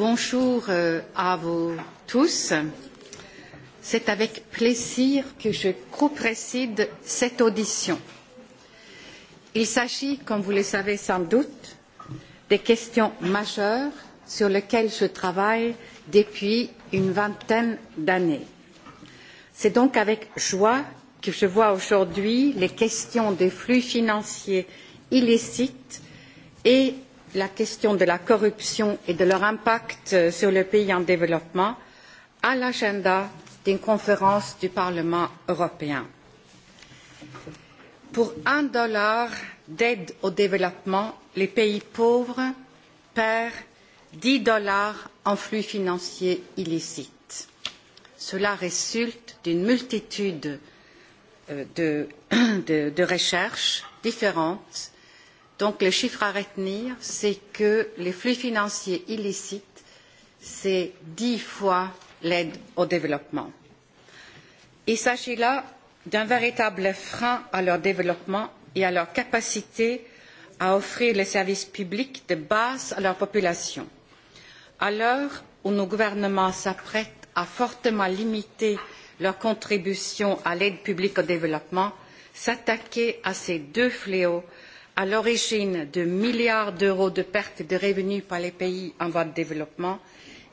bonjour euh, à vous tous. C'est avec plaisir que je co-préside cette audition. Il s'agit, comme vous le savez sans doute, des questions majeures sur lesquelles je travaille depuis une vingtaine d'années. C'est donc avec joie que je vois aujourd'hui les questions des flux financiers illicites et la question de la corruption et de leur impact euh, sur les pays en développement à l'agenda d'une conférence du Parlement européen. Pour un dollar d'aide au développement, les pays pauvres perdent dix dollars en flux financiers illicites. Cela résulte d'une multitude euh, de, de, de recherches différentes Donc le chiffre à retenir, c'est que les flux financiers illicites, c'est dix fois l'aide au développement. Il s'agit là d'un véritable frein à leur développement et à leur capacité à offrir les services publics de base à leur population. À l'heure où nos gouvernements s'apprêtent à fortement limiter leur contribution à l'aide publique au développement, s'attaquer à ces deux fléaux à l'origine de milliards d'euros de pertes de revenus par les pays en voie de développement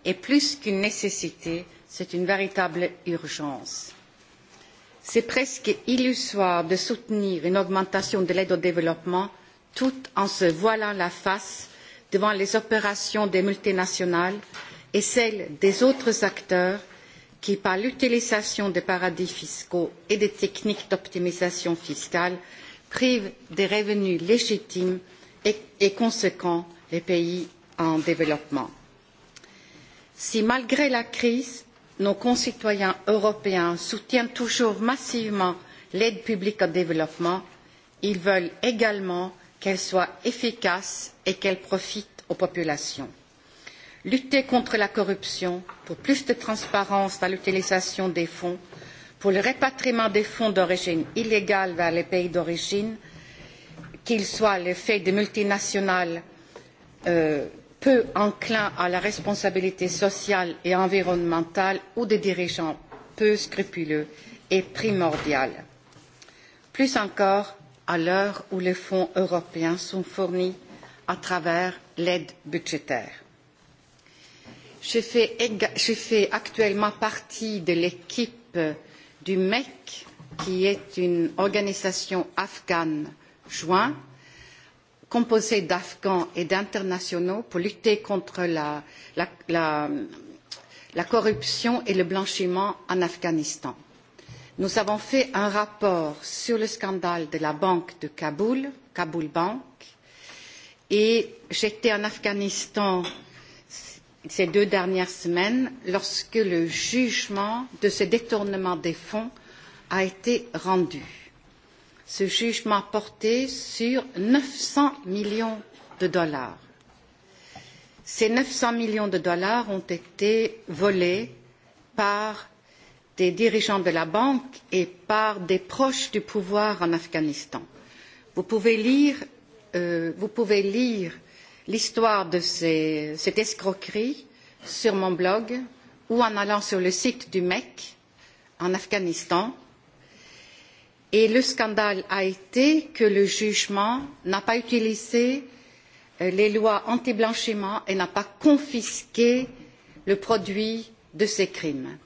est plus qu'une nécessité, c'est une véritable urgence. C'est presque illusoire de soutenir une augmentation de l'aide au développement tout en se voilant la face devant les opérations des multinationales et celles des autres acteurs qui, par l'utilisation des paradis fiscaux et des techniques d'optimisation fiscale, privent des revenus légitimes et, et conséquents les pays en développement. Si malgré la crise, nos concitoyens européens soutiennent toujours massivement l'aide publique au développement, ils veulent également qu'elle soit efficace et qu'elle profite aux populations. Lutter contre la corruption pour plus de transparence dans l'utilisation des fonds pour le rapatriement des fonds d'origine illégale vers les pays d'origine, qu'ils soient le fait de multinationales euh, peu enclins à la responsabilité sociale et environnementale ou des dirigeants peu scrupuleux, est primordial. Plus encore, à l'heure où les fonds européens sont fournis à travers l'aide budgétaire. Je fais, je fais actuellement partie de l'équipe du MEC, qui est une organisation afghane jointe, composée d'Afghans et d'internationaux pour lutter contre la, la, la, la corruption et le blanchiment en Afghanistan. Nous avons fait un rapport sur le scandale de la banque de Kaboul, Kaboul Bank, et j'étais en Afghanistan ces deux dernières semaines lorsque le jugement de ce détournement des fonds a été rendu. Ce jugement portait sur 900 millions de dollars. Ces 900 millions de dollars ont été volés par des dirigeants de la banque et par des proches du pouvoir en Afghanistan. Vous pouvez lire, euh, vous pouvez lire l'histoire de ces, cette escroquerie sur mon blog ou en allant sur le site du MEC en Afghanistan. Et le scandale a été que le jugement n'a pas utilisé euh, les lois anti-blanchiment et n'a pas confisqué le produit de ces crimes.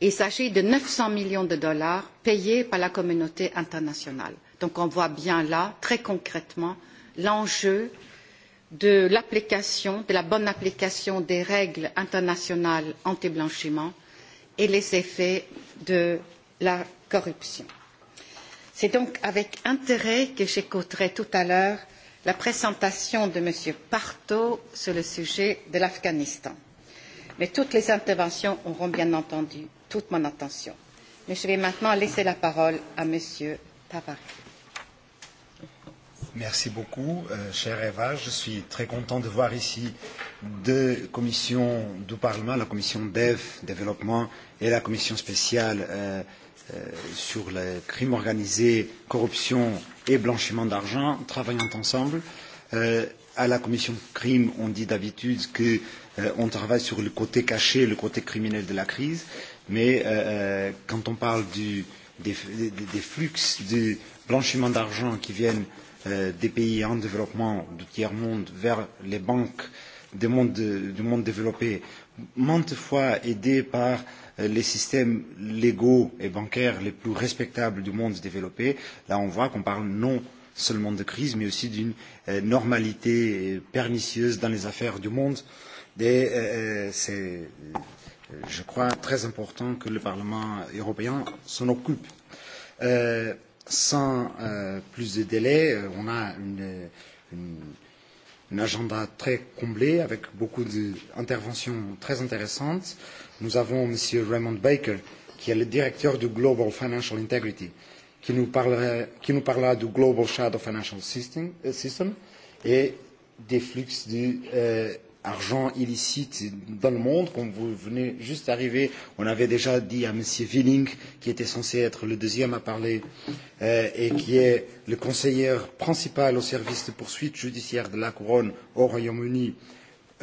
Il s'agit de 900 millions de dollars payés par la communauté internationale. Donc on voit bien là, très concrètement, l'enjeu de l'application, de la bonne application des règles internationales anti-blanchiment et les effets de la corruption. C'est donc avec intérêt que j'écouterai tout à l'heure la présentation de M. Parto sur le sujet de l'Afghanistan. Mais toutes les interventions auront bien entendu toute mon attention. Mais je vais maintenant laisser la parole à M. Tavares. Merci beaucoup, euh, chère Eva. Je suis très content de voir ici deux commissions du Parlement, la commission DEV, développement, et la commission spéciale euh, euh, sur le crime organisé, corruption et blanchiment d'argent, travaillant ensemble. Euh, à la commission crime, on dit d'habitude que euh, on travaille sur le côté caché, le côté criminel de la crise, mais euh, euh quand on parle du, des, des, des flux de blanchiment d'argent qui viennent Euh, des pays en développement du tiers-monde vers les banques du monde, du monde développé, maintes fois aidés par euh, les systèmes légaux et bancaires les plus respectables du monde développé, là on voit qu'on parle non seulement de crise, mais aussi d'une euh, normalité euh, pernicieuse dans les affaires du monde. Et euh, c'est, je crois, très important que le Parlement européen s'en occupe. Euh, sans euh, plus de délai, euh, on a une, une, un agenda très comblé avec beaucoup d'interventions très intéressantes. Nous avons M. Raymond Baker, qui est le directeur du Global Financial Integrity, qui nous, parlera, qui nous parlera du Global Shadow Financial System, euh, System et des flux du, euh, argent illicite dans le monde. comme vous venez juste d'arriver, on avait déjà dit à M. Villing, qui était censé être le deuxième à parler, euh, et qui est le conseiller principal au service de poursuite judiciaire de la Couronne au Royaume-Uni,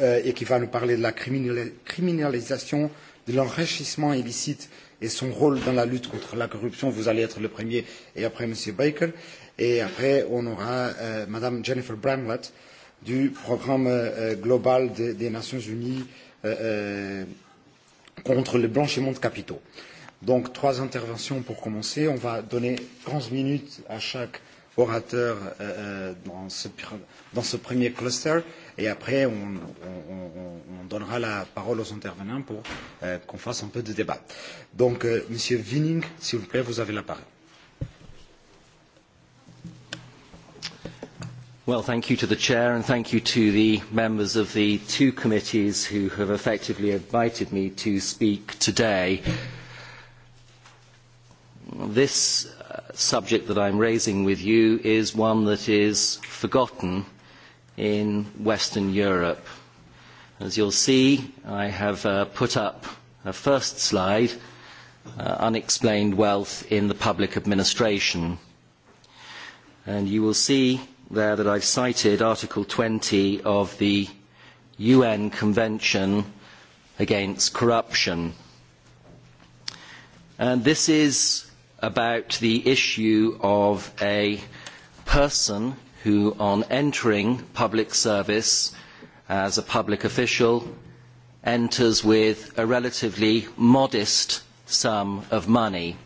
euh, et qui va nous parler de la criminalisation de l'enrichissement illicite et son rôle dans la lutte contre la corruption. Vous allez être le premier, et après M. Baker, et après on aura euh, Mme Jennifer Bramlett, euh, du programme euh, global de, des Nations Unies euh, euh, contre le blanchiment de capitaux. Donc trois interventions pour commencer. On va donner 15 minutes à chaque orateur euh, euh dans, ce, dans ce premier cluster et après on, on, on, donnera la parole aux intervenants pour euh, qu'on fasse un peu de débat. Donc euh, Monsieur Vining, s'il vous plaît, vous avez la parole. Well, thank you to the Chair and thank you to the members of the two committees who have effectively invited me to speak today. This uh, subject that I am raising with you is one that is forgotten in Western Europe. As you'll see, I have uh, put up a first slide, uh, unexplained wealth in the public administration. And you will see there that I cited, Article twenty of the UN Convention Against Corruption. And this is about the issue of a person who, on entering public service as a public official, enters with a relatively modest sum of money,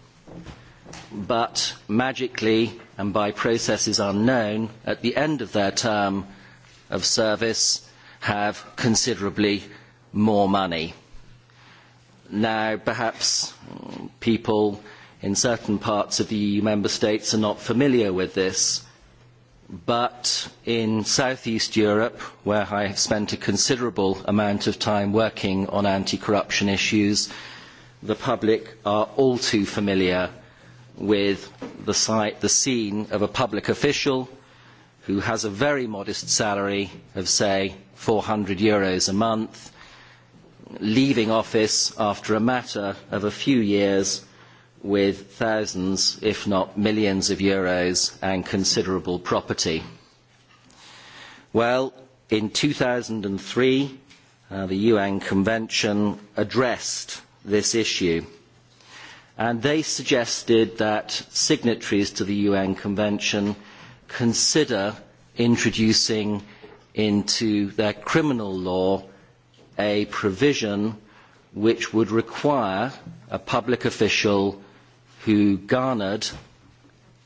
but magically and by processes unknown at the end of their term of service have considerably more money. Now, perhaps people in certain parts of the EU member states are not familiar with this, but in South East Europe, where I have spent a considerable amount of time working on anti-corruption issues, the public are all too familiar with the, site, the scene of a public official who has a very modest salary of, say, four hundred euros a month, leaving office after a matter of a few years with thousands, if not millions of euros and considerable property. Well, in two thousand three, uh, the UN Convention addressed this issue and they suggested that signatories to the UN Convention consider introducing into their criminal law a provision which would require a public official who garnered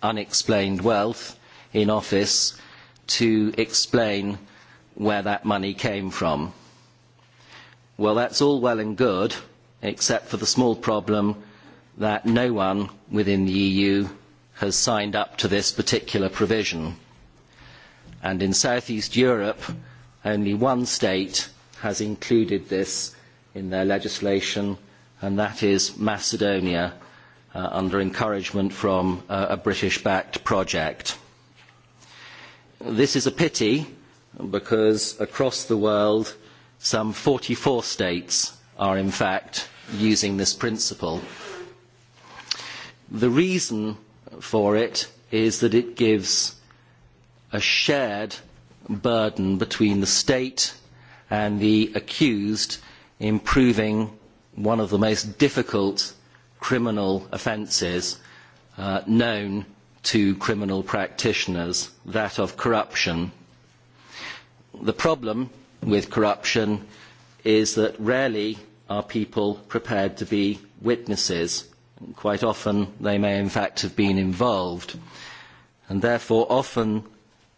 unexplained wealth in office to explain where that money came from. Well, that's all well and good, except for the small problem that no one within the EU has signed up to this particular provision. And in South East Europe, only one state has included this in their legislation, and that is Macedonia, uh, under encouragement from uh, a British-backed project. This is a pity because across the world, some forty four states are in fact using this principle The reason for it is that it gives a shared burden between the state and the accused in proving one of the most difficult criminal offences uh, known to criminal practitioners, that of corruption. The problem with corruption is that rarely are people prepared to be witnesses quite often they may in fact have been involved. And therefore often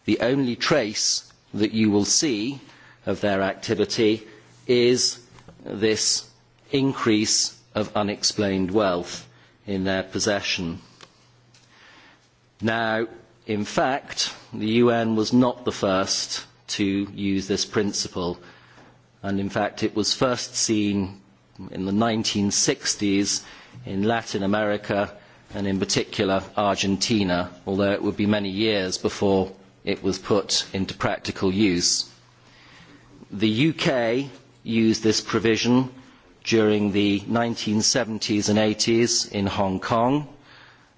the only trace that you will see of their activity is this increase of unexplained wealth in their possession. Now, in fact, the UN was not the first to use this principle, and in fact it was first seen in the 1960s in Latin America and in particular Argentina, although it would be many years before it was put into practical use. The UK used this provision during the 1970s and 80s in Hong Kong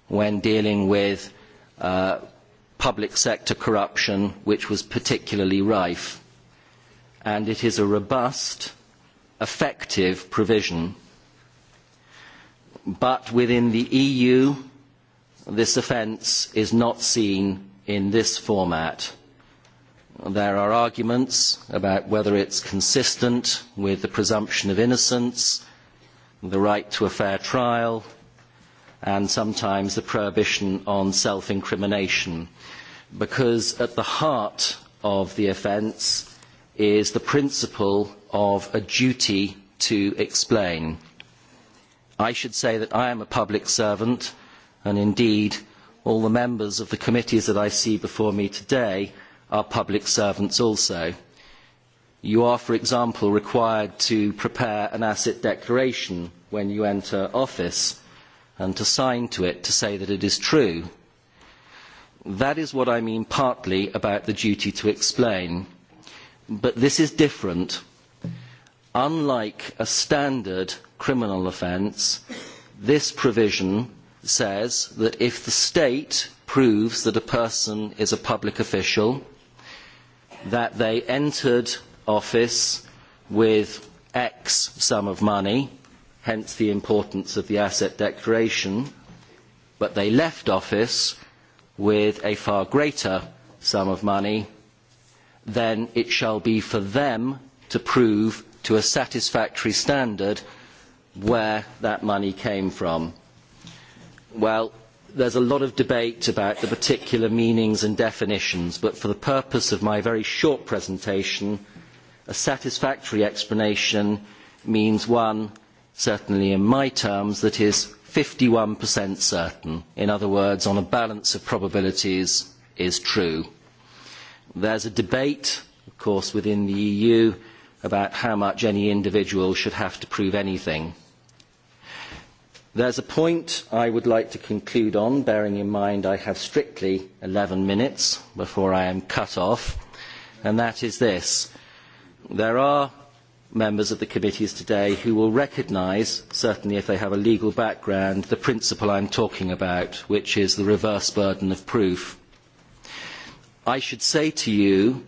when dealing with uh, public sector corruption, which was particularly rife. And it is a robust, effective provision but within the EU, this offence is not seen in this format. There are arguments about whether it is consistent with the presumption of innocence, the right to a fair trial, and sometimes the prohibition on self-incrimination, because at the heart of the offence is the principle of a duty to explain. I should say that I am a public servant, and indeed all the members of the committees that I see before me today are public servants also. You are, for example, required to prepare an asset declaration when you enter office and to sign to it to say that it is true. That is what I mean partly about the duty to explain. But this is different. Unlike a standard criminal offence, this provision says that if the state proves that a person is a public official, that they entered office with X sum of money, hence the importance of the asset declaration, but they left office with a far greater sum of money, then it shall be for them to prove to a satisfactory standard where that money came from. Well, there's a lot of debate about the particular meanings and definitions, but for the purpose of my very short presentation, a satisfactory explanation means one, certainly in my terms, that is fifty 51% certain. In other words, on a balance of probabilities, is true. There is a debate, of course, within the EU about how much any individual should have to prove anything. There is a point I would like to conclude on, bearing in mind I have strictly eleven minutes before I am cut off, and that is this. There are members of the committees today who will recognise, certainly if they have a legal background, the principle I am talking about, which is the reverse burden of proof. I should say to you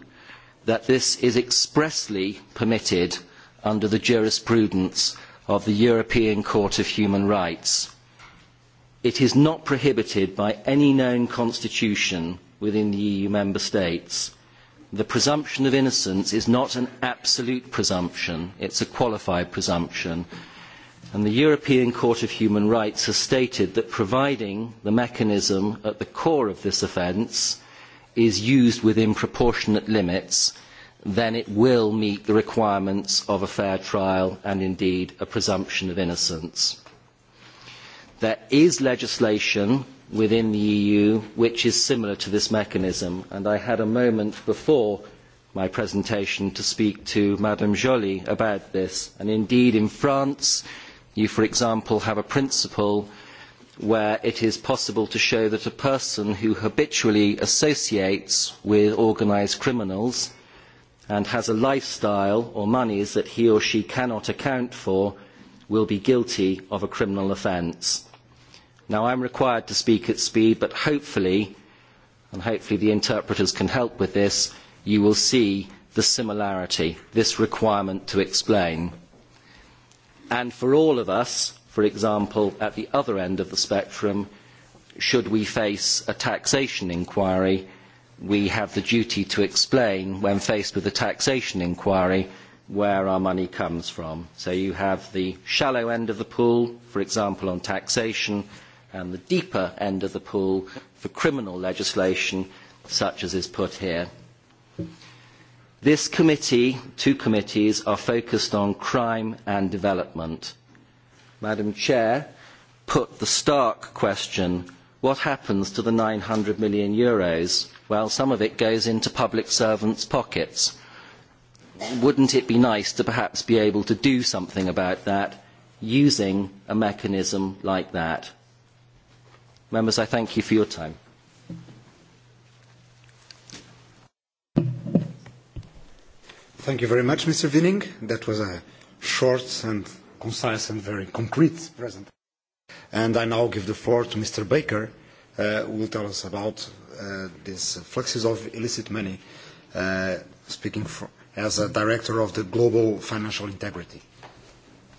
that this is expressly permitted under the jurisprudence of the European Court of Human Rights. It is not prohibited by any known constitution within the EU member states. The presumption of innocence is not an absolute presumption, it is a qualified presumption. And the European Court of Human Rights has stated that providing the mechanism at the core of this offence is used within proportionate limits, then it will meet the requirements of a fair trial and indeed a presumption of innocence. There is legislation within the EU which is similar to this mechanism and I had a moment before my presentation to speak to Madame Joly about this and indeed in France you for example have a principle where it is possible to show that a person who habitually associates with organised criminals and has a lifestyle or monies that he or she cannot account for will be guilty of a criminal offence. Now I am required to speak at speed, but hopefully, and hopefully the interpreters can help with this, you will see the similarity, this requirement to explain. And for all of us, for example, at the other end of the spectrum, should we face a taxation inquiry, we have the duty to explain when faced with a taxation inquiry where our money comes from. So you have the shallow end of the pool, for example, on taxation, and the deeper end of the pool for criminal legislation, such as is put here. This committee, two committees, are focused on crime and development. Madam Chair put the stark question What happens to the EUR nine hundred million euros? Well, some of it goes into public servants' pockets. Wouldn't it be nice to perhaps be able to do something about that using a mechanism like that? Members, I thank you for your time. Thank you very much, Mr. Winning. That was a short and concise and very concrete presentation. And I now give the floor to Mr. Baker, uh, who will tell us about uh, this fluxes of illicit money, uh, speaking for, as a director of the Global Financial Integrity.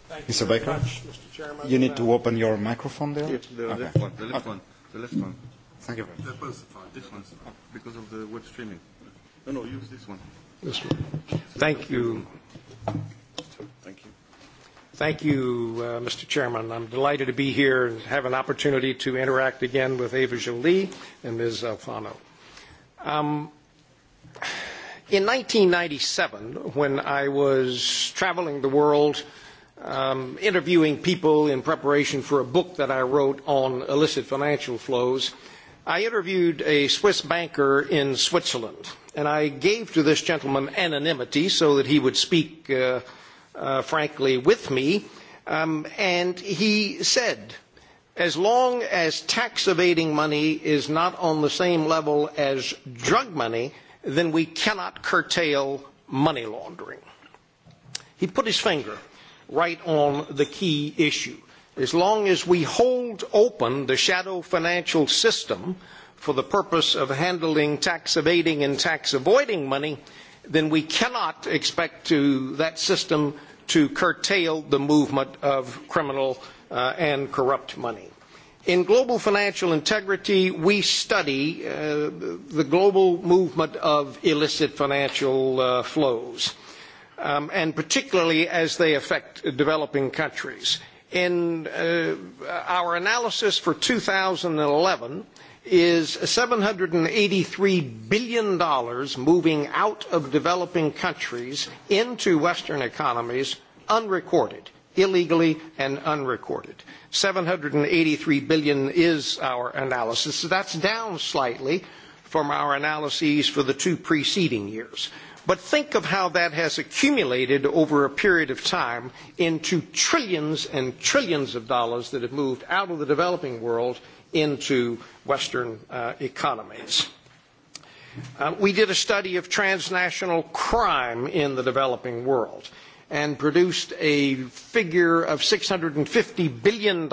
Thank Mr. You Baker, much, Mr. Chairman. you need to open your microphone there. Yeah, the okay. left one, the left okay. one, the left one. Thank you very much. That fine. This one's fine. because of the web streaming. No, no, use this one. This one. Thank you. Thank you. Thank you, uh, Mr. Chairman. I'm delighted to be here and have an opportunity to interact again with Ava Jolie and Ms. Alfano. Um, in 1997, when I was traveling the world, um, interviewing people in preparation for a book that I wrote on illicit financial flows, I interviewed a Swiss banker in Switzerland, and I gave to this gentleman anonymity so that he would speak uh, – uh, frankly, with me, um, and he said, as long as tax evading money is not on the same level as drug money, then we cannot curtail money laundering. He put his finger right on the key issue. As long as we hold open the shadow financial system for the purpose of handling tax evading and tax avoiding money, then we cannot expect to, that system to curtail the movement of criminal uh, and corrupt money. In global financial integrity, we study uh, the global movement of illicit financial uh, flows, um, and particularly as they affect developing countries. In uh, our analysis for 2011, is $783 billion moving out of developing countries into Western economies unrecorded, illegally and unrecorded. 783 billion is our analysis. So that's down slightly from our analyses for the two preceding years. But think of how that has accumulated over a period of time into trillions and trillions of dollars that have moved out of the developing world into Western uh, economies. Uh, we did a study of transnational crime in the developing world and produced a figure of $650 billion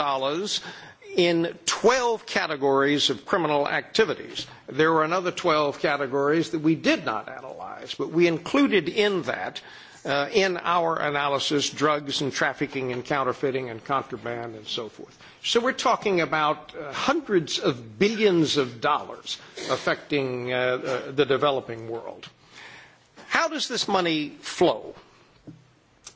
in 12 categories of criminal activities. There were another 12 categories that we did not analyze, but we included in that uh, in our analysis drugs and trafficking and counterfeiting and contraband and so forth. So we're talking about uh, hundreds of billions of dollars affecting uh, uh, the developing world. How does this money flow?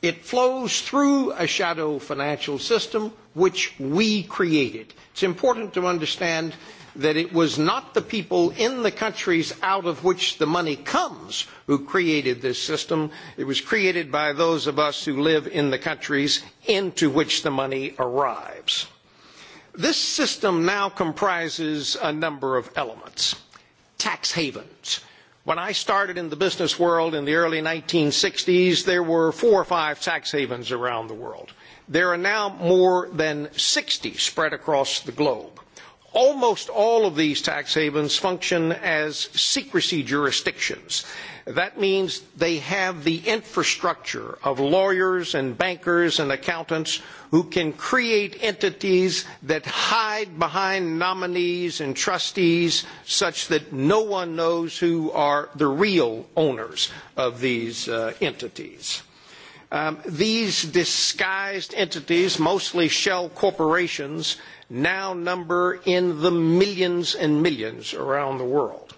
It flows through a shadow financial system which we created. It's important to understand that it was not the people in the countries out of which the money comes who created this system. It was created by those of us who live in the countries into which the money arrives. This system now comprises a number of elements. Tax havens. When I started in the business world in the early 1960s, there were four or five tax havens around the world. There are now more than 60 spread across the globe. Almost all of these tax havens function as secrecy jurisdictions. That means they have the infrastructure of lawyers and bankers and accountants who can create entities that hide behind nominees and trustees such that no one knows who are the real owners of these uh, entities. Um, these disguised entities, mostly shell corporations, now number in the millions and millions around the world.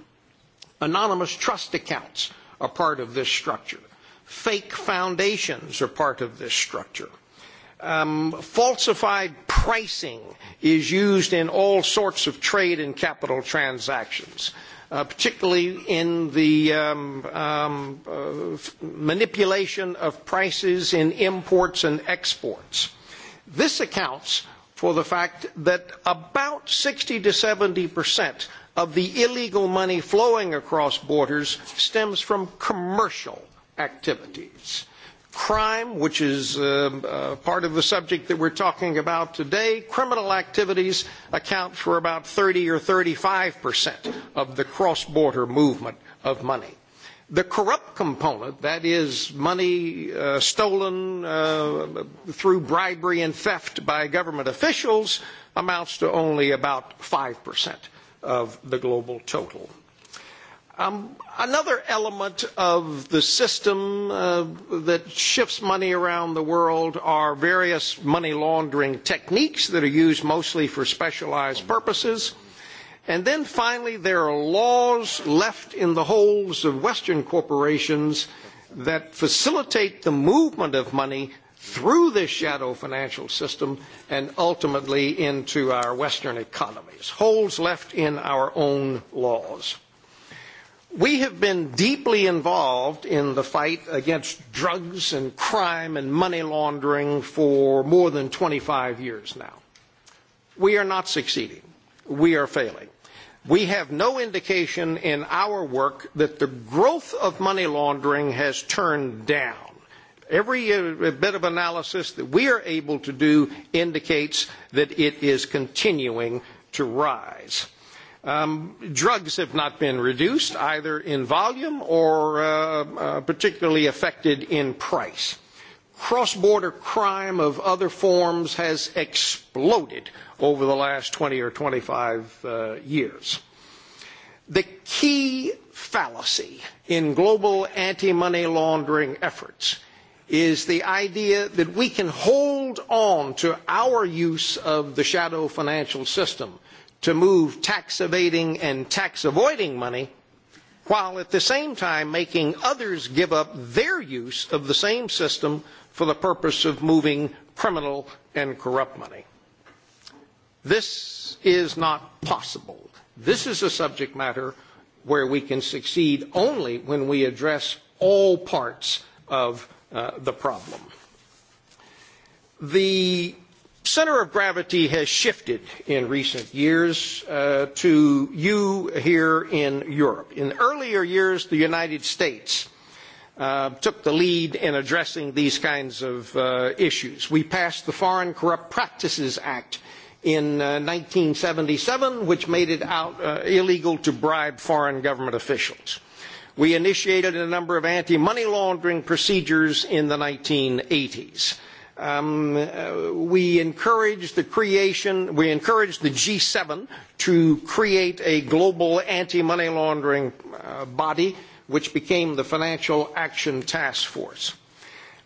Anonymous trust accounts are part of this structure. Fake foundations are part of this structure. Um, falsified pricing is used in all sorts of trade and capital transactions. Uh, particularly in the um, um, uh, manipulation of prices in imports and exports. This accounts for the fact that about 60 to 70 percent of the illegal money flowing across borders stems from commercial activities. Crime, which is uh, uh, part of the subject that we're talking about today, criminal activities account for about 30 or 35 percent of the cross-border movement of money the corrupt component, that is money uh, stolen uh, through bribery and theft by government officials, amounts to only about 5% of the global total. Um, another element of the system uh, that shifts money around the world are various money laundering techniques that are used mostly for specialized purposes. And then finally, there are laws left in the holds of Western corporations that facilitate the movement of money through this shadow financial system and ultimately into our Western economies, holes left in our own laws. We have been deeply involved in the fight against drugs and crime and money laundering for more than 25 years now. We are not succeeding. We are failing. We have no indication in our work that the growth of money laundering has turned down. Every bit of analysis that we are able to do indicates that it is continuing to rise. Um, drugs have not been reduced either in volume or uh, uh, particularly affected in price cross-border crime of other forms has exploded over the last 20 or 25 uh, years. The key fallacy in global anti-money laundering efforts is the idea that we can hold on to our use of the shadow financial system to move tax evading and tax avoiding money while at the same time making others give up their use of the same system for the purpose of moving criminal and corrupt money. This is not possible. This is a subject matter where we can succeed only when we address all parts of uh, the problem. The center of gravity has shifted in recent years uh, to you here in Europe. In earlier years, the United States uh, took the lead in addressing these kinds of uh, issues. We passed the Foreign Corrupt Practices Act in uh, seventy seven, which made it out, uh illegal to bribe foreign government officials. We initiated a number of anti-money laundering procedures in the 1980s. Um, uh, we encouraged the creation, we encouraged the g seven to create a global anti-money laundering uh, body which became the Financial Action Task Force.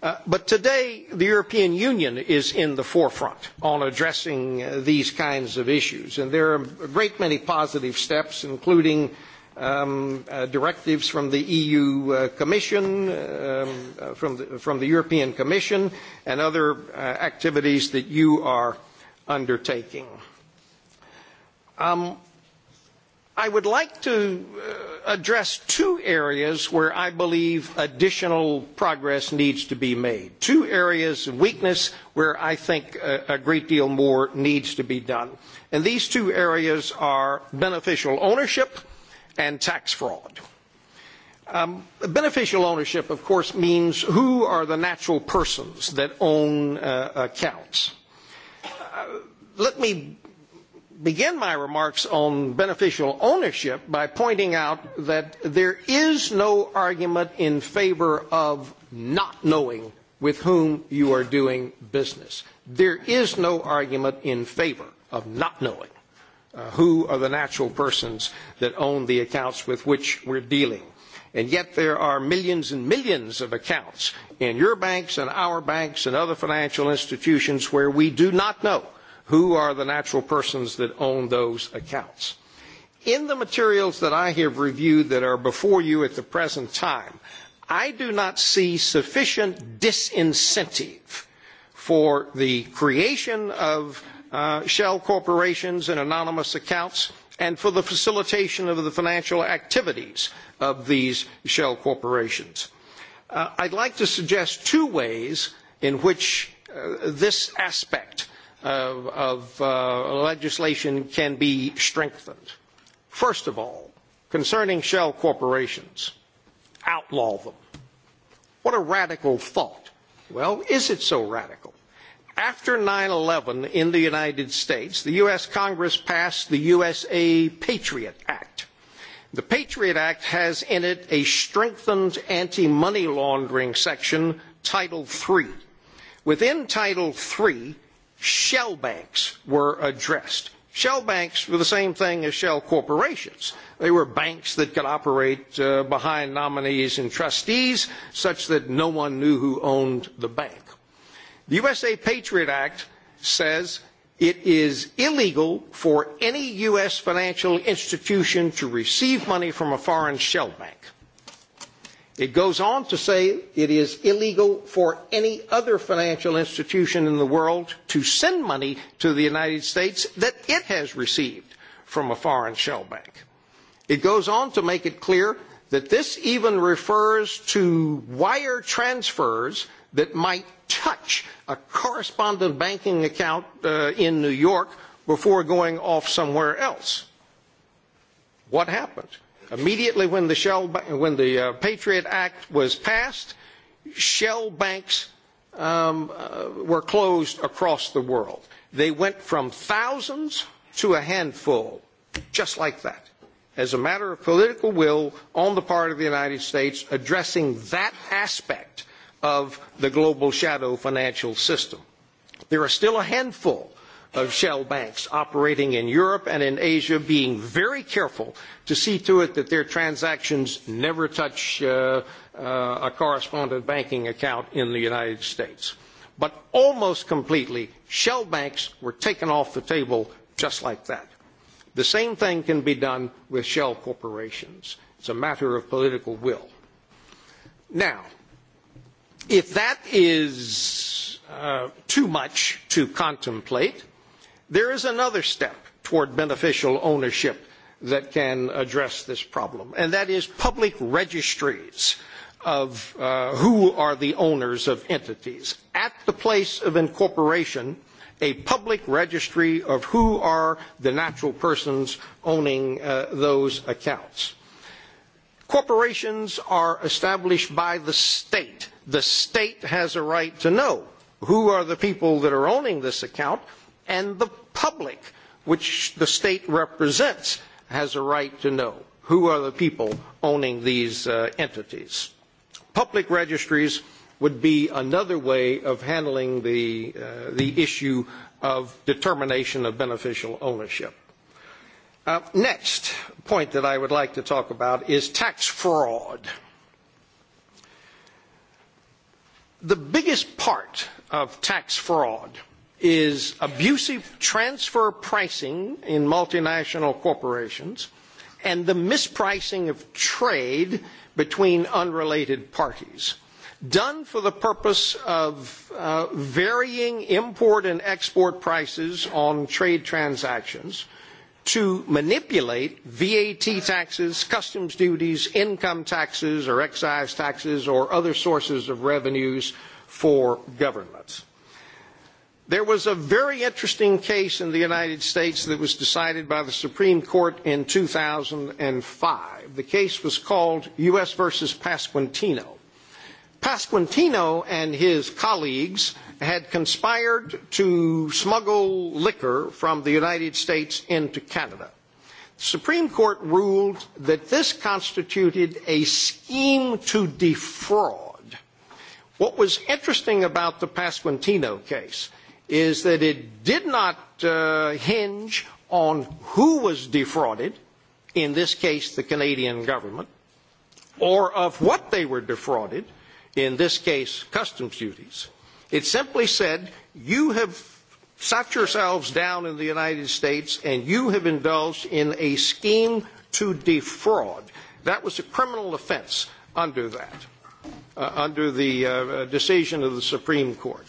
Uh, but today, the European Union is in the forefront on addressing uh, these kinds of issues. And there are a great many positive steps, including um, uh, directives from the EU uh, Commission, um, uh, from, the, from, the, European Commission, and other uh, activities that you are undertaking. Um, I would like to uh, address two areas where I believe additional progress needs to be made. Two areas of weakness where I think a, a great deal more needs to be done. And these two areas are beneficial ownership and tax fraud. Um, beneficial ownership, of course, means who are the natural persons that own uh, accounts. Uh, let me begin my remarks on beneficial ownership by pointing out that there is no argument in favor of not knowing with whom you are doing business. There is no argument in favor of not knowing uh, who are the natural persons that own the accounts with which we're dealing. And yet there are millions and millions of accounts in your banks and our banks and other financial institutions where we do not know who are the natural persons that own those accounts. In the materials that I have reviewed that are before you at the present time, I do not see sufficient disincentive for the creation of uh, shell corporations and anonymous accounts and for the facilitation of the financial activities of these shell corporations. Uh, I'd like to suggest two ways in which uh, this aspect Uh, of uh, legislation can be strengthened. First of all, concerning shell corporations, outlaw them. What a radical thought. Well, is it so radical? After 9-11 in the United States, the U.S. Congress passed the USA Patriot Act. The Patriot Act has in it a strengthened anti-money laundering section, Title III. Within Title III, shell banks were addressed. Shell banks were the same thing as shell corporations. They were banks that could operate uh, behind nominees and trustees such that no one knew who owned the bank. The USA Patriot Act says it is illegal for any U.S. financial institution to receive money from a foreign shell bank. It goes on to say it is illegal for any other financial institution in the world to send money to the United States that it has received from a foreign shell bank. It goes on to make it clear that this even refers to wire transfers that might touch a correspondent banking account uh, in New York before going off somewhere else. What happened? Immediately when the, Shell, when the uh, Patriot Act was passed, shell banks um, uh, were closed across the world. They went from thousands to a handful, just like that. As a matter of political will on the part of the United States, addressing that aspect of the global shadow financial system. There are still a handful of shell banks operating in Europe and in Asia being very careful to see to it that their transactions never touch uh, uh, a correspondent banking account in the United States. But almost completely, shell banks were taken off the table just like that. The same thing can be done with shell corporations. It's a matter of political will. Now, if that is uh, too much to contemplate, There is another step toward beneficial ownership that can address this problem, and that is public registries of uh, who are the owners of entities. At the place of incorporation, a public registry of who are the natural persons owning uh, those accounts. Corporations are established by the state. The state has a right to know who are the people that are owning this account and the public, which the state represents, has a right to know who are the people owning these uh, entities. Public registries would be another way of handling the, uh, the issue of determination of beneficial ownership. Uh, next point that I would like to talk about is tax fraud. The biggest part of tax fraud is abusive transfer pricing in multinational corporations and the mispricing of trade between unrelated parties done for the purpose of uh, varying import and export prices on trade transactions to manipulate VAT taxes, customs duties, income taxes or excise taxes or other sources of revenues for governments. There was a very interesting case in the United States that was decided by the Supreme Court in 2005. The case was called U.S. versus Pasquantino. Pasquantino and his colleagues had conspired to smuggle liquor from the United States into Canada. The Supreme Court ruled that this constituted a scheme to defraud. What was interesting about the Pasquantino case is that it did not uh, hinge on who was defrauded, in this case the Canadian government, or of what they were defrauded, in this case customs duties. It simply said, you have sat yourselves down in the United States and you have indulged in a scheme to defraud. That was a criminal offense under that, uh, under the uh, decision of the Supreme Court.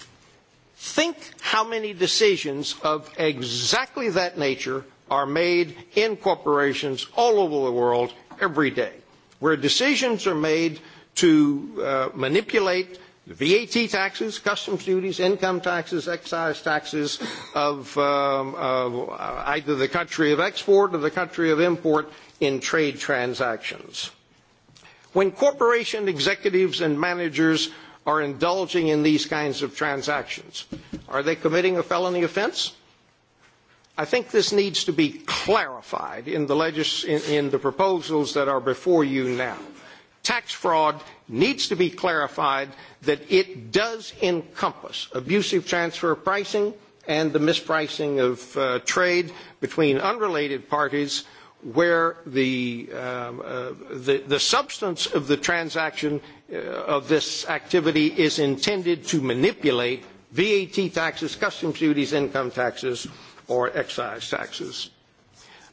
Think how many decisions of exactly that nature are made in corporations all over the world every day, where decisions are made to uh, manipulate VAT taxes, customs duties, income taxes, excise taxes of, um, of uh, either the country of export or the country of import in trade transactions. When corporation executives and managers are indulging in these kinds of transactions. Are they committing a felony offense? I think this needs to be clarified in the, legis- in, in the proposals that are before you now. Tax fraud needs to be clarified that it does encompass abusive transfer pricing and the mispricing of uh, trade between unrelated parties where the, um, uh, the, the substance of the transaction uh, of this activity is intended to manipulate VAT taxes, customs duties, income taxes, or excise taxes.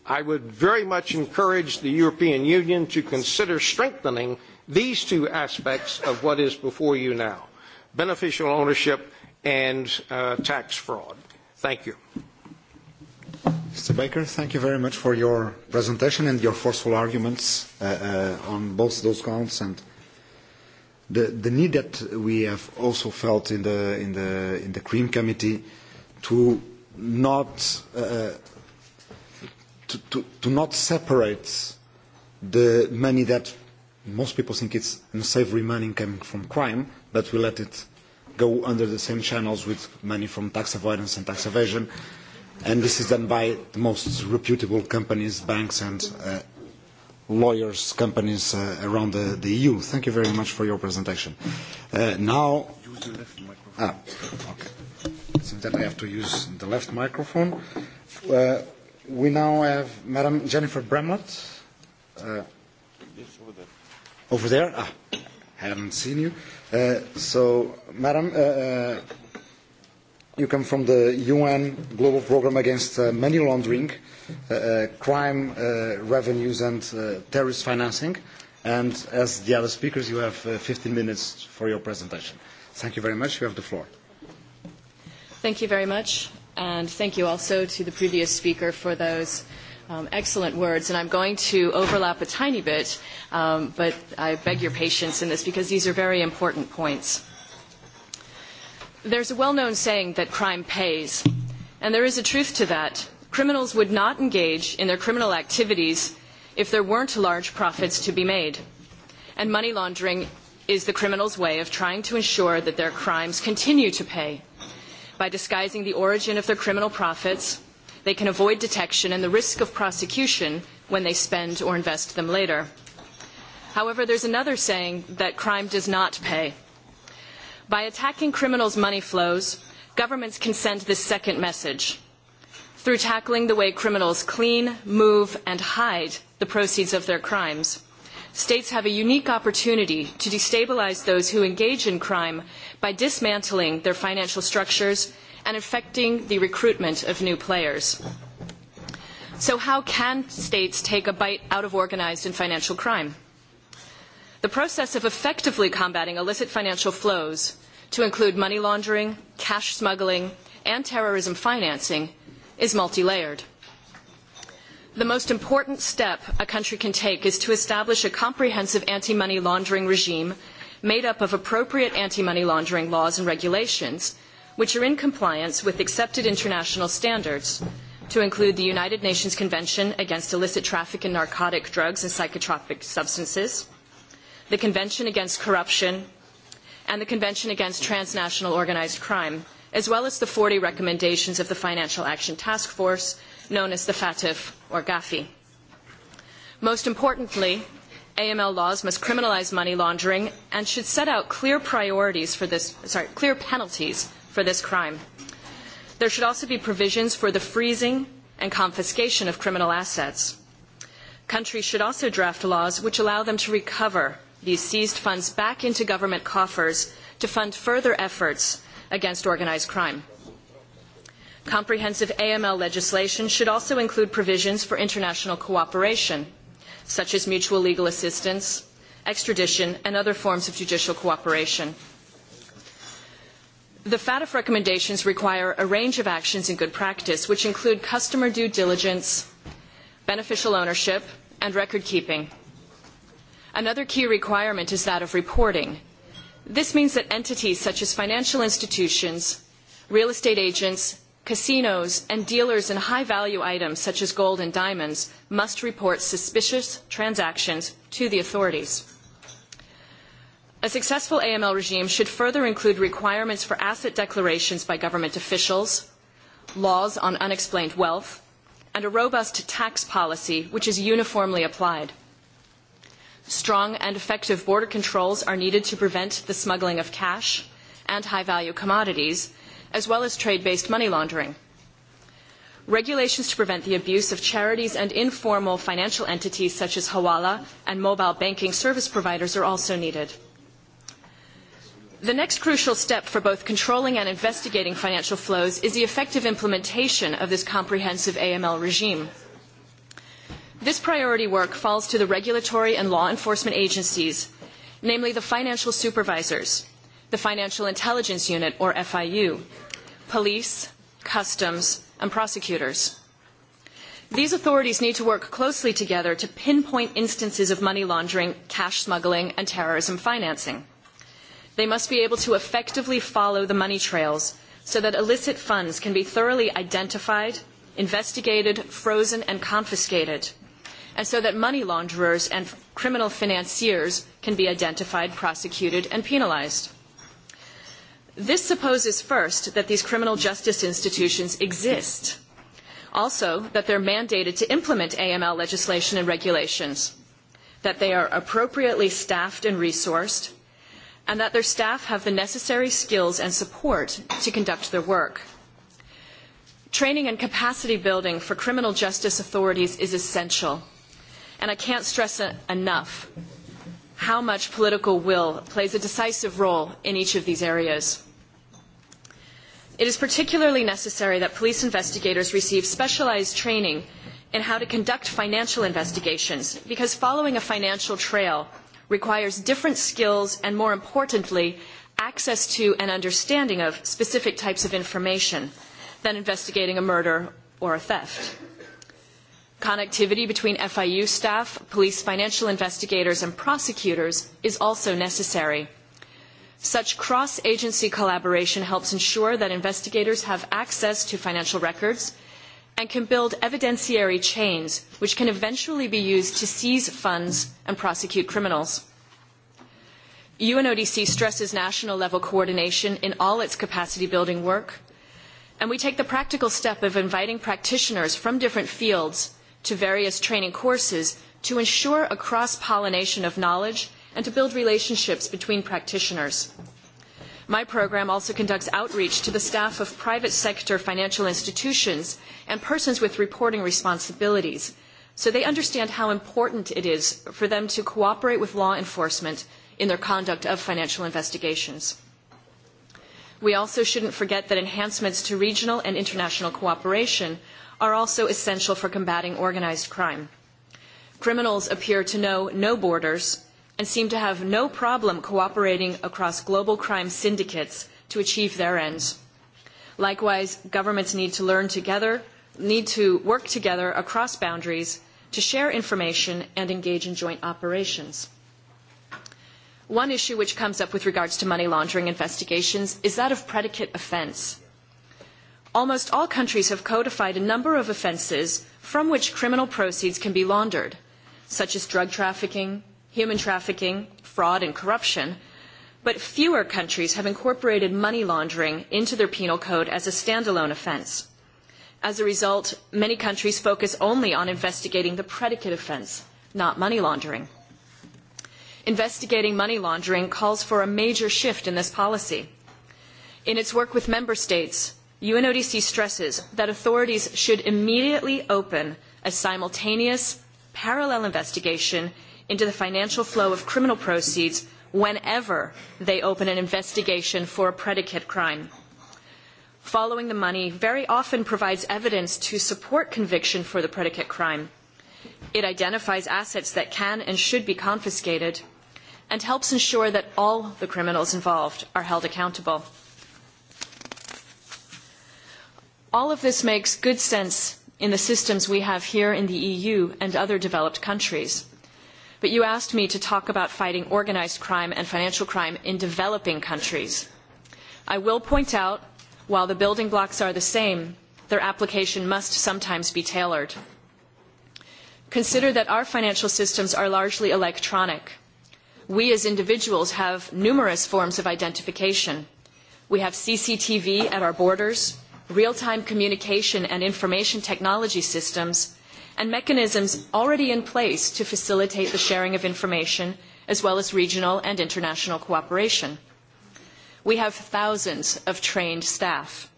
I would very much encourage the European Union to consider strengthening these two aspects of what is before you now, beneficial ownership and uh, tax fraud. Thank you. Mr. Baker, thank you very much for your presentation and your forceful arguments uh, uh, on both those counts and the, the need that we have also felt in the, in the, in the CREAM committee to not, uh, uh to, to, to not separate the money that most people think it's unsavory money coming from crime, but we let it go under the same channels with money from tax avoidance and tax evasion. Uh, and this is done by the most reputable companies, banks and uh, lawyers, companies uh, around the, the EU. Thank you very much for your presentation. Uh, now, Ah, okay. Seems then I have to use the left microphone. Uh, we now have Madam Jennifer Bramlett. Uh, yes, over there. Over there? Ah, I haven't seen you. Uh, so, Madam, uh, uh, you come from the UN Global Programme Against uh, Money Laundering, uh, uh, Crime, uh, Revenues and uh, Terrorist Financing. And as the other speakers, you have uh, 15 minutes for your presentation. Thank you very much. You have the floor. Thank you very much. And thank you also to the previous speaker for those um, excellent words. And I'm going to overlap a tiny bit, um, but I beg your patience in this because these are very important points. There's a well-known saying that crime pays, and there is a truth to that. Criminals would not engage in their criminal activities if there weren't large profits to be made. And money laundering is the criminal's way of trying to ensure that their crimes continue to pay. By disguising the origin of their criminal profits, they can avoid detection and the risk of prosecution when they spend or invest them later. However, there is another saying that crime does not pay. By attacking criminals' money flows, governments can send this second message. Through tackling the way criminals clean, move, and hide the proceeds of their crimes, states have a unique opportunity to destabilize those who engage in crime by dismantling their financial structures and affecting the recruitment of new players. So how can states take a bite out of organized and financial crime? the process of effectively combating illicit financial flows to include money laundering, cash smuggling, and terrorism financing is multi-layered. The most important step a country can take is to establish a comprehensive anti-money laundering regime made up of appropriate anti-money laundering laws and regulations, which are in compliance with accepted international standards, to include the United Nations Convention against Illicit Traffic in Narcotic Drugs and Psychotropic Substances, the Convention Against Corruption, and the Convention Against Transnational Organized Crime, as well as the 40 recommendations of the Financial Action Task Force, known as the FATF or GAFI. Most importantly, AML laws must criminalize money laundering and should set out clear priorities for this, sorry, clear penalties for this crime. There should also be provisions for the freezing and confiscation of criminal assets. Countries should also draft laws which allow them to recover these seized funds back into government coffers to fund further efforts against organised crime. Comprehensive AML legislation should also include provisions for international cooperation, such as mutual legal assistance, extradition, and other forms of judicial cooperation. The FATF recommendations require a range of actions in good practice, which include customer due diligence, beneficial ownership, and record keeping. Another key requirement is that of reporting. This means that entities such as financial institutions, real estate agents, casinos, and dealers in high-value items such as gold and diamonds must report suspicious transactions to the authorities. A successful AML regime should further include requirements for asset declarations by government officials, laws on unexplained wealth, and a robust tax policy which is uniformly applied. Strong and effective border controls are needed to prevent the smuggling of cash and high-value commodities, as well as trade-based money laundering. Regulations to prevent the abuse of charities and informal financial entities such as Hawala and mobile banking service providers are also needed. The next crucial step for both controlling and investigating financial flows is the effective implementation of this comprehensive AML regime. This priority work falls to the regulatory and law enforcement agencies, namely the financial supervisors, the Financial Intelligence Unit, or FIU, police, customs, and prosecutors. These authorities need to work closely together to pinpoint instances of money laundering, cash smuggling, and terrorism financing. They must be able to effectively follow the money trails so that illicit funds can be thoroughly identified, investigated, frozen, and confiscated and so that money launderers and criminal financiers can be identified, prosecuted, and penalized. This supposes first that these criminal justice institutions exist, also that they're mandated to implement AML legislation and regulations, that they are appropriately staffed and resourced, and that their staff have the necessary skills and support to conduct their work. Training and capacity building for criminal justice authorities is essential And I can't stress enough how much political will plays a decisive role in each of these areas. It is particularly necessary that police investigators receive specialized training in how to conduct financial investigations because following a financial trail requires different skills and, more importantly, access to and understanding of specific types of information than investigating a murder or a theft. Connectivity between FIU staff, police financial investigators and prosecutors is also necessary. Such cross-agency collaboration helps ensure that investigators have access to financial records and can build evidentiary chains which can eventually be used to seize funds and prosecute criminals. UNODC stresses national level coordination in all its capacity building work, and we take the practical step of inviting practitioners from different fields to various training courses to ensure a cross-pollination of knowledge and to build relationships between practitioners. My program also conducts outreach to the staff of private sector financial institutions and persons with reporting responsibilities, so they understand how important it is for them to cooperate with law enforcement in their conduct of financial investigations. We also shouldn't forget that enhancements to regional and international cooperation are also essential for combating organised crime. Criminals appear to know no borders and seem to have no problem cooperating across global crime syndicates to achieve their ends. Likewise, governments need to learn together, need to work together across boundaries to share information and engage in joint operations. One issue which comes up with regards to money laundering investigations is that of predicate offence. Almost all countries have codified a number of offences from which criminal proceeds can be laundered, such as drug trafficking, human trafficking, fraud and corruption, but fewer countries have incorporated money laundering into their penal code as a standalone offence. As a result, many countries focus only on investigating the predicate offence, not money laundering investigating money laundering calls for a major shift in this policy. In its work with member states, UNODC stresses that authorities should immediately open a simultaneous, parallel investigation into the financial flow of criminal proceeds whenever they open an investigation for a predicate crime. Following the money very often provides evidence to support conviction for the predicate crime. It identifies assets that can and should be confiscated and helps ensure that all the criminals involved are held accountable. All of this makes good sense in the systems we have here in the EU and other developed countries. But you asked me to talk about fighting organised crime and financial crime in developing countries. I will point out, while the building blocks are the same, their application must sometimes be tailored. Consider that our financial systems are largely electronic we as individuals have numerous forms of identification. We have CCTV at our borders, real-time communication and information technology systems, and mechanisms already in place to facilitate the sharing of information as well as regional and international cooperation. We have thousands of trained staff.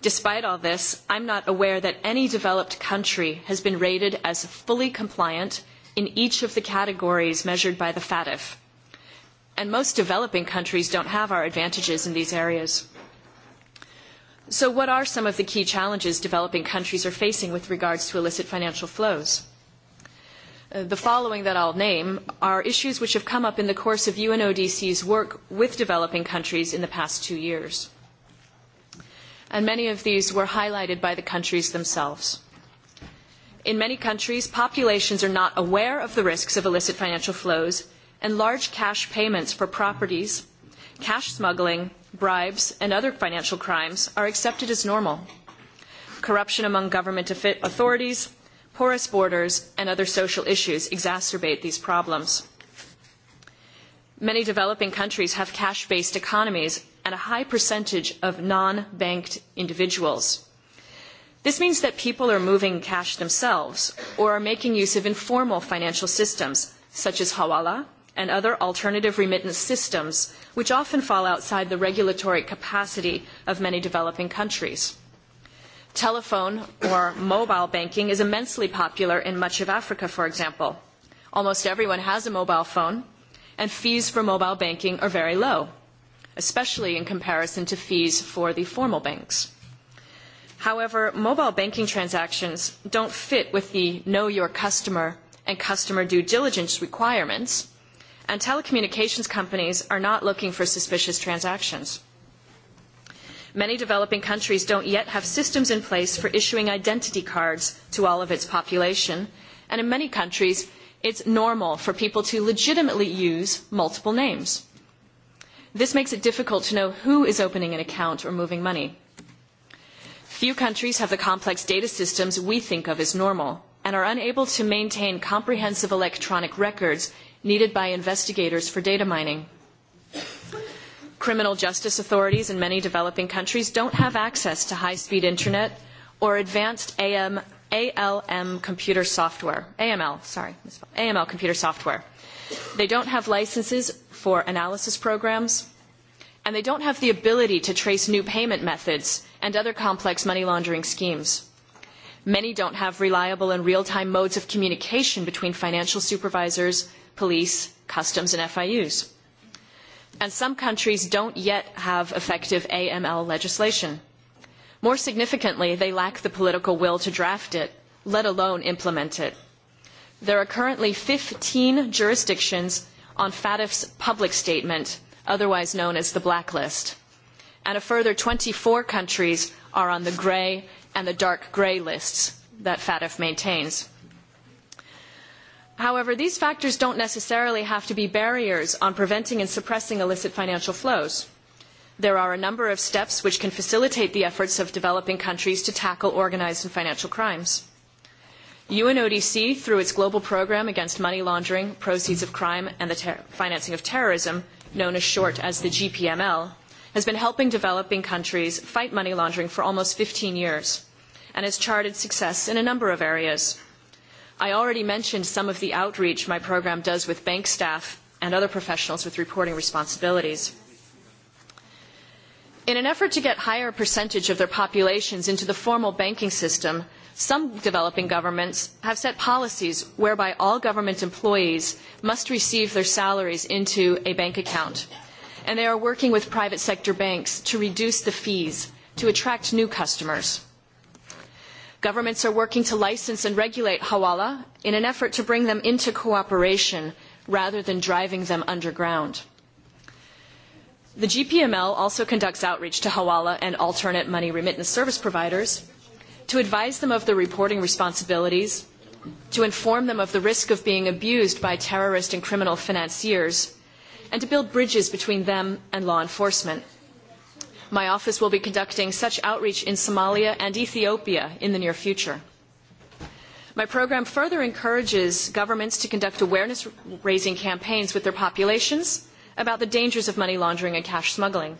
Despite all this, I am not aware that any developed country has been rated as fully compliant in each of the categories measured by the FATF. And most developing countries don't have our advantages in these areas. So what are some of the key challenges developing countries are facing with regards to illicit financial flows? Uh, the following that I'll name are issues which have come up in the course of UNODC's work with developing countries in the past two years. And many of these were highlighted by the countries themselves. In many countries, populations are not aware of the risks of illicit financial flows, and large cash payments for properties, cash smuggling, bribes, and other financial crimes are accepted as normal. Corruption among government authorities, porous borders, and other social issues exacerbate these problems. Many developing countries have cash-based economies and a high percentage of non-banked individuals. This means that people are moving cash themselves or are making use of informal financial systems such as Hawala and other alternative remittance systems which often fall outside the regulatory capacity of many developing countries. Telephone or mobile banking is immensely popular in much of Africa, for example. Almost everyone has a mobile phone, and fees for mobile banking are very low, especially in comparison to fees for the formal banks. However, mobile banking transactions don't fit with the know your customer and customer due diligence requirements, and telecommunications companies are not looking for suspicious transactions. Many developing countries don't yet have systems in place for issuing identity cards to all of its population, and in many countries, it's normal for people to legitimately use multiple names. This makes it difficult to know who is opening an account or moving money. Few countries have the complex data systems we think of as normal and are unable to maintain comprehensive electronic records needed by investigators for data mining. Criminal justice authorities in many developing countries don't have access to high-speed internet or advanced AM, ALM computer software, AML, sorry, AML computer software. They don't have licenses for analysis programs, and they don't have the ability to trace new payment methods and other complex money laundering schemes. Many don't have reliable and real-time modes of communication between financial supervisors, police, customs, and FIUs. And some countries don't yet have effective AML legislation. More significantly, they lack the political will to draft it, let alone implement it. There are currently fifteen jurisdictions on FATF's public statement otherwise known as the blacklist. And a further twenty four countries are on the grey and the dark grey lists that FATF maintains. However, these factors do not necessarily have to be barriers on preventing and suppressing illicit financial flows. There are a number of steps which can facilitate the efforts of developing countries to tackle organised and financial crimes. UNODC, through its global programme against money laundering, proceeds of crime, and the financing of terrorism, known as short as the GPML, has been helping developing countries fight money laundering for almost 15 years and has charted success in a number of areas. I already mentioned some of the outreach my program does with bank staff and other professionals with reporting responsibilities. In an effort to get higher percentage of their populations into the formal banking system, Some developing governments have set policies whereby all government employees must receive their salaries into a bank account. And they are working with private sector banks to reduce the fees to attract new customers. Governments are working to license and regulate hawala in an effort to bring them into cooperation rather than driving them underground. The GPML also conducts outreach to Hawala and alternate money remittance service providers to advise them of their reporting responsibilities, to inform them of the risk of being abused by terrorist and criminal financiers, and to build bridges between them and law enforcement. My office will be conducting such outreach in Somalia and Ethiopia in the near future. My programme further encourages governments to conduct awareness raising campaigns with their populations about the dangers of money laundering and cash smuggling.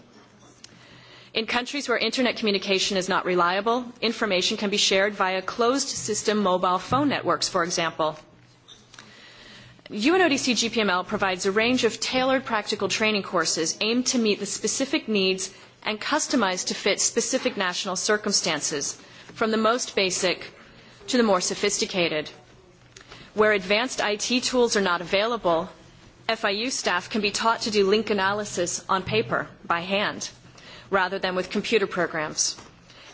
In countries where internet communication is not reliable, information can be shared via closed system mobile phone networks, for example. UNODC GPML provides a range of tailored practical training courses aimed to meet the specific needs and customized to fit specific national circumstances, from the most basic to the more sophisticated. Where advanced IT tools are not available, FIU staff can be taught to do link analysis on paper by hand rather than with computer programs.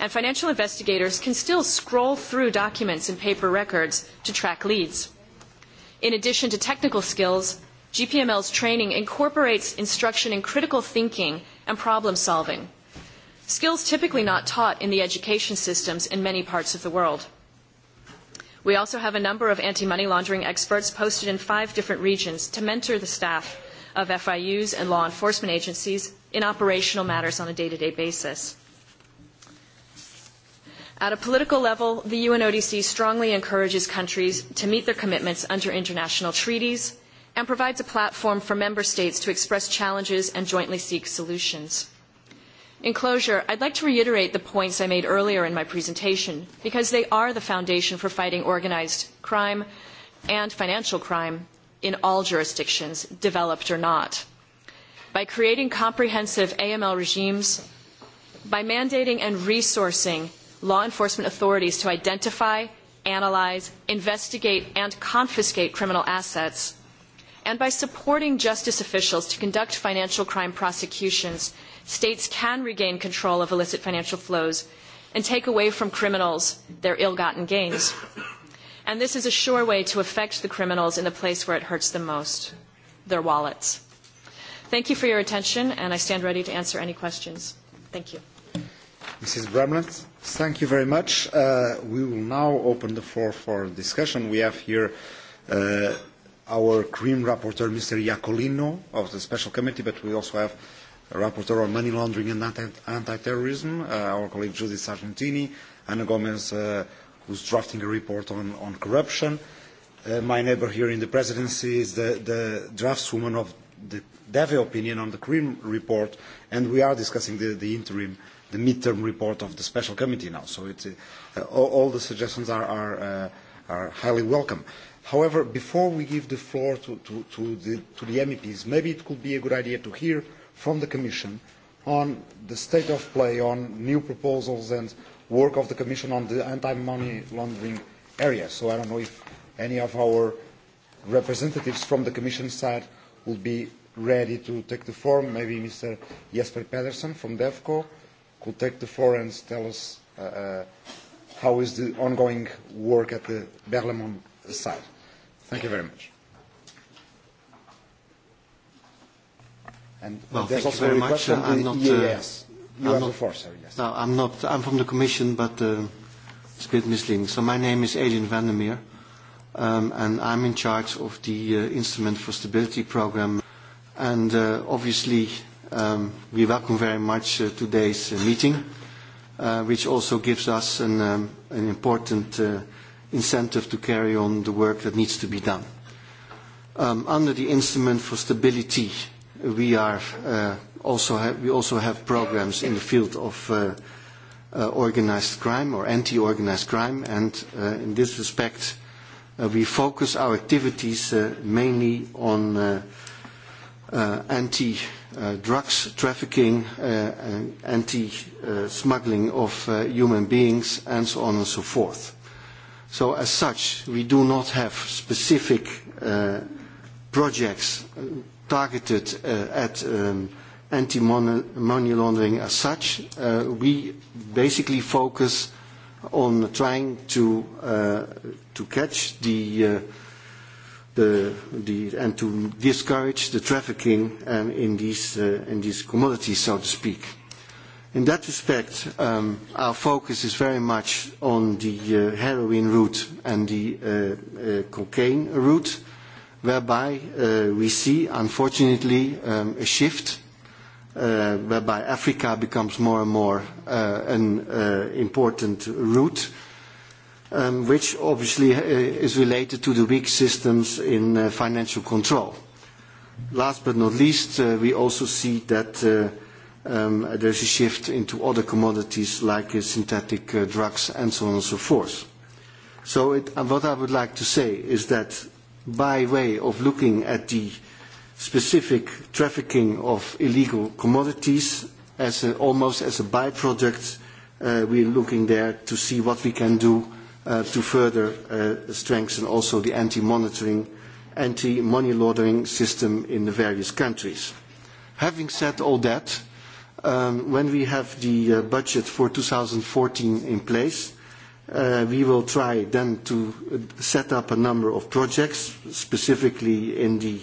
And financial investigators can still scroll through documents and paper records to track leads. In addition to technical skills, GPML's training incorporates instruction in critical thinking and problem solving, skills typically not taught in the education systems in many parts of the world. We also have a number of anti-money laundering experts posted in five different regions to mentor the staff of FIUs and law enforcement agencies in operational matters on a day-to-day basis. At a political level, the UNODC strongly encourages countries to meet their commitments under international treaties and provides a platform for member states to express challenges and jointly seek solutions. In closure, I'd like to reiterate the points I made earlier in my presentation because they are the foundation for fighting organized crime and financial crime in all jurisdictions, developed or not by creating comprehensive AML regimes, by mandating and resourcing law enforcement authorities to identify, analyze, investigate, and confiscate criminal assets, and by supporting justice officials to conduct financial crime prosecutions, states can regain control of illicit financial flows and take away from criminals their ill-gotten gains. And this is a sure way to affect the criminals in the place where it hurts them most, their wallets. Thank you for your attention, and I stand ready to answer any questions. Thank you. Mrs. Bramlett, thank you very much. Uh, we will now open the floor for discussion. We have here uh, our CREAM rapporteur, Mr. Iacolino, of the Special Committee, but we also have a rapporteur on money laundering and anti-terrorism, anti uh, our colleague Judith Sargentini, Anna Gomez, uh, who's drafting a report on, on corruption. Uh, my neighbor here in the presidency is the, the draftswoman of the DAVE opinion on the Krim report, and we are discussing the, the interim, the midterm report of the special committee now. So it's, uh, all, all the suggestions are, are, uh, are highly welcome. However, before we give the floor to, to, to, the, to the MEPs, maybe it could be a good idea to hear from the Commission on the state of play on new proposals and work of the Commission on the anti-money laundering area. So I don't know if any of our representatives from the Commission side will be ready to take the floor. Maybe Mr. Jesper Pedersen from DEFCO could take the floor and tell us uh, uh, how is the ongoing work at the Berlemont site. Thank you very much. And well, thank also a much. I'm not, EAS. Uh, you I'm not, the floor, sir. Yes. No, I'm not. I'm from the Commission, but uh, it's a bit misleading. So my name is Alien Vandermeer um, and I'm in charge of the uh, Instrument for Stability Program. And uh, obviously, um, we welcome very much uh, today's uh, meeting, uh, which also gives us an, um, an important uh, incentive to carry on the work that needs to be done. Um, under the Instrument for Stability, we, are, uh, also ha we also have programs in the field of uh, uh, organized crime or anti-organized crime, and uh, in this respect, uh, we focus our activities uh, mainly on uh, uh, anti-drugs uh, trafficking, uh, uh anti-smuggling uh, of uh, human beings, and so on and so forth. So as such, we do not have specific uh, projects targeted uh, at um, anti-money laundering as such. Uh, we basically focus on trying to uh, to catch the, uh, the, the, and to discourage the trafficking um, in, these, uh, in these commodities, so to speak. In that respect, um, our focus is very much on the uh, heroin route and the uh, uh, cocaine route, whereby uh, we see, unfortunately, um, a shift uh, whereby Africa becomes more and more uh, an uh, important route um, which obviously uh, is related to the weak systems in uh, financial control. Last but not least, uh, we also see that uh, um, there's a shift into other commodities like uh, synthetic uh, drugs and so on and so forth. So it, uh, what I would like to say is that by way of looking at the specific trafficking of illegal commodities as a, almost as a byproduct, uh, we're looking there to see what we can do uh, to further uh, strengthen also the anti-monitoring, anti-money laundering system in the various countries. Having said all that, um, when we have the uh, budget for 2014 in place, uh, we will try then to uh, set up a number of projects, specifically in the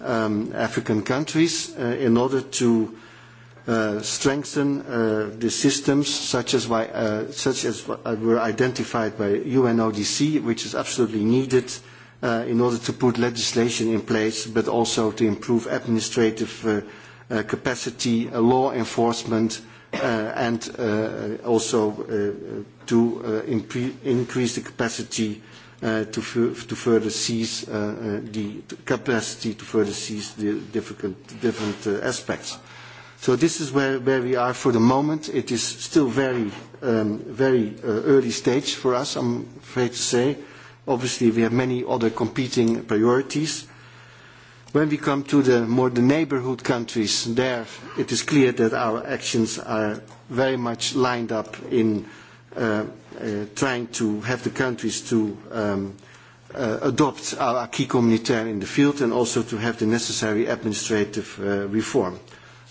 um, African countries, uh, in order to Uh, strengthen uh, the systems such as, why, uh, such as uh, were identified by UNODC, which is absolutely needed uh, in order to put legislation in place, but also to improve administrative uh, uh, capacity, uh, law enforcement, uh, and uh, also uh, to uh, increase the capacity uh, to, to further seize uh, uh, the capacity to further seize the different, different uh, aspects. So this is where, where we are for the moment. It is still very, um, very uh, early stage for us, I'm afraid to say. Obviously, we have many other competing priorities. When we come to the more the neighborhood countries, there it is clear that our actions are very much lined up in uh, uh, trying to have the countries to um, uh, adopt our acquis communautaire in the field and also to have the necessary administrative uh, reform.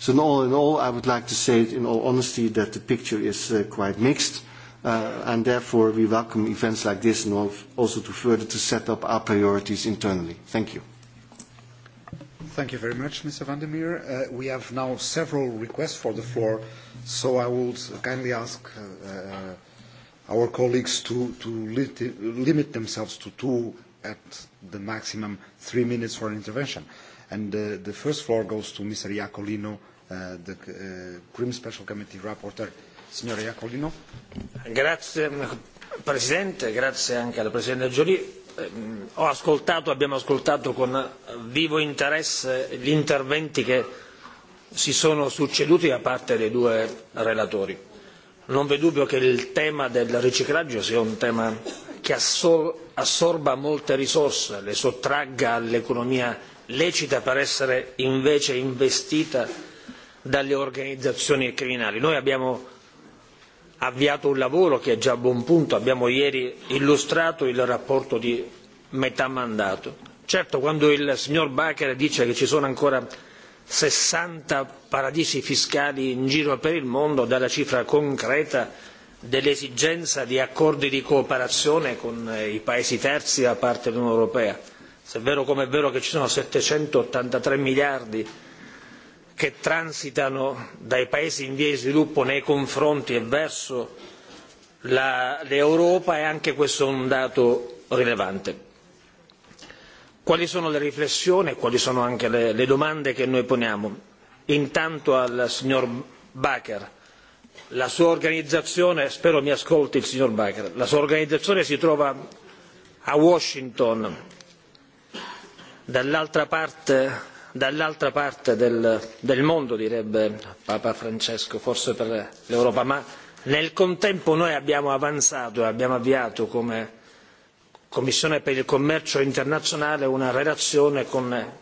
So in all in all, I would like to say in all honesty that the picture is uh, quite mixed. Uh, and therefore, we welcome events like this and also to further to set up our priorities internally. Thank you. Thank you very much, Mr. Van der Meer. Uh, we have now several requests for the floor, so I would kindly ask uh, uh our colleagues to, to limit themselves to two at the maximum three minutes for an intervention. Uh, And uh, the first floor goes to Mr. Iacolino, uh, the uh, Grim Special Committee Rapporteur. Signor Iacolino. Grazie Presidente, grazie anche alla Presidente Giolì. Ehm, ho ascoltato, abbiamo ascoltato con vivo interesse gli interventi che si sono succeduti da parte dei due relatori. Non v'è dubbio che il tema del riciclaggio sia un tema che assor- assorba molte risorse, le sottragga all'economia lecita per essere invece investita dalle organizzazioni criminali. Noi abbiamo avviato un lavoro che è già a buon punto, abbiamo ieri illustrato il rapporto di metà mandato. Certo, quando il signor Bacher dice che ci sono ancora sessanta paradisi fiscali in giro per il mondo, dà la cifra concreta dell'esigenza di accordi di cooperazione con eh, i paesi terzi da parte dell'Unione Europea se è vero come è vero che ci sono 783 miliardi che transitano dai paesi in via di sviluppo nei confronti e verso l'Europa e anche questo è un dato rilevante. Quali sono le riflessioni e quali sono anche le, le domande che noi poniamo? Intanto al signor Baker, la sua organizzazione, spero mi ascolti il signor Baker, la sua organizzazione si trova a Washington dall'altra parte dall'altra parte del, del mondo, direbbe Papa Francesco, forse per l'Europa, ma nel contempo noi abbiamo avanzato e abbiamo avviato come Commissione per il commercio internazionale una relazione con,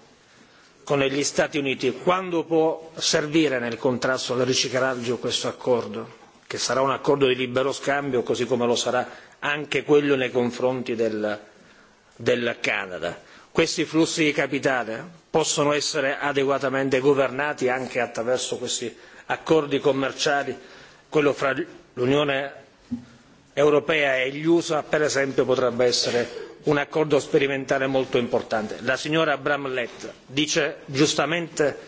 con gli Stati Uniti. Quando può servire nel contrasto al riciclaggio questo accordo? Che sarà un accordo di libero scambio, così come lo sarà anche quello nei confronti del, del Canada questi flussi di capitale possono essere adeguatamente governati anche attraverso questi accordi commerciali, quello fra l'Unione europea e gli USA per esempio potrebbe essere un accordo sperimentale molto importante. La signora Bramlett dice giustamente,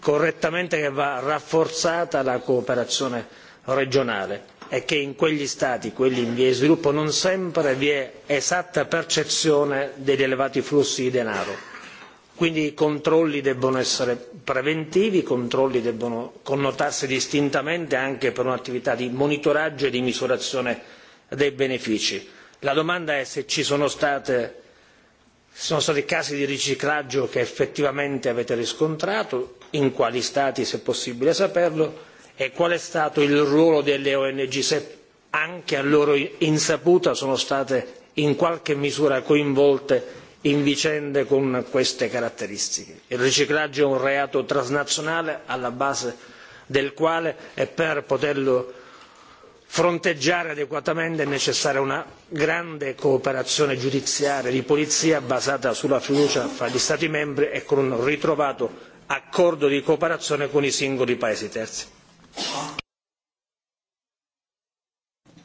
correttamente che va rafforzata la cooperazione regionale è che in quegli Stati, quelli in via di sviluppo, non sempre vi è esatta percezione degli elevati flussi di denaro. Quindi i controlli debbono essere preventivi, i controlli debbono connotarsi distintamente anche per un'attività di monitoraggio e di misurazione dei benefici. La domanda è se ci sono, state, sono stati casi di riciclaggio che effettivamente avete riscontrato, in quali Stati, se è possibile saperlo, e qual è stato il ruolo delle ONG se anche a loro insaputa sono state in qualche misura coinvolte in vicende con queste caratteristiche. Il riciclaggio è un reato transnazionale alla base del quale e per poterlo fronteggiare adeguatamente è necessaria una grande cooperazione giudiziaria di polizia basata sulla fiducia fra gli Stati membri e con un ritrovato accordo di cooperazione con i singoli Paesi terzi.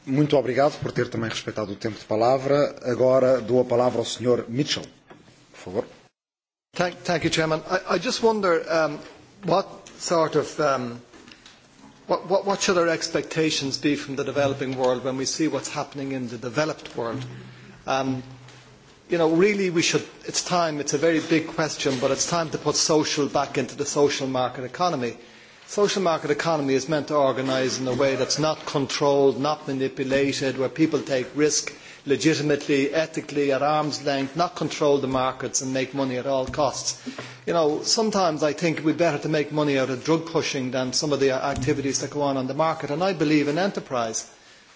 Muito obrigado por ter também respeitado o tempo de palavra. Agora dou a palavra ao Sr. Mitchell. Por favor. Thank, thank you, Chairman. I, I just wonder um, what sort of um, what, what, what should our expectations be from the developing world when we see what's happening in the developed world? Um, you know, really we should, it's time, it's a very big question, but it's time to put social back into the social market economy social market economy is meant to organise in a way that's not controlled, not manipulated, where people take risk legitimately, ethically, at arm's length, not control the markets and make money at all costs. You know, sometimes I think it would be better to make money out of drug pushing than some of the activities that go on on the market, and I believe in enterprise.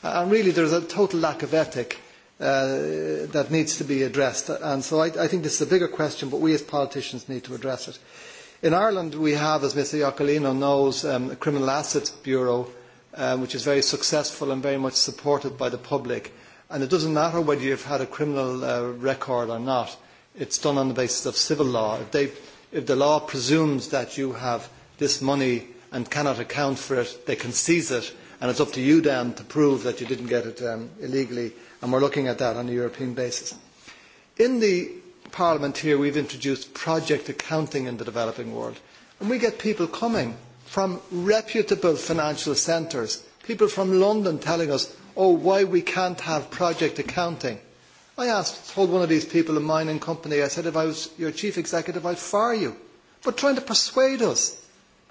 And really there is a total lack of ethic uh, that needs to be addressed. And so I, I think this is a bigger question, but we as politicians need to address it. In Ireland, we have, as Mr. Iacolino knows, um, a Criminal Assets Bureau, um, which is very successful and very much supported by the public. And it doesn't matter whether you've had a criminal uh, record or not. It's done on the basis of civil law. If, they, if the law presumes that you have this money and cannot account for it, they can seize it, and it's up to you then to prove that you didn't get it um, illegally. And we're looking at that on a European basis. In the Parliament here, we have introduced project accounting in the developing world. And we get people coming from reputable financial centres, people from London telling us, oh, why we can't have project accounting. I asked, told one of these people in mining company, I said, if I was your chief executive, I'd fire you. But trying to persuade us,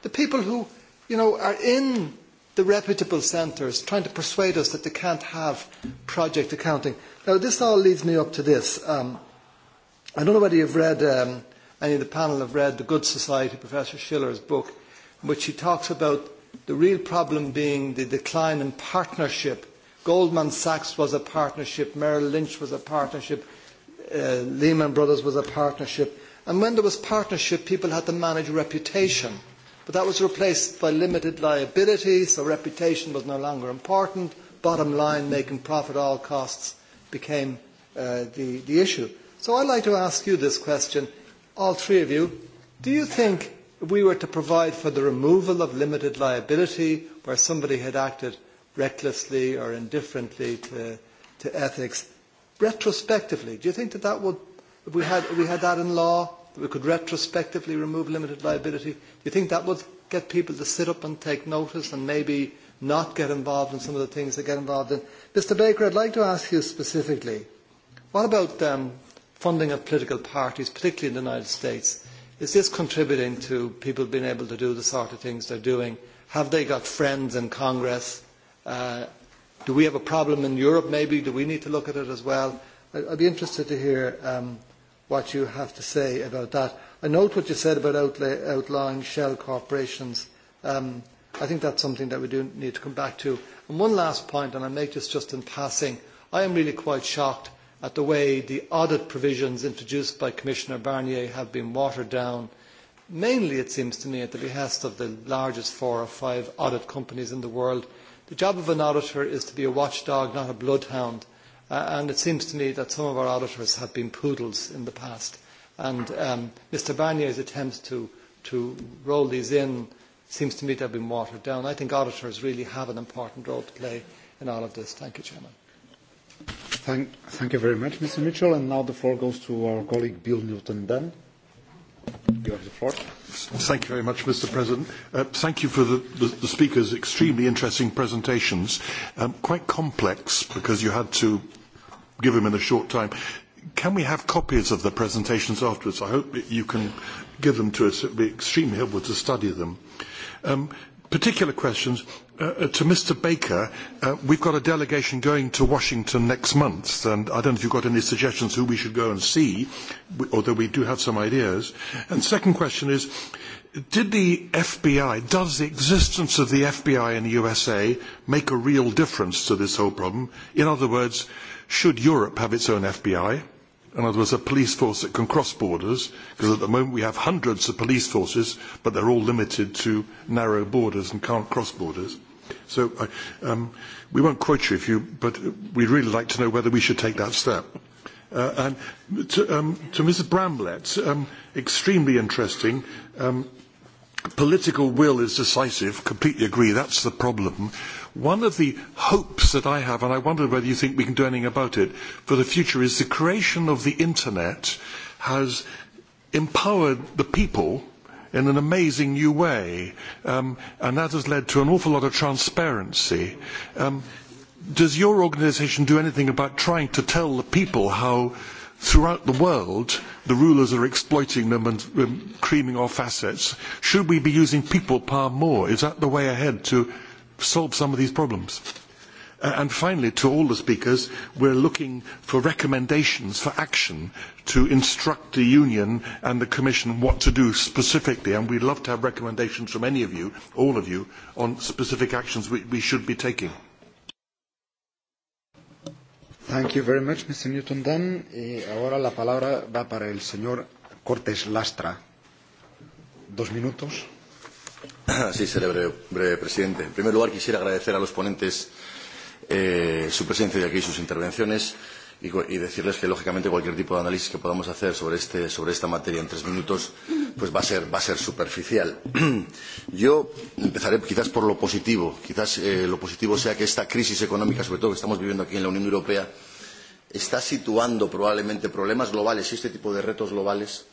the people who, you know, are in the reputable centres, trying to persuade us that they can't have project accounting. Now, this all leads me up to this. Um, I don't know whether you've read, um, any of the panel have read The Good Society, Professor Schiller's book, in which he talks about the real problem being the decline in partnership. Goldman Sachs was a partnership, Merrill Lynch was a partnership, uh, Lehman Brothers was a partnership. And when there was partnership, people had to manage reputation. But that was replaced by limited liability, so reputation was no longer important. Bottom line, making profit at all costs became uh, the, the issue. So I'd like to ask you this question, all three of you. Do you think if we were to provide for the removal of limited liability where somebody had acted recklessly or indifferently to, to ethics, retrospectively, do you think that that would, if we had, if we had that in law, that we could retrospectively remove limited liability, do you think that would get people to sit up and take notice and maybe not get involved in some of the things they get involved in? Mr Baker, I'd like to ask you specifically, what about um, funding of political parties, particularly in the United States, is this contributing to people being able to do the sort of things they're doing? Have they got friends in Congress? Uh, do we have a problem in Europe maybe? Do we need to look at it as well? I I'd be interested to hear um, what you have to say about that. I note what you said about outlay, outlawing shell corporations. Um, I think that's something that we do need to come back to. And one last point, and I make this just in passing. I am really quite shocked at the way the audit provisions introduced by Commissioner Barnier have been watered down, mainly, it seems to me, at the behest of the largest four or five audit companies in the world. The job of an auditor is to be a watchdog, not a bloodhound. Uh, and it seems to me that some of our auditors have been poodles in the past. And um, Mr Barnier's attempts to, to roll these in seems to me to have been watered down. I think auditors really have an important role to play in all of this. Thank you, Chairman. Thank, thank you very much, Mr. Mitchell. And now the floor goes to our colleague Bill Newton-Dunn. You have the floor. Thank you very much, Mr. President. Uh, thank you for the, the, the speakers' extremely interesting presentations. Um, quite complex because you had to give them in a short time. Can we have copies of the presentations afterwards? I hope that you can give them to us. It would be extremely helpful to study them. Um, particular questions. Uh, uh, to Mr. Baker, uh, we've got a delegation going to Washington next month, and I don't know if you've got any suggestions who we should go and see, although we do have some ideas. And second question is, did the FBI, does the existence of the FBI in the USA make a real difference to this whole problem? In other words, should Europe have its own FBI? in other words, a police force that can cross borders, because at the moment we have hundreds of police forces, but they're all limited to narrow borders and can't cross borders. So I, um, we won't quote you if you, but we'd really like to know whether we should take that step. Uh, and to, um, to Mrs. Bramlett, um, extremely interesting. Um, political will is decisive, completely agree, that's the problem One of the hopes that I have, and I wonder whether you think we can do anything about it, for the future is the creation of the internet has empowered the people in an amazing new way, um, and that has led to an awful lot of transparency. Um, does your organisation do anything about trying to tell the people how throughout the world the rulers are exploiting them and um, creaming off assets? Should we be using people power more? Is that the way ahead to solve some of these problems. Uh, and finally, to all the speakers, we're looking for recommendations for action to instruct the Union and the Commission what to do specifically. And we'd love to have recommendations from any of you, all of you, on specific actions we, we should be taking. Thank you very much, Mr. Newton Dunn. Y eh, ahora la palabra va para el señor Cortés Lastra. Dos minutos. Sí, seré breve, breve, presidente. En primer lugar, quisiera agradecer a los ponentes eh, su presencia de aquí sus intervenciones y, y decirles que, lógicamente, cualquier tipo de análisis que podamos hacer sobre, este, sobre esta materia en tres minutos pues va, a ser, va a ser superficial. Yo empezaré quizás por lo positivo. Quizás eh, lo positivo sea que esta crisis económica, sobre todo que estamos viviendo aquí en la Unión Europea, está situando probablemente problemas globales y este tipo de retos globales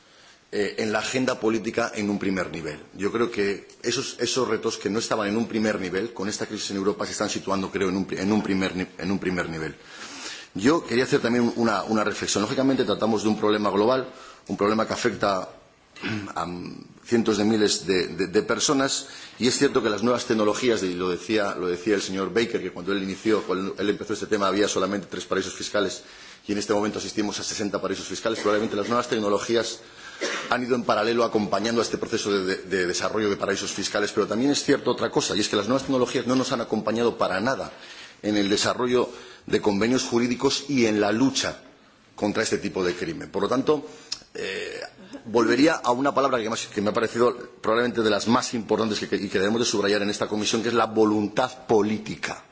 eh, en la agenda política en un primer nivel. Yo creo que esos, esos retos que no estaban en un primer nivel, con esta crisis en Europa, se están situando, creo, en un, en un, primer, en un primer nivel. Yo quería hacer también una, una reflexión. Lógicamente tratamos de un problema global, un problema que afecta a cientos de miles de, de, de personas y es cierto que las nuevas tecnologías, y lo decía, lo decía el señor Baker, que cuando él, inició, cuando él empezó este tema había solamente tres paraísos fiscales y en este momento asistimos a 60 paraísos fiscales, probablemente las nuevas tecnologías han ido en paralelo acompañando a este proceso de, de, de desarrollo de paraísos fiscales. Pero también es cierto otra cosa, y es que las nuevas tecnologías no nos han acompañado para nada en el desarrollo de convenios jurídicos y en la lucha contra este tipo de crimen. Por lo tanto, eh, volvería a una palabra que, más, que me ha parecido probablemente de las más importantes que, que, y que debemos de subrayar en esta comisión, que es la voluntad política.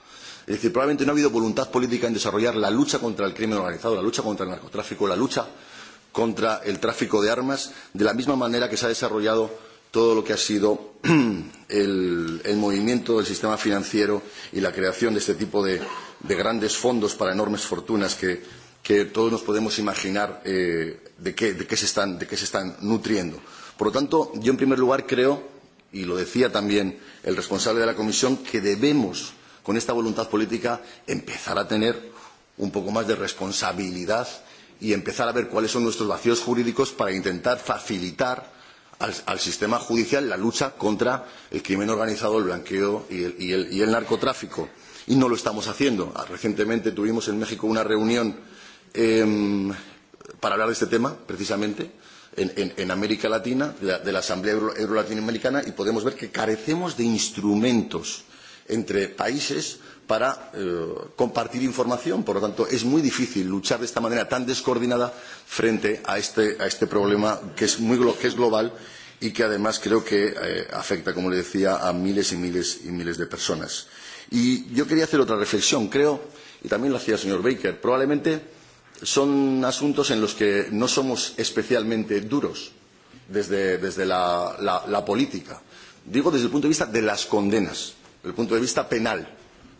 Es decir, probablemente no ha habido voluntad política en desarrollar la lucha contra el crimen organizado, la lucha contra el narcotráfico, la lucha contra el tráfico de armas, de la misma manera que se ha desarrollado todo lo que ha sido el, el movimiento del sistema financiero y la creación de este tipo de, de grandes fondos para enormes fortunas que, que todos nos podemos imaginar eh, de, qué, de, qué se están, de qué se están nutriendo. Por lo tanto, yo en primer lugar creo, y lo decía también el responsable de la comisión, que debemos, con esta voluntad política, empezar a tener un poco más de responsabilidad y empezar a ver cuáles son nuestros vacíos jurídicos para intentar facilitar al, al sistema judicial la lucha contra el crimen organizado, el blanqueo y el, y el, y el narcotráfico. Y no lo estamos haciendo. Ah, recientemente tuvimos en México una reunión eh, para hablar de este tema, precisamente, en, en, en América Latina, de la, de la Asamblea Euro, Euro Latinoamericana, y podemos ver que carecemos de instrumentos entre países para eh, compartir información. Por lo tanto, es muy difícil luchar de esta manera tan descoordinada frente a este, a este problema que es, muy, que es global y que además creo que eh, afecta, como le decía, a miles y miles y miles de personas. Y yo quería hacer otra reflexión, creo, y también lo hacía el señor Baker, probablemente son asuntos en los que no somos especialmente duros desde, desde la, la, la política. Digo desde el punto de vista de las condenas, desde el punto de vista penal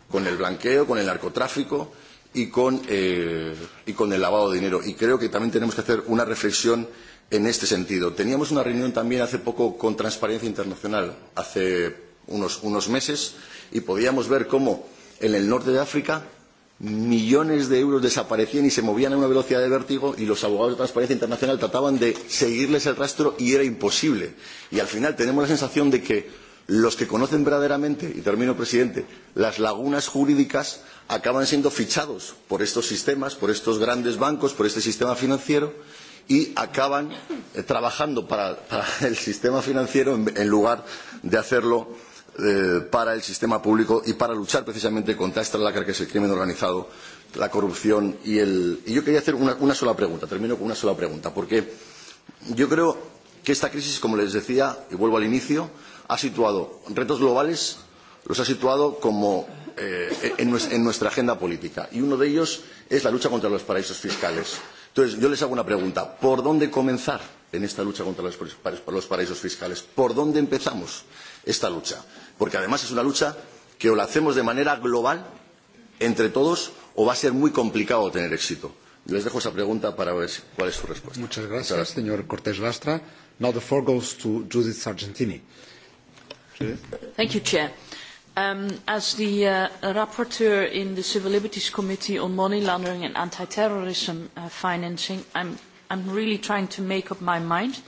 con el blanqueo, con el narcotráfico y con, eh, y con el lavado de dinero. Y creo que también tenemos que hacer una reflexión en este sentido. Teníamos una reunión también hace poco con Transparencia Internacional, hace unos, unos meses, y podíamos ver cómo en el norte de África millones de euros desaparecían y se movían a una velocidad de vértigo y los abogados de Transparencia Internacional trataban de seguirles el rastro y era imposible. Y al final tenemos la sensación de que los que conocen verdaderamente, y termino presidente, las lagunas jurídicas acaban siendo fichados por estos sistemas, por estos grandes bancos, por este sistema financiero y acaban eh, trabajando para, para, el sistema financiero en, en lugar de hacerlo eh, para el sistema público y para luchar precisamente contra esta lacra que es el crimen organizado, la corrupción y el... Y yo quería hacer una, una sola pregunta, termino con una sola pregunta, porque yo creo que esta crisis, como les decía, y vuelvo al inicio, ha situado retos globales, los ha situado como eh, en, en nuestra agenda política. Y uno de ellos es la lucha contra los paraísos fiscales. Entonces, yo les hago una pregunta. ¿Por dónde comenzar en esta lucha contra los, los paraísos fiscales? ¿Por dónde empezamos esta lucha? Porque además es una lucha que o la hacemos de manera global, entre todos, o va a ser muy complicado tener éxito. Les dejo esa pregunta para ver cuál es su respuesta. Muchas gracias, Muchas gracias. señor Cortés Lastra. Now the floor goes to Judith Sargentini. Thank you, Chair. Um, as the uh, rapporteur in the Civil Liberties Committee on Money Laundering and Anti-Terrorism uh, Financing, I'm, I'm really trying to make up my mind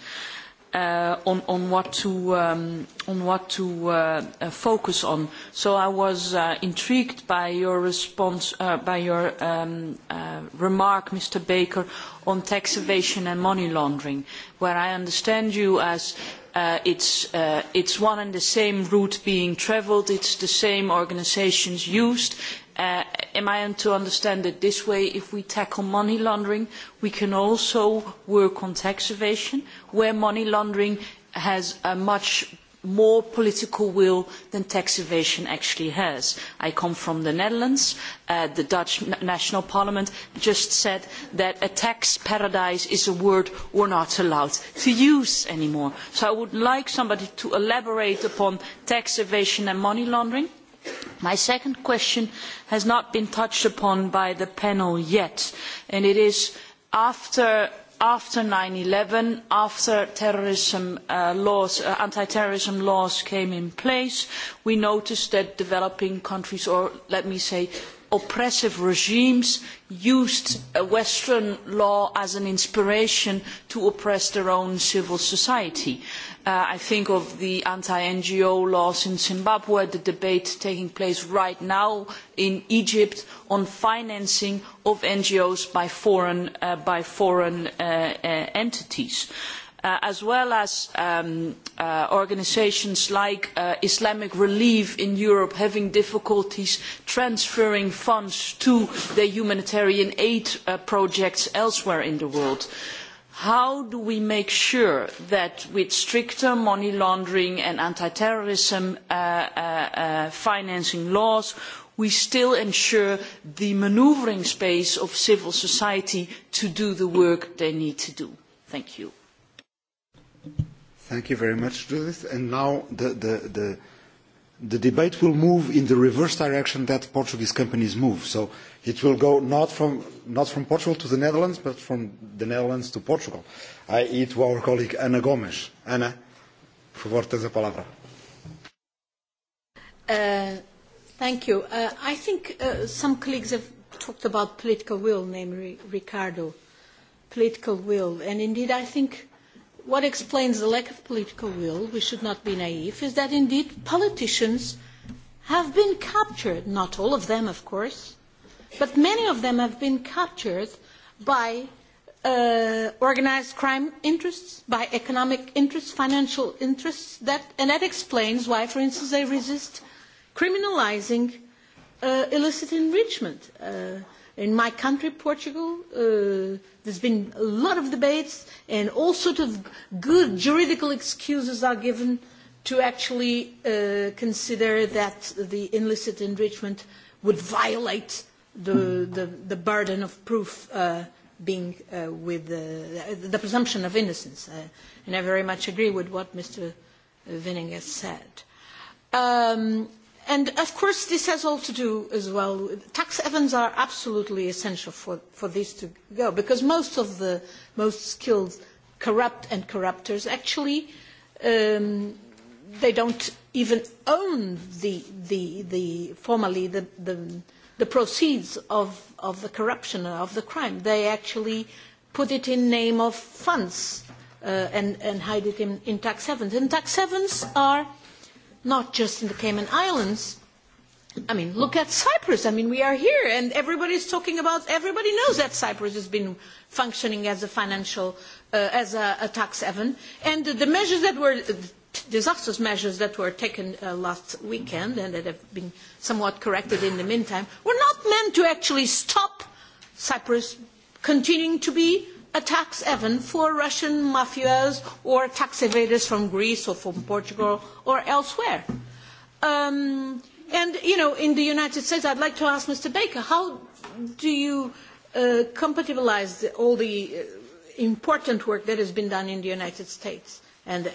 uh, on, on what to, um, on what to uh, uh, focus on. So I was uh, intrigued by your response, uh, by your um, uh, remark, Mr. Baker, on tax evasion and money laundering, where I understand you as uh, it's, uh, it's one and the same route being travelled, it's the same organisations used. Uh, am I to understand that this way, if we tackle money laundering, we can also work on tax evasion, where money laundering has a much more political will than tax evasion actually has. I come from the Netherlands. Uh, the Dutch National Parliament just said that a tax paradise is a word we are not allowed to use anymore. So I would like somebody to elaborate upon tax evasion and money laundering. My second question has not been touched upon by the panel yet, and it is after after 9-11, after terrorism uh, laws, uh, anti-terrorism laws came in place, we noticed that developing countries, or let me say, oppressive regimes used uh, Western law as an inspiration to oppress their own civil society. Uh, Uh, I think of the anti-NGO laws in Zimbabwe, the debate taking place right now in Egypt on financing of NGOs by foreign, uh, by foreign uh, uh, entities. Uh, as well as um, uh, organisations like uh, Islamic Relief in Europe having difficulties transferring funds to their humanitarian aid uh, projects elsewhere in the world. Uh, how do we make sure that with stricter money laundering and anti-terrorism uh, uh, uh financing laws, we still ensure the manoeuvring space of civil society to do the work they need to do? Thank you. Thank you very much, Judith. And now the, the, the, the debate will move in the reverse direction that Portuguese companies move. So It will go not from, not from Portugal to the Netherlands, but from the Netherlands to Portugal, i.e. to our colleague Anna Gomes. Anna por favor, tens a palavra. Uh, thank you. Uh, I think uh, some colleagues have talked about political will, namely Ricardo, political will. And indeed, I think what explains the lack of political will, we should not be naive, is that indeed politicians have been captured, not all of them, of course, But many of them have been captured by uh, organized crime interests, by economic interests, financial interests, that, and that explains why, for instance, they resist criminalizing uh, illicit enrichment. Uh, in my country, Portugal, uh, there's been a lot of debates and all sorts of good juridical excuses are given to actually uh, consider that the illicit enrichment would violate the, the, the burden of proof uh, being uh, with the, the presumption of innocence. Uh, and I very much agree with what Mr. Vinning has said. Um, and of course this has all to do as well, with tax havens are absolutely essential for, for this to go because most of the most skilled corrupt and corruptors actually um, they don't even own the, the, the formally the, the the proceeds of, of the corruption, of the crime. They actually put it in name of funds uh, and, and hide it in, in tax havens. And tax havens are not just in the Cayman Islands. I mean, look at Cyprus. I mean, we are here and everybody is talking about, everybody knows that Cyprus has been functioning as a financial, uh, as a, a tax haven. And the measures that were disastrous measures that were taken uh, last weekend and that have been somewhat corrected in the meantime were not meant to actually stop Cyprus continuing to be a tax haven for Russian mafias or tax evaders from Greece or from Portugal or elsewhere. Um, and, you know, in the United States, I'd like to ask Mr. Baker, how do you uh, compatibilize the, all the uh, important work that has been done in the United States? and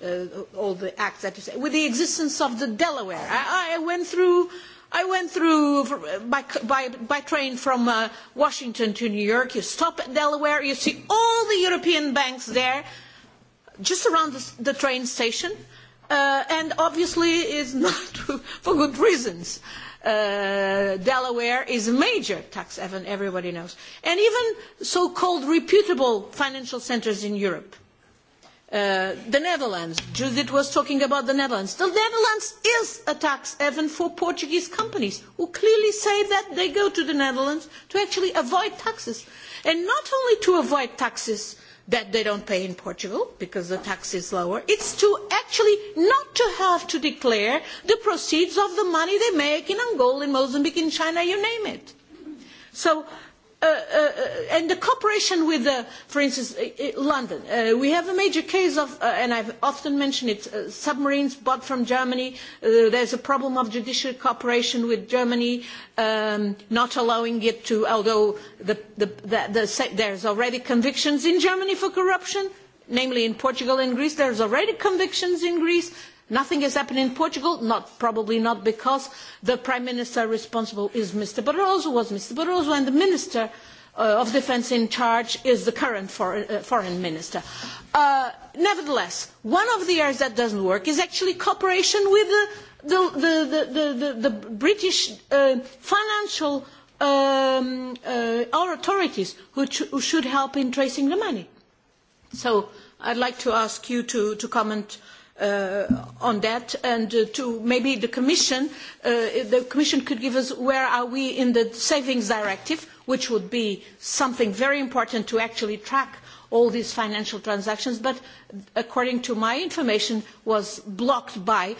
uh, uh, all the acts that you say, with the existence of the Delaware. I, I went through, I went through by, by, by train from uh, Washington to New York. You stop at Delaware, you see all the European banks there, just around the, the train station, uh, and obviously is not for good reasons. Uh, Delaware is a major tax haven, everybody knows. And even so-called reputable financial centers in Europe Uh, the Netherlands, Judith was talking about the Netherlands. The Netherlands is a tax haven for Portuguese companies who clearly say that they go to the Netherlands to actually avoid taxes. And not only to avoid taxes that they don't pay in Portugal because the tax is lower, it's to actually not to have to declare the proceeds of the money they make in Angola, in Mozambique, in China, you name it. So uh, uh, and the cooperation with, uh, for instance, uh, uh, London. Uh, we have a major case of, uh, and I've often mentioned it, uh, submarines bought from Germany. Uh, there's a problem of judicial cooperation with Germany, um, not allowing it to, although the, the, the, the, there's already convictions in Germany for corruption, namely in Portugal and Greece. There's already convictions in Greece. Nothing has happened in Portugal, not, probably not because the Prime Minister responsible is Mr. Barroso, was Mr. Barroso, and the Minister uh, of Defence in charge is the current foreign, uh, foreign Minister. Uh, nevertheless, one of the areas that doesn't work is actually cooperation with the, the, the, the, the, the British uh, financial um, uh, authorities who, ch who should help in tracing the money. So I'd like to ask you to, to comment uh, on that and uh, to maybe the Commission, uh, the Commission could give us where are we in the Savings Directive, which would be something very important to actually track all these financial transactions, but according to my information was blocked by,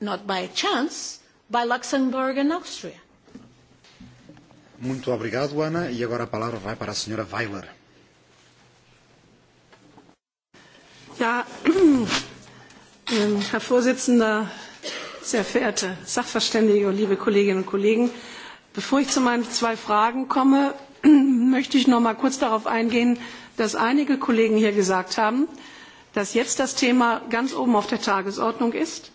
not by chance, by Luxembourg and Austria. Muito obrigado, Ana. E agora a palavra vai para a senhora Weiler. Ja, Ähm, Herr Vorsitzender, sehr verehrte Sachverständige und liebe Kolleginnen und Kollegen, bevor ich zu meinen zwei Fragen komme, möchte ich noch mal kurz darauf eingehen, dass einige Kollegen hier gesagt haben, dass jetzt das Thema ganz oben auf der Tagesordnung ist.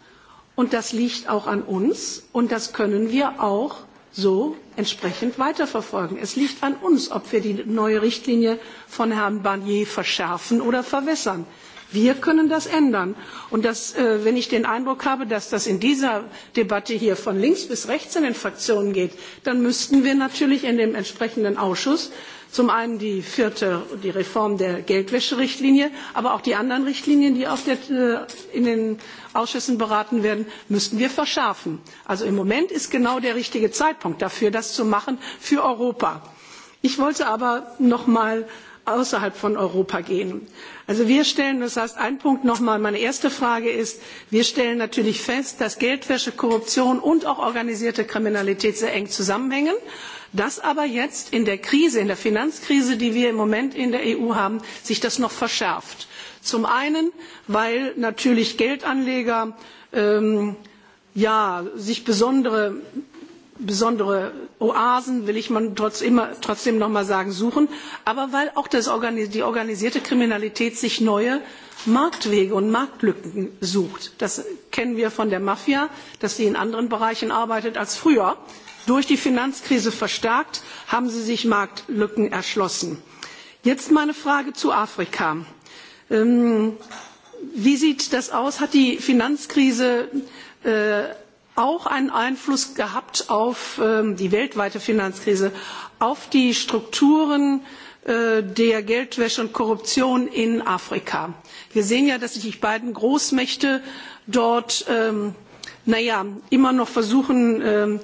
Und das liegt auch an uns. Und das können wir auch so entsprechend weiterverfolgen. Es liegt an uns, ob wir die neue Richtlinie von Herrn Barnier verschärfen oder verwässern. Wir können das ändern. Und das, äh, wenn ich den Eindruck habe, dass das in dieser Debatte hier von links bis rechts in den Fraktionen geht, dann müssten wir natürlich in dem entsprechenden Ausschuss zum einen die vierte, die Reform der Geldwäscherichtlinie, aber auch die anderen Richtlinien, die auf der, äh, in den Ausschüssen beraten werden, müssten wir verschärfen. Also im Moment ist genau der richtige Zeitpunkt dafür, das zu machen für Europa. Ich wollte aber noch mal außerhalb von Europa gehen. Also wir stellen, das heißt ein Punkt nochmal, meine erste Frage ist, wir stellen natürlich fest, dass Geldwäsche, Korruption und auch organisierte Kriminalität sehr eng zusammenhängen, dass aber jetzt in der Krise, in der Finanzkrise, die wir im Moment in der EU haben, sich das noch verschärft. Zum einen, weil natürlich Geldanleger ähm, ja, sich besondere besondere Oasen, will ich man trotz immer, trotzdem noch mal sagen, suchen, aber weil auch das, die organisierte Kriminalität sich neue Marktwege und Marktlücken sucht. Das kennen wir von der Mafia, dass sie in anderen Bereichen arbeitet als früher. Durch die Finanzkrise verstärkt haben sie sich Marktlücken erschlossen. Jetzt meine Frage zu Afrika. Ähm, wie sieht das aus? Hat die Finanzkrise äh, auch einen Einfluss gehabt auf ähm, die weltweite Finanzkrise, auf die Strukturen äh, der Geldwäsche und Korruption in Afrika. Wir sehen ja, dass sich die beiden Großmächte dort ähm, naja, immer noch versuchen, ähm,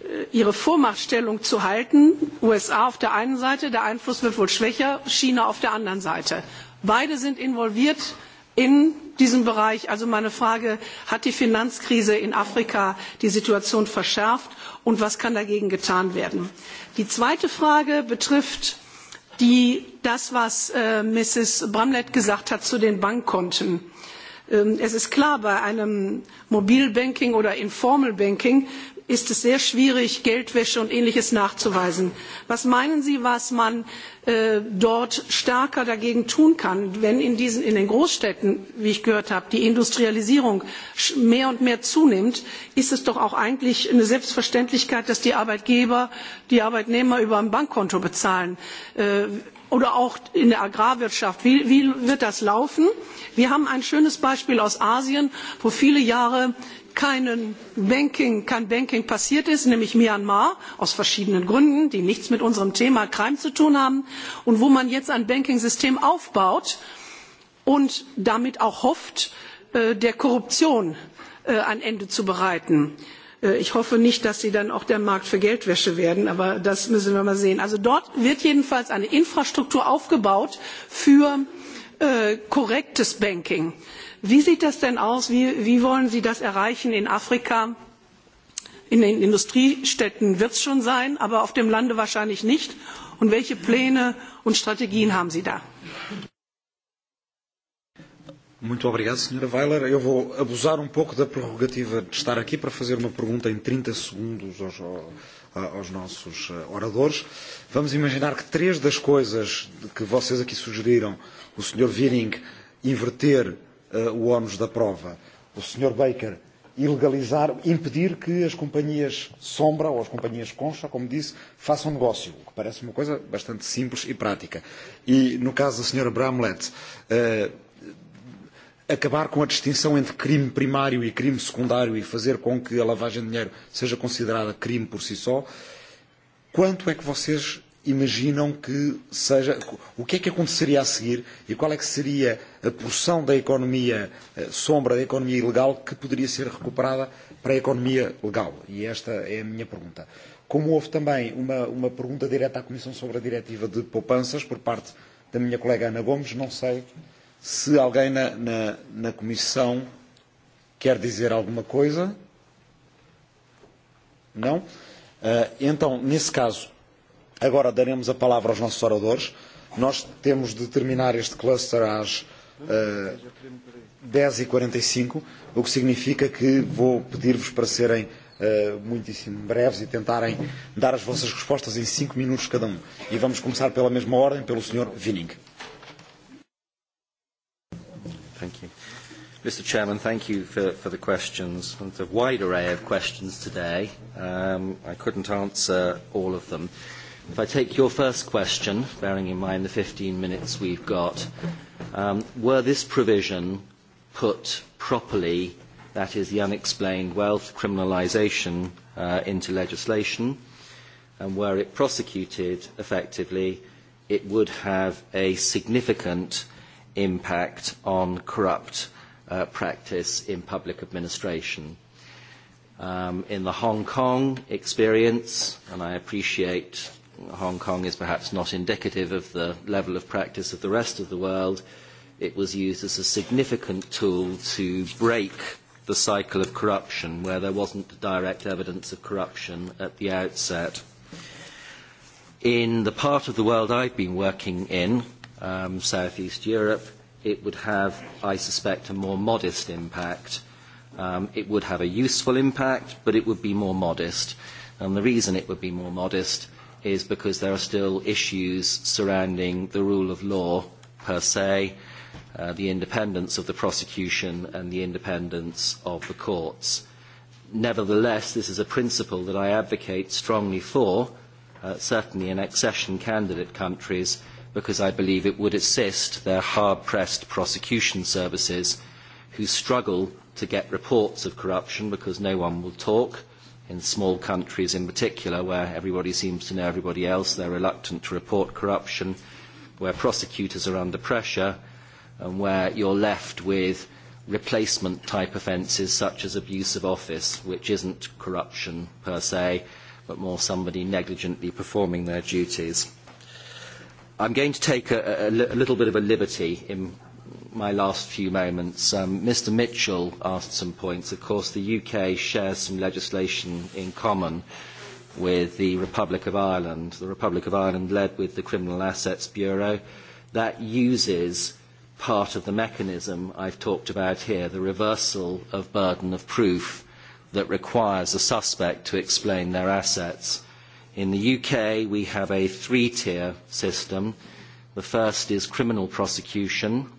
äh, ihre Vormachtstellung zu halten. USA auf der einen Seite, der Einfluss wird wohl schwächer, China auf der anderen Seite. Beide sind involviert in diesem Bereich. Also meine Frage, hat die Finanzkrise in Afrika die Situation verschärft und was kann dagegen getan werden? Die zweite Frage betrifft die, das, was äh, Mrs. Bramlett gesagt hat zu den Bankkonten. Ähm, es ist klar, bei einem Mobilbanking oder Informal Banking ist es sehr schwierig, Geldwäsche und Ähnliches nachzuweisen. Was meinen Sie, was man äh, dort stärker dagegen tun kann, wenn in, diesen, in den Großstädten, wie ich gehört habe, die Industrialisierung mehr und mehr zunimmt, ist es doch auch eigentlich eine Selbstverständlichkeit, dass die Arbeitgeber die Arbeitnehmer über ein Bankkonto bezahlen. Äh, oder auch in der Agrarwirtschaft. Wie, wie wird das laufen? Wir haben ein schönes Beispiel aus Asien, wo viele Jahre keinen Banking, kein Banking passiert ist, nämlich Myanmar, aus verschiedenen Gründen, die nichts mit unserem Thema Crime zu tun haben, und wo man jetzt ein Banking-System aufbaut und damit auch hofft, äh, der Korruption äh, ein Ende zu bereiten. Äh, ich hoffe nicht, dass sie dann auch der Markt für Geldwäsche werden, aber das müssen wir mal sehen. Also dort wird jedenfalls eine Infrastruktur aufgebaut für korrektes Banking. Wie sieht das denn aus? Wie, wie wollen Sie das erreichen in Afrika? In den Industriestädten wird es schon sein, aber auf dem Lande wahrscheinlich nicht. Und welche Pläne und Strategien haben Sie da? Muito obrigado, Sra. Weiler. Eu vou abusar um pouco da prerrogativa de estar aqui para fazer uma pergunta em 30 segundos aos, aos nossos eh, oradores. Vamos imaginar que três das coisas que vocês aqui sugeriram o Sr. Viring inverter uh, o ônus da prova. O Sr. Baker ilegalizar, impedir que as companhias sombra ou as companhias concha, como disse, façam negócio, o que parece uma coisa bastante simples e prática. E no caso da Sra. Bramlett, uh, eh, acabar com a distinção entre crime primário e crime secundário e fazer com que a lavagem de dinheiro seja considerada crime por si só, quanto é que vocês imaginam que seja. O que é que aconteceria a seguir e qual é que seria a porção da economia eh, sombra, da economia ilegal, que poderia ser recuperada para a economia legal? E esta é a minha pergunta. Como houve também uma, uma pergunta direta à Comissão sobre a Diretiva de Poupanças por parte da minha colega Ana Gomes, não sei se alguém na, na, na Comissão quer dizer alguma coisa. Não? Uh, então, nesse caso, Agora daremos a palavra aos nossos oradores. Nós temos de terminar este cluster às uh, eh, 10h45, e e o que significa que vou pedir-vos para serem uh, muitíssimo breves e tentarem dar as vossas respostas em 5 minutos cada um. E vamos começar pela mesma ordem, pelo Sr. Vining. Thank you. Mr. Chairman, thank you for, for the questions and the wide array of questions today. Um, I couldn't answer all of them. Uh, If I take your first question, bearing in mind the 15 minutes we've got, um, were this provision put properly, that is the unexplained wealth criminalisation, uh, into legislation, and were it prosecuted effectively, it would have a significant impact on corrupt uh, practice in public administration. Um, in the Hong Kong experience, and I appreciate Hong Kong is perhaps not indicative of the level of practice of the rest of the world, it was used as a significant tool to break the cycle of corruption where there wasn't direct evidence of corruption at the outset. In the part of the world I've been working in, um, Southeast Europe, it would have, I suspect, a more modest impact. Um, it would have a useful impact, but it would be more modest. And the reason it would be more modest is because there are still issues surrounding the rule of law per se, uh, the independence of the prosecution and the independence of the courts. Nevertheless, this is a principle that I advocate strongly for, uh, certainly in accession candidate countries, because I believe it would assist their hard-pressed prosecution services who struggle to get reports of corruption because no one will talk in small countries in particular where everybody seems to know everybody else, they're reluctant to report corruption, where prosecutors are under pressure, and where you're left with replacement type offences such as abuse of office, which isn't corruption per se, but more somebody negligently performing their duties. I'm going to take a, a, a little bit of a liberty in my last few moments, um, Mr. Mitchell asked some points. Of course, the UK shares some legislation in common with the Republic of Ireland. The Republic of Ireland led with the Criminal Assets Bureau. That uses part of the mechanism I've talked about here, the reversal of burden of proof that requires a suspect to explain their assets. In the UK, we have a three-tier system. The first is criminal prosecution,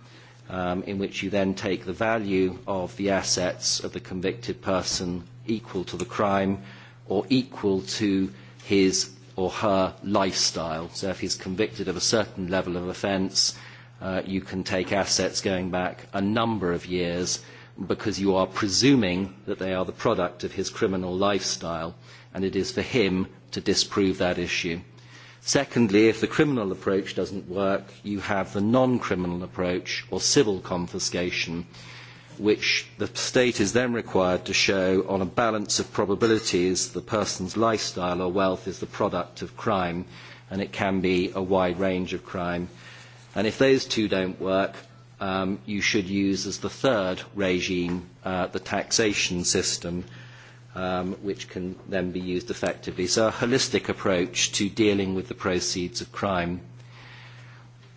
um, in which you then take the value of the assets of the convicted person equal to the crime or equal to his or her lifestyle. So if he's convicted of a certain level of offence, uh, you can take assets going back a number of years because you are presuming that they are the product of his criminal lifestyle and it is for him to disprove that issue. Secondly, if the criminal approach doesn't work, you have the non-criminal approach or civil confiscation, which the state is then required to show on a balance of probabilities the person's lifestyle or wealth is the product of crime, and it can be a wide range of crime. And if those two don't work, um, you should use as the third regime uh, the taxation system, um, which can then be used effectively. So a holistic approach to dealing with the proceeds of crime.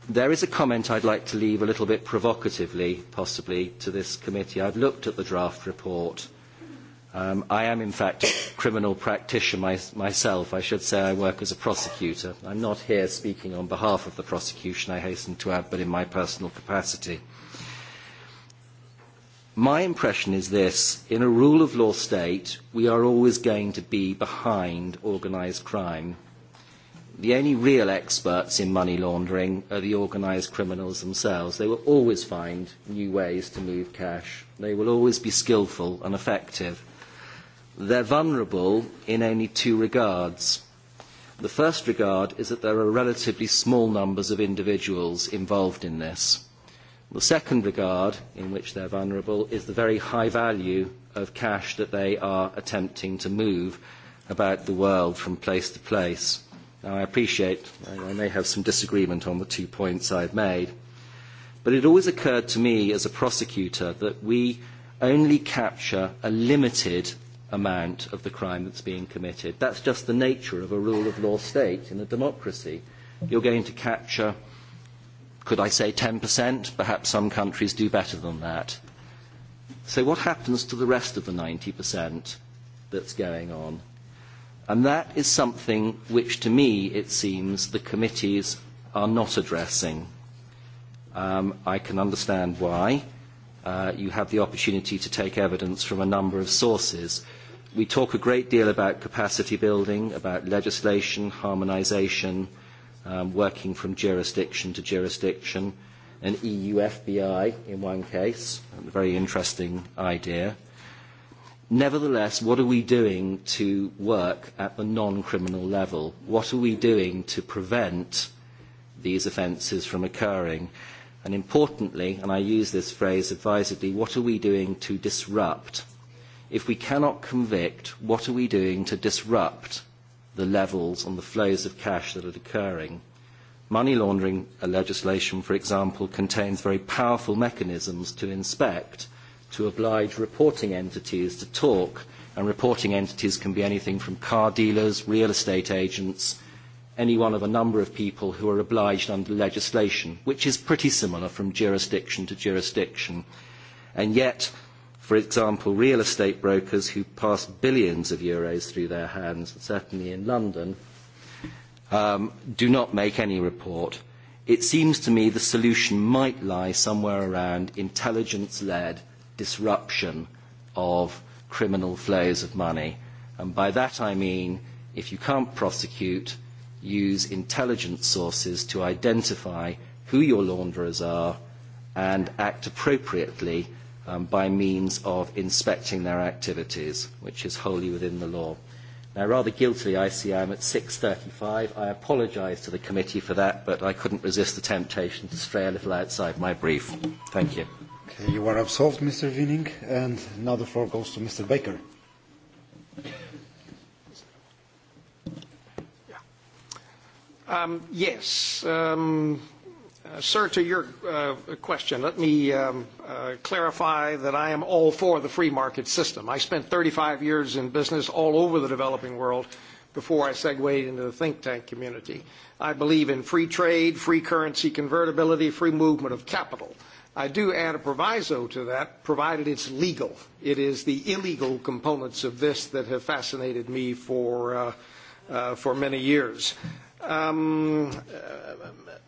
There is a comment I'd like to leave a little bit provocatively, possibly, to this committee. I've looked at the draft report. Um, I am, in fact, a criminal practitioner my, myself. I should say I work as a prosecutor. I'm not here speaking on behalf of the prosecution, I hasten to add, but in my personal capacity. My impression is this, in a rule of law state, we are always going to be behind organised crime. The only real experts in money laundering are the organised criminals themselves. They will always find new ways to move cash. They will always be skilful and effective. They are vulnerable in only two regards. The first regard is that there are relatively small numbers of individuals involved in this. The second regard in which they are vulnerable is the very high value of cash that they are attempting to move about the world from place to place. Now, I appreciate I may have some disagreement on the two points I have made, but it always occurred to me as a prosecutor that we only capture a limited amount of the crime that is being committed. That is just the nature of a rule of law state in a democracy. You are going to capture Could I say 10%? Perhaps some countries do better than that. So what happens to the rest of the 90% that's going on? And that is something which, to me, it seems the committees are not addressing. Um, I can understand why. Uh, you have the opportunity to take evidence from a number of sources. We talk a great deal about capacity building, about legislation, harmonisation, um, working from jurisdiction to jurisdiction, an EU FBI in one case, a very interesting idea. Nevertheless, what are we doing to work at the non-criminal level? What are we doing to prevent these offences from occurring? And importantly, and I use this phrase advisedly, what are we doing to disrupt? If we cannot convict, what are we doing to disrupt the levels and the flows of cash that are occurring. Money laundering legislation, for example, contains very powerful mechanisms to inspect, to oblige reporting entities to talk, and reporting entities can be anything from car dealers, real estate agents, any one of a number of people who are obliged under legislation, which is pretty similar from jurisdiction to jurisdiction. And yet, For example, real estate brokers who pass billions of euros through their hands, certainly in London, um, do not make any report. It seems to me the solution might lie somewhere around intelligence-led disruption of criminal flows of money. And by that I mean, if you can't prosecute, use intelligence sources to identify who your launderers are and act appropriately um, by means of inspecting their activities, which is wholly within the law. Now, rather guiltily, I see I'm at 6.35. I apologise to the committee for that, but I couldn't resist the temptation to stray a little outside my brief. Thank you. Okay, you are absolved, Mr. Wiening, and now the floor goes to Mr. Baker. Um, yes, um, Uh, sir, to your uh, question, let me um, uh, clarify that I am all for the free market system. I spent 35 years in business all over the developing world before I segued into the think tank community. I believe in free trade, free currency convertibility, free movement of capital. I do add a proviso to that, provided it's legal. It is the illegal components of this that have fascinated me for, uh, uh, for many years. Um, uh,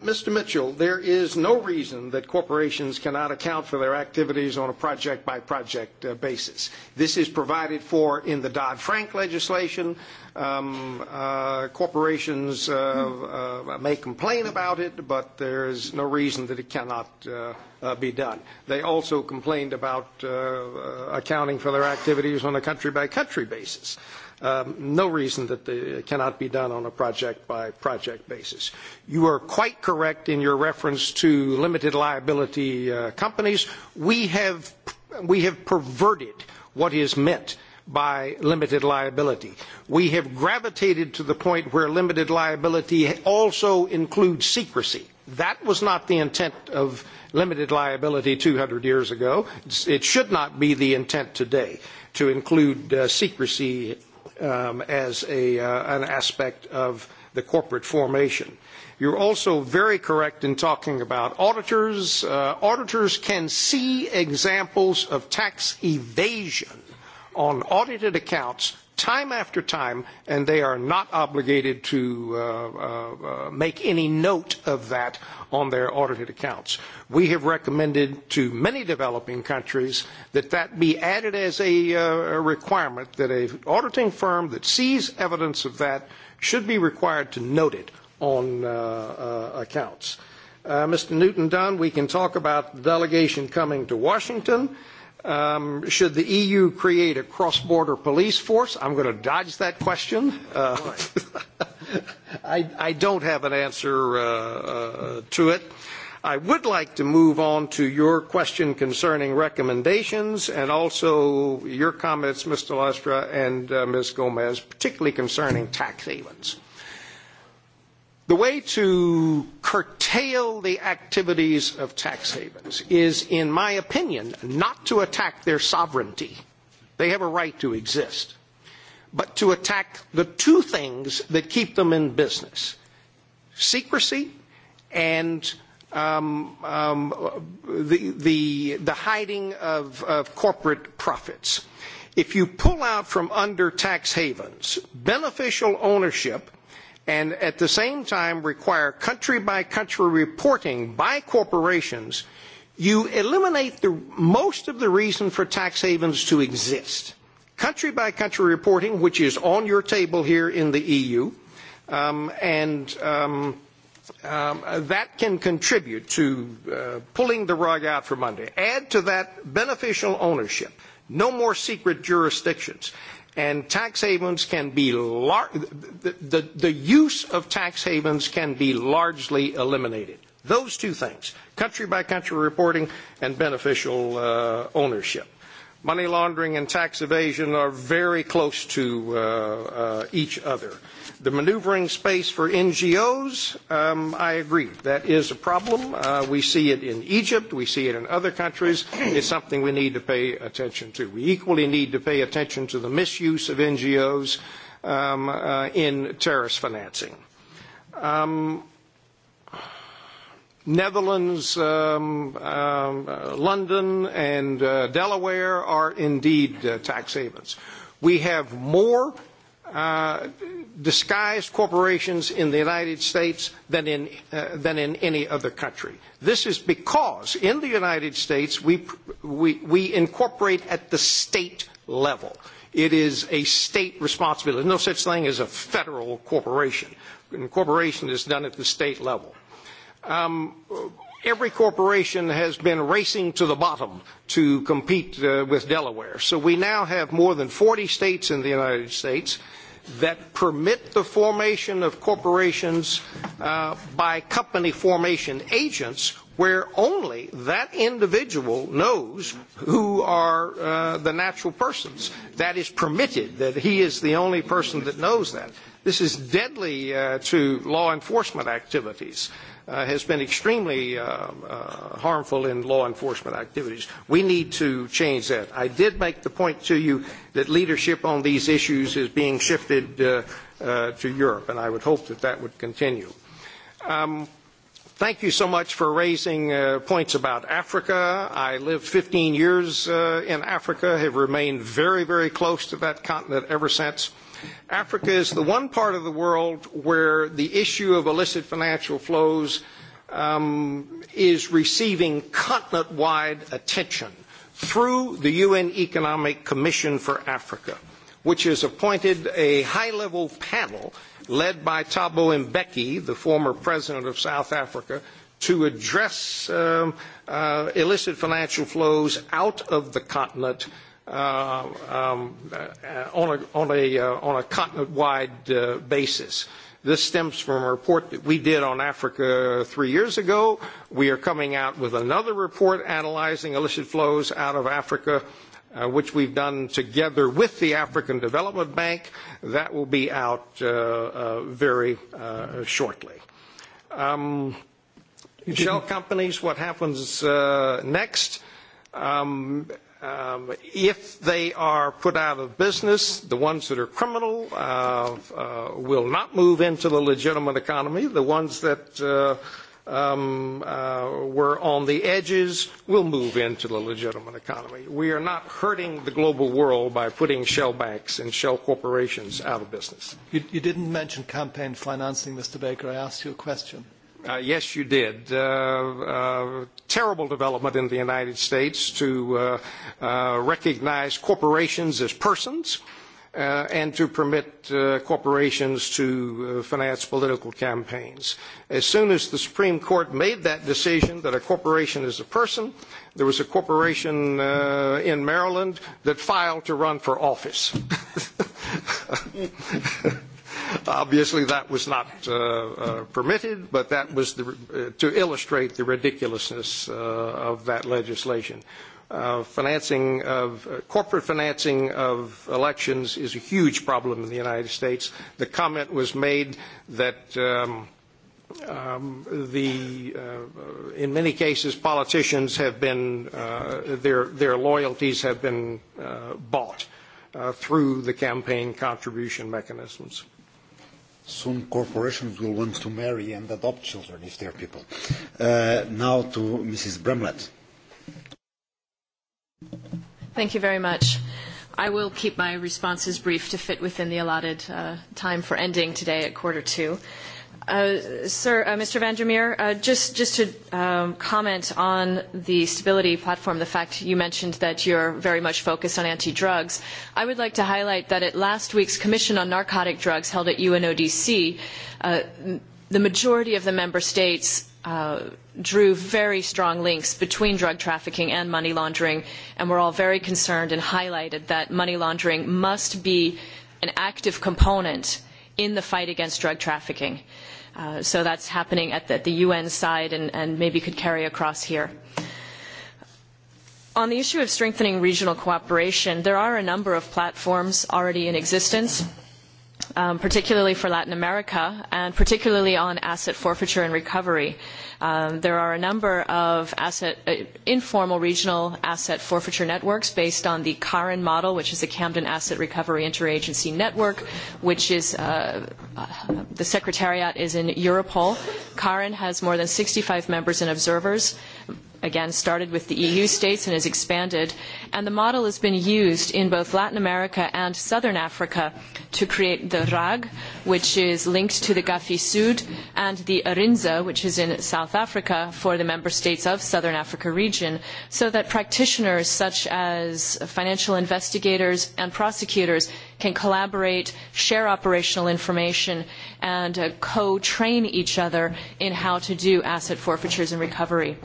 Mr. Mitchell, there is no reason that corporations cannot account for their activities on a project-by-project uh, basis. This is provided for in the Dodd-Frank legislation. Um, uh, corporations uh, uh, may complain about it, but there is no reason that it cannot uh, uh, be done. They also complained about uh, uh accounting for their activities on a country-by-country -country basis. Uh, um, no reason that the, it cannot be done on a project by project basis. You are quite correct in your reference to limited liability uh, companies. We have, we have perverted what is meant by limited liability. We have gravitated to the point where limited liability also includes secrecy. That was not the intent of limited liability 200 years ago. It should not be the intent today to include uh, secrecy um, as a, uh, an aspect of the corporate formation. You're also very correct in talking about auditors. Uh, auditors can see examples of tax evasion on audited accounts time after time, and they are not obligated to uh, uh, uh, make any note of that on their audited accounts. We have recommended to many developing countries that that be added as a, uh, a requirement that an auditing firm that sees evidence of that should be required to note it on uh, uh, accounts. Uh, Mr. Newton Dunn, we can talk about the delegation coming to Washington. Uh, Um, should the EU create a cross-border police force? I'm going to dodge that question. Uh, I, I don't have an answer uh, uh, to it. I would like to move on to your question concerning recommendations and also your comments, Mr. Lastra and uh, Ms. Gomez, particularly concerning tax havens. The way to curtail the activities of tax havens is, in my opinion, not to attack their sovereignty. They have a right to exist. But to attack the two things that keep them in business secrecy and um, um, the, the, the hiding of, of corporate profits. If you pull out from under tax havens beneficial ownership and at the same time require country by country reporting by corporations, you eliminate the, most of the reason for tax havens to exist. Country by country reporting, which is on your table here in the EU, um, and um, um, that can contribute to uh, pulling the rug out from under. Add to that beneficial ownership, no more secret jurisdictions. And tax havens can be lar- the, the, the use of tax havens can be largely eliminated. Those two things, country by country reporting and beneficial uh, ownership. Money laundering and tax evasion are very close to uh, uh, each other. The maneuvering space for NGOs, um, I agree, that is a problem. Uh, we see it in Egypt, we see it in other countries. It's something we need to pay attention to. We equally need to pay attention to the misuse of NGOs um, uh, in terrorist financing. Um, Netherlands, um, um, uh, London, and uh, Delaware are indeed uh, tax havens. We have more uh, disguised corporations in the United States than in, uh, than in any other country. This is because in the United States we, we, we incorporate at the state level. It is a state responsibility. There's no such thing as a federal corporation. Incorporation is done at the state level. Um, every corporation has been racing to the bottom to compete uh, with Delaware. So we now have more than 40 states in the United States that permit the formation of corporations uh, by company formation agents where only that individual knows who are uh, the natural persons. That is permitted, that he is the only person that knows that. This is deadly uh, to law enforcement activities uh, has been extremely uh, uh, harmful in law enforcement activities. We need to change that. I did make the point to you that leadership on these issues is being shifted uh, uh, to Europe, and I would hope that that would continue. Um, Thank you so much for raising uh, points about Africa. I lived 15 years uh, in Africa, have remained very, very close to that continent ever since. Africa is the one part of the world where the issue of illicit financial flows um, is receiving continent-wide attention through the UN Economic Commission for Africa, which has appointed a high-level panel – led by Thabo Mbeki, the former president of South Africa, to address um, uh, illicit financial flows out of the continent uh, um, uh, on a, on a, uh, on a continent-wide uh, basis. This stems from a report that we did on Africa three years ago. We are coming out with another report analyzing illicit flows out of Africa uh, which we've done together with the African Development Bank. That will be out uh, uh, very uh, shortly. Um, shell companies, what happens uh, next? Um, um, if they are put out of business, the ones that are criminal uh, uh, will not move into the legitimate economy. The ones that uh, um, uh, we're on the edges, we'll move into the legitimate economy. We are not hurting the global world by putting shell banks and shell corporations out of business. You, you didn't mention campaign financing, Mr. Baker. I asked you a question. Uh, yes, you did. Uh, uh, terrible development in the United States to uh, uh, recognize corporations as persons. Uh, uh, and to permit uh, corporations to uh, finance political campaigns. As soon as the Supreme Court made that decision that a corporation is a person, there was a corporation uh, in Maryland that filed to run for office. Obviously, that was not uh, uh, permitted, but that was the, uh, to illustrate the ridiculousness uh, of that legislation. Uh, financing of uh, corporate financing of elections is a huge problem in the United States. The comment was made that um, um, the uh, in many cases politicians have been uh, their their loyalties have been uh, bought uh, through the campaign contribution mechanisms. Soon corporations will want to marry and adopt children if they are people. Uh, now to Mrs. Bremlett. Thank you very much. I will keep my responses brief to fit within the allotted uh, time for ending today at quarter two. Uh, sir, uh, Mr. Vandermeer, uh, just, just to um, comment on the stability platform, the fact you mentioned that you're very much focused on anti-drugs, I would like to highlight that at last week's Commission on Narcotic Drugs held at UNODC, uh, the majority of the member states uh, drew very strong links between drug trafficking and money laundering, and we're all very concerned and highlighted that money laundering must be an active component in the fight against drug trafficking. Uh, so that's happening at the, at the UN side and, and maybe could carry across here. On the issue of strengthening regional cooperation, there are a number of platforms already in existence um, particularly for Latin America, and particularly on asset forfeiture and recovery. Um, there are a number of asset, uh, informal regional asset forfeiture networks based on the CARIN model, which is the Camden Asset Recovery Interagency Network, which is uh, uh, the Secretariat is in Europol. CARIN has more than 65 members and observers again started with the EU states and has expanded. And the model has been used in both Latin America and Southern Africa to create the RAG, which is linked to the Gafi Sud, and the Arinza, which is in South Africa for the member states of Southern Africa region, so that practitioners such as financial investigators and prosecutors can collaborate, share operational information, and uh, co-train each other in how to do asset forfeitures and recovery.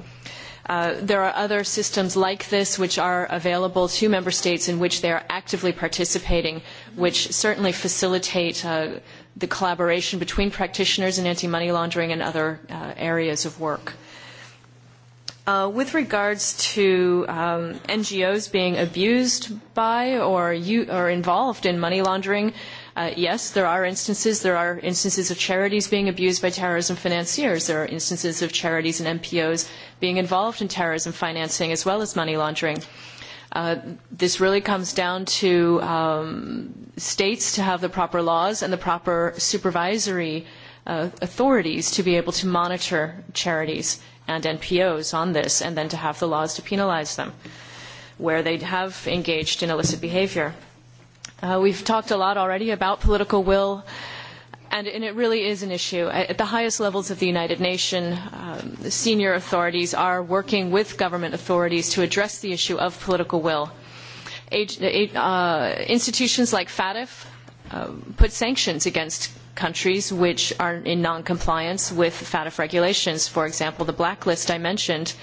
Uh, there are other systems like this which are available to member states in which they are actively participating, which certainly facilitate uh, the collaboration between practitioners in anti-money laundering and other uh, areas of work. Uh, with regards to um, NGOs being abused by or, you, or involved in money laundering, Uh, yes, there are instances. There are instances of charities being abused by terrorism financiers. There are instances of charities and MPOs being involved in terrorism financing as well as money laundering. Uh, this really comes down to um, states to have the proper laws and the proper supervisory uh, authorities to be able to monitor charities and NPOs on this and then to have the laws to penalize them where they have engaged in illicit behavior. Uh, we've talked a lot already about political will, and, and it really is an issue. At, the highest levels of the United Nations, um, the senior authorities are working with government authorities to address the issue of political will. Age, uh, institutions like FATF uh, put sanctions against countries which are in non-compliance with FATF regulations. For example, the blacklist I mentioned.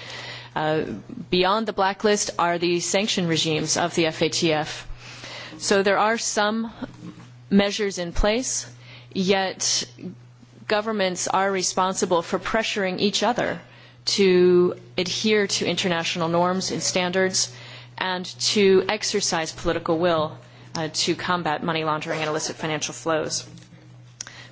Uh, beyond the blacklist are the sanction regimes of the FATF. So there are some measures in place, yet governments are responsible for pressuring each other to adhere to international norms and standards and to exercise political will uh, to combat money laundering and illicit financial flows.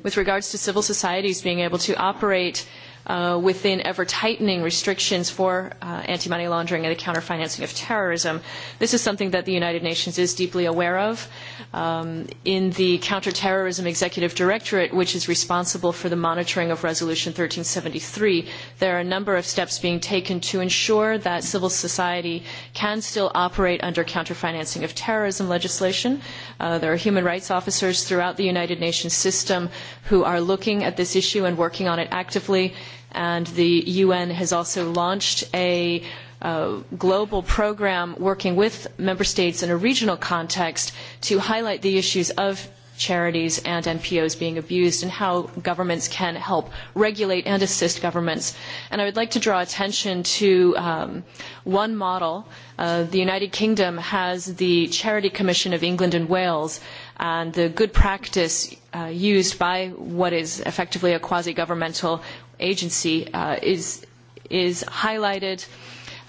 With regards to civil societies being able to operate uh, within ever tightening restrictions for uh, anti money laundering and the counter financing of terrorism. This is something that the United Nations is deeply aware of um, in the Counterterrorism Executive Directorate, which is responsible for the monitoring of Resolution 1373, there are a number of steps being taken to ensure that civil society can still operate under counterfinancing of terrorism legislation. Uh, there are human rights officers throughout the United Nations system who are looking at this issue and working on it actively, and the UN has also launched a global program working with member states in a regional context to highlight the issues of charities and NPOs being abused and how governments can help regulate and assist governments. And I would like to draw attention to um, one model. Uh, the United Kingdom has the Charity Commission of England and Wales and the good practice uh, used by what is effectively a quasi-governmental agency uh, is, is highlighted uh,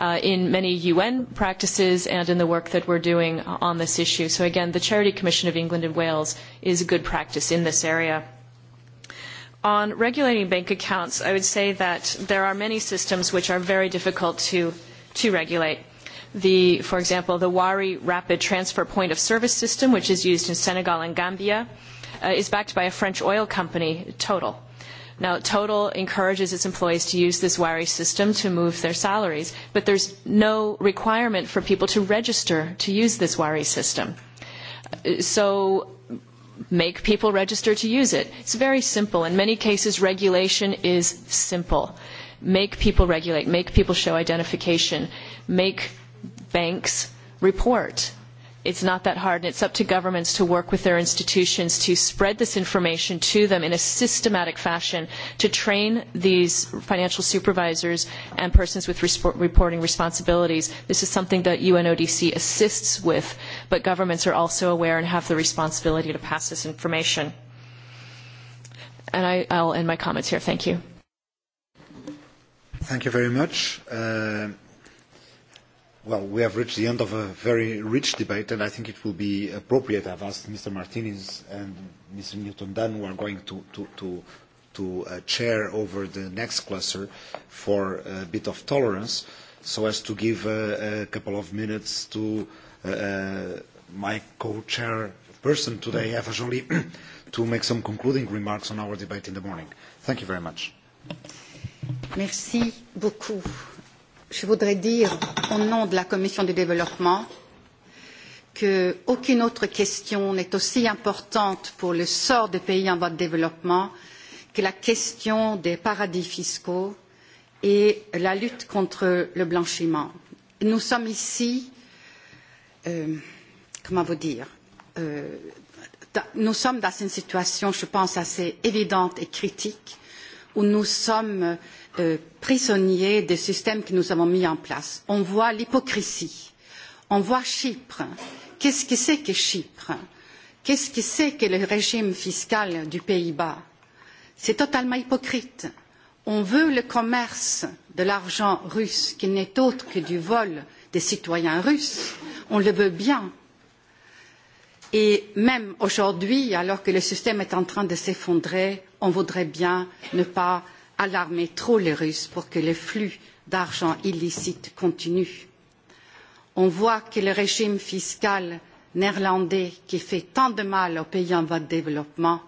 uh, in many UN practices and in the work that we're doing on this issue. So again, the Charity Commission of England and Wales is a good practice in this area. On regulating bank accounts, I would say that there are many systems which are very difficult to, to regulate. The, for example, the Wari Rapid Transfer Point of Service system, which is used in Senegal and Gambia, uh, is backed by a French oil company, Total. Now, Total encourages its employees to use this wiry system to move their salaries, but there's no requirement for people to register to use this wiry system. Uh, so make people register to use it. It's very simple. In many cases, regulation is simple. Make people regulate, make people show identification, make banks report it's not that hard, and it's up to governments to work with their institutions to spread this information to them in a systematic fashion to train these financial supervisors and persons with reporting responsibilities. This is something that UNODC assists with, but governments are also aware and have the responsibility to pass this information. And I, I'll end my comments here. Thank you. Thank you very much. Uh... Well, we have reached the end of a very rich debate, and I think it will be appropriate. I've asked Mr. Martinez and Mr. Newton-Dunn, who are going to, to, to, to uh, chair over the next cluster, for a bit of tolerance, so as to give uh, a couple of minutes to uh, uh, my co-chair person today, Eva Jolie, to make some concluding remarks on our debate in the morning. Thank you very much. Merci beaucoup je voudrais dire au nom de la Commission du développement qu'aucune autre question n'est aussi importante pour le sort des pays en voie de développement que la question des paradis fiscaux et la lutte contre le blanchiment. Nous sommes ici, euh, comment vous dire, euh, nous sommes dans une situation, je pense, assez évidente et critique où nous sommes Euh, prisonniers des systèmes que nous avons mis en place. On voit l'hypocrisie. On voit Chypre. Qu'est-ce que c'est que Chypre Qu'est-ce que c'est que le régime fiscal du Pays-Bas C'est totalement hypocrite. On veut le commerce de l'argent russe qui n'est autre que du vol des citoyens russes. On le veut bien. Et même aujourd'hui, alors que le système est en train de s'effondrer, on voudrait bien ne pas alarmer trop les Russes pour que les flux d'argent illicite continuent. On voit que le régime fiscal néerlandais qui fait tant de mal aux pays en voie de développement,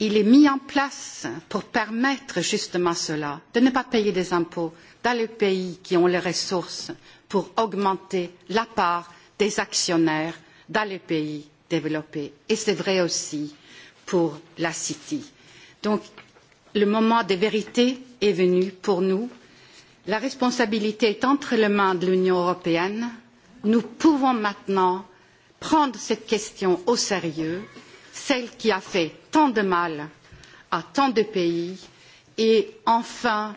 il est mis en place pour permettre justement cela, de ne pas payer des impôts dans les pays qui ont les ressources pour augmenter la part des actionnaires dans les pays développés. Et c'est vrai aussi pour la City. Donc Le moment de vérité est venu pour nous. La responsabilité est entre les mains de l'Union européenne. Nous pouvons maintenant prendre cette question au sérieux, celle qui a fait tant de mal à tant de pays, et enfin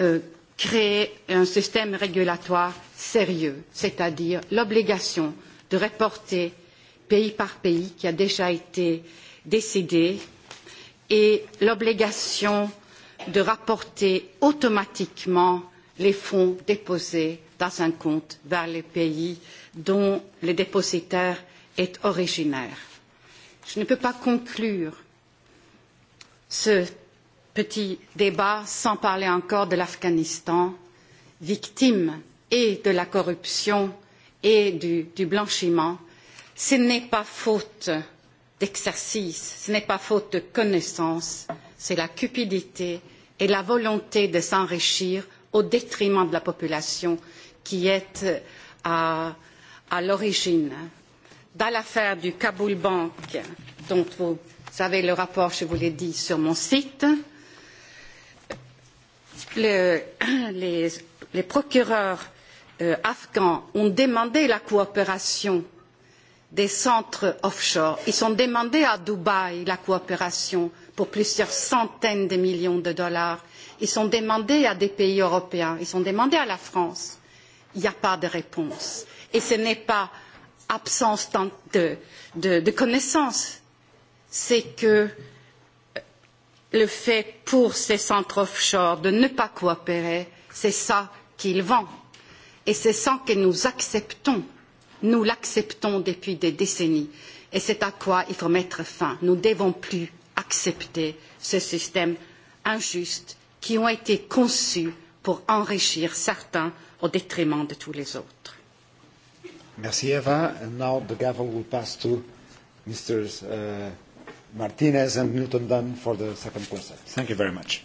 euh, créer un système régulatoire sérieux, c'est-à-dire l'obligation de reporter pays par pays qui a déjà été décidé et l'obligation de rapporter automatiquement les fonds déposés dans un compte vers les pays dont le dépositaire est originaire. Je ne peux pas conclure ce petit débat sans parler encore de l'Afghanistan, victime et de la corruption et du, du blanchiment. Ce n'est pas faute d'exercice, ce n'est pas faute de connaissances, c'est la cupidité et la volonté de s'enrichir au détriment de la population qui est euh, à, à l'origine. Dans l'affaire du Kaboul Bank, dont vous avez le rapport, je vous l'ai dit, sur mon site, le, les, les procureurs euh, afghans ont demandé la coopération des centres offshore. Ils ont demandé à Dubaï la coopération pour plusieurs centaines de millions de dollars. Ils ont demandé à des pays européens, ils ont demandé à la France. Il n'y a pas de réponse. Et ce n'est pas absence de, de, de connaissances, c'est que euh, le fait pour ces centres offshore de ne pas coopérer, c'est ça qu'ils vendent. Et c'est ça que nous acceptons Nous l'acceptons depuis des décennies et c'est à quoi il faut mettre fin. Nous ne devons plus accepter ce système injuste qui ont été conçus pour enrichir certains au détriment de tous les autres. Merci Eva. And now the gavel will pass to Mr. Uh, Martinez and Newton Dunn for the second question. Thank you very much.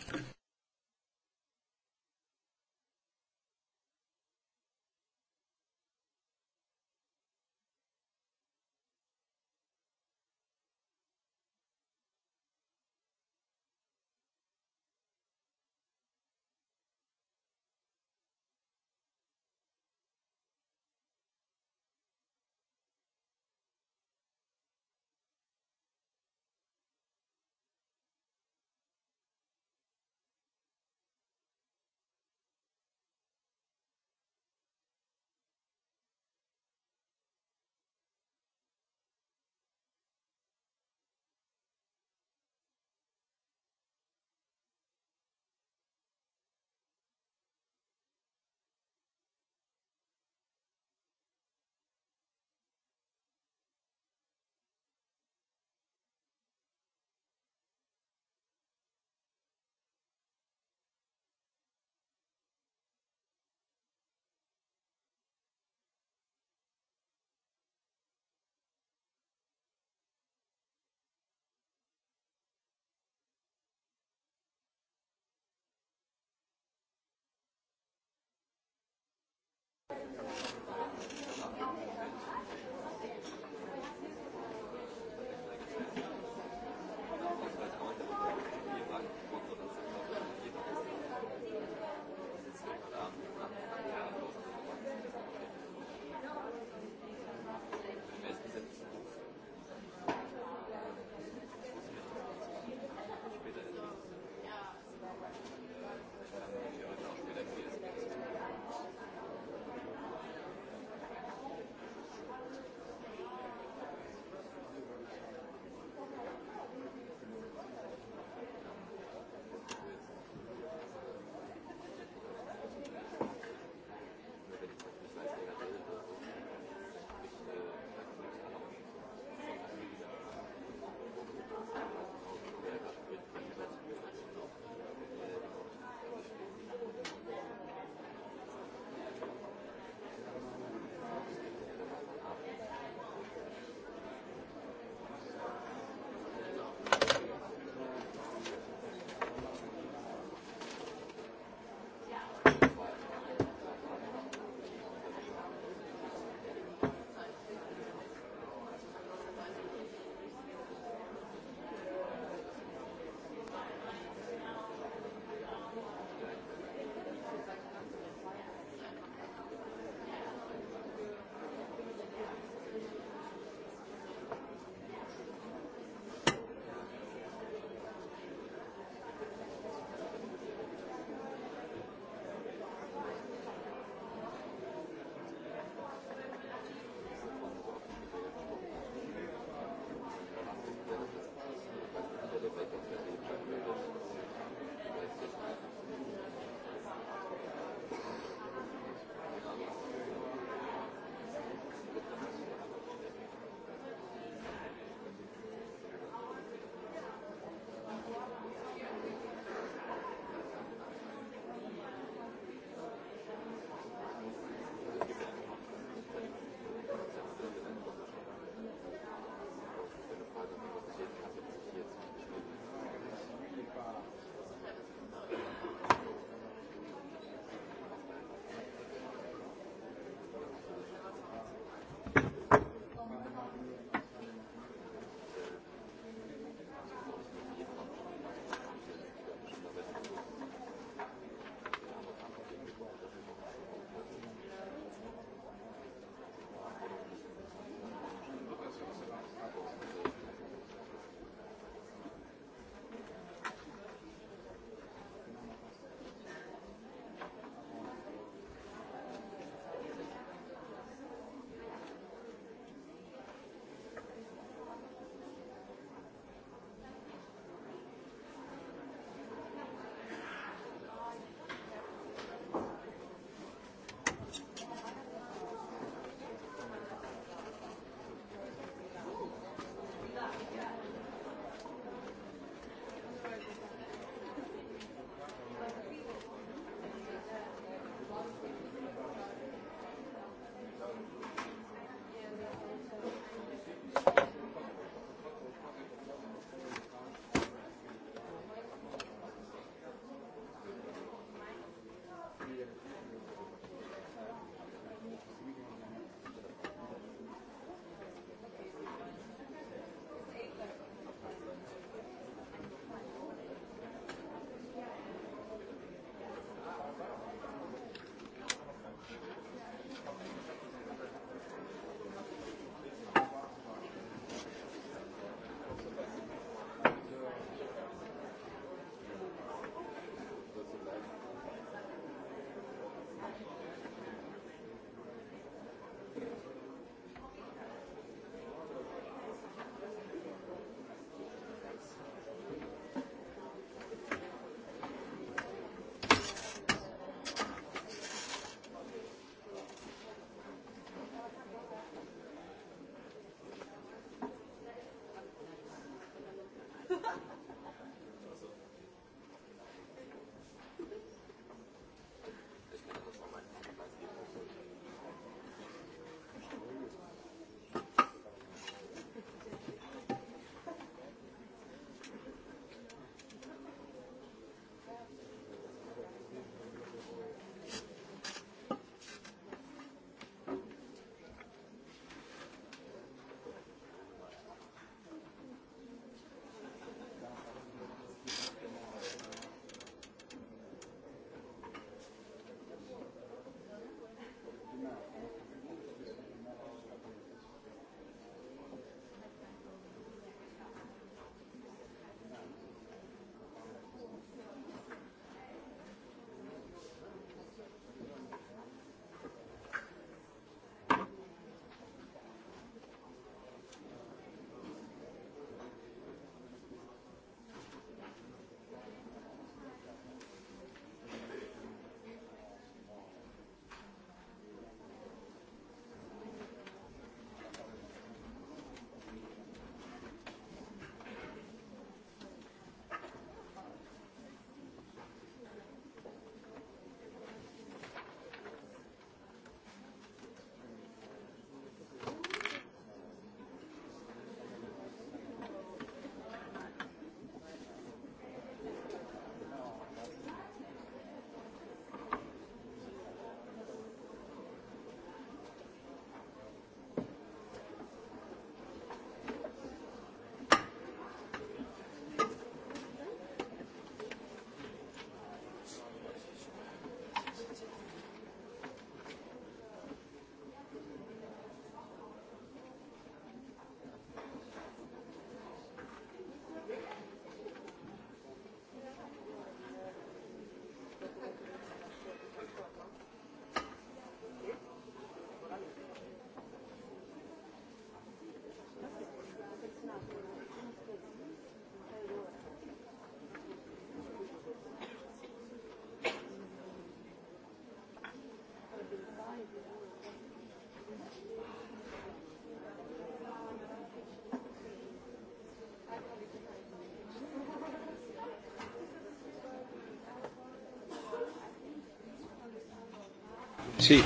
Sí,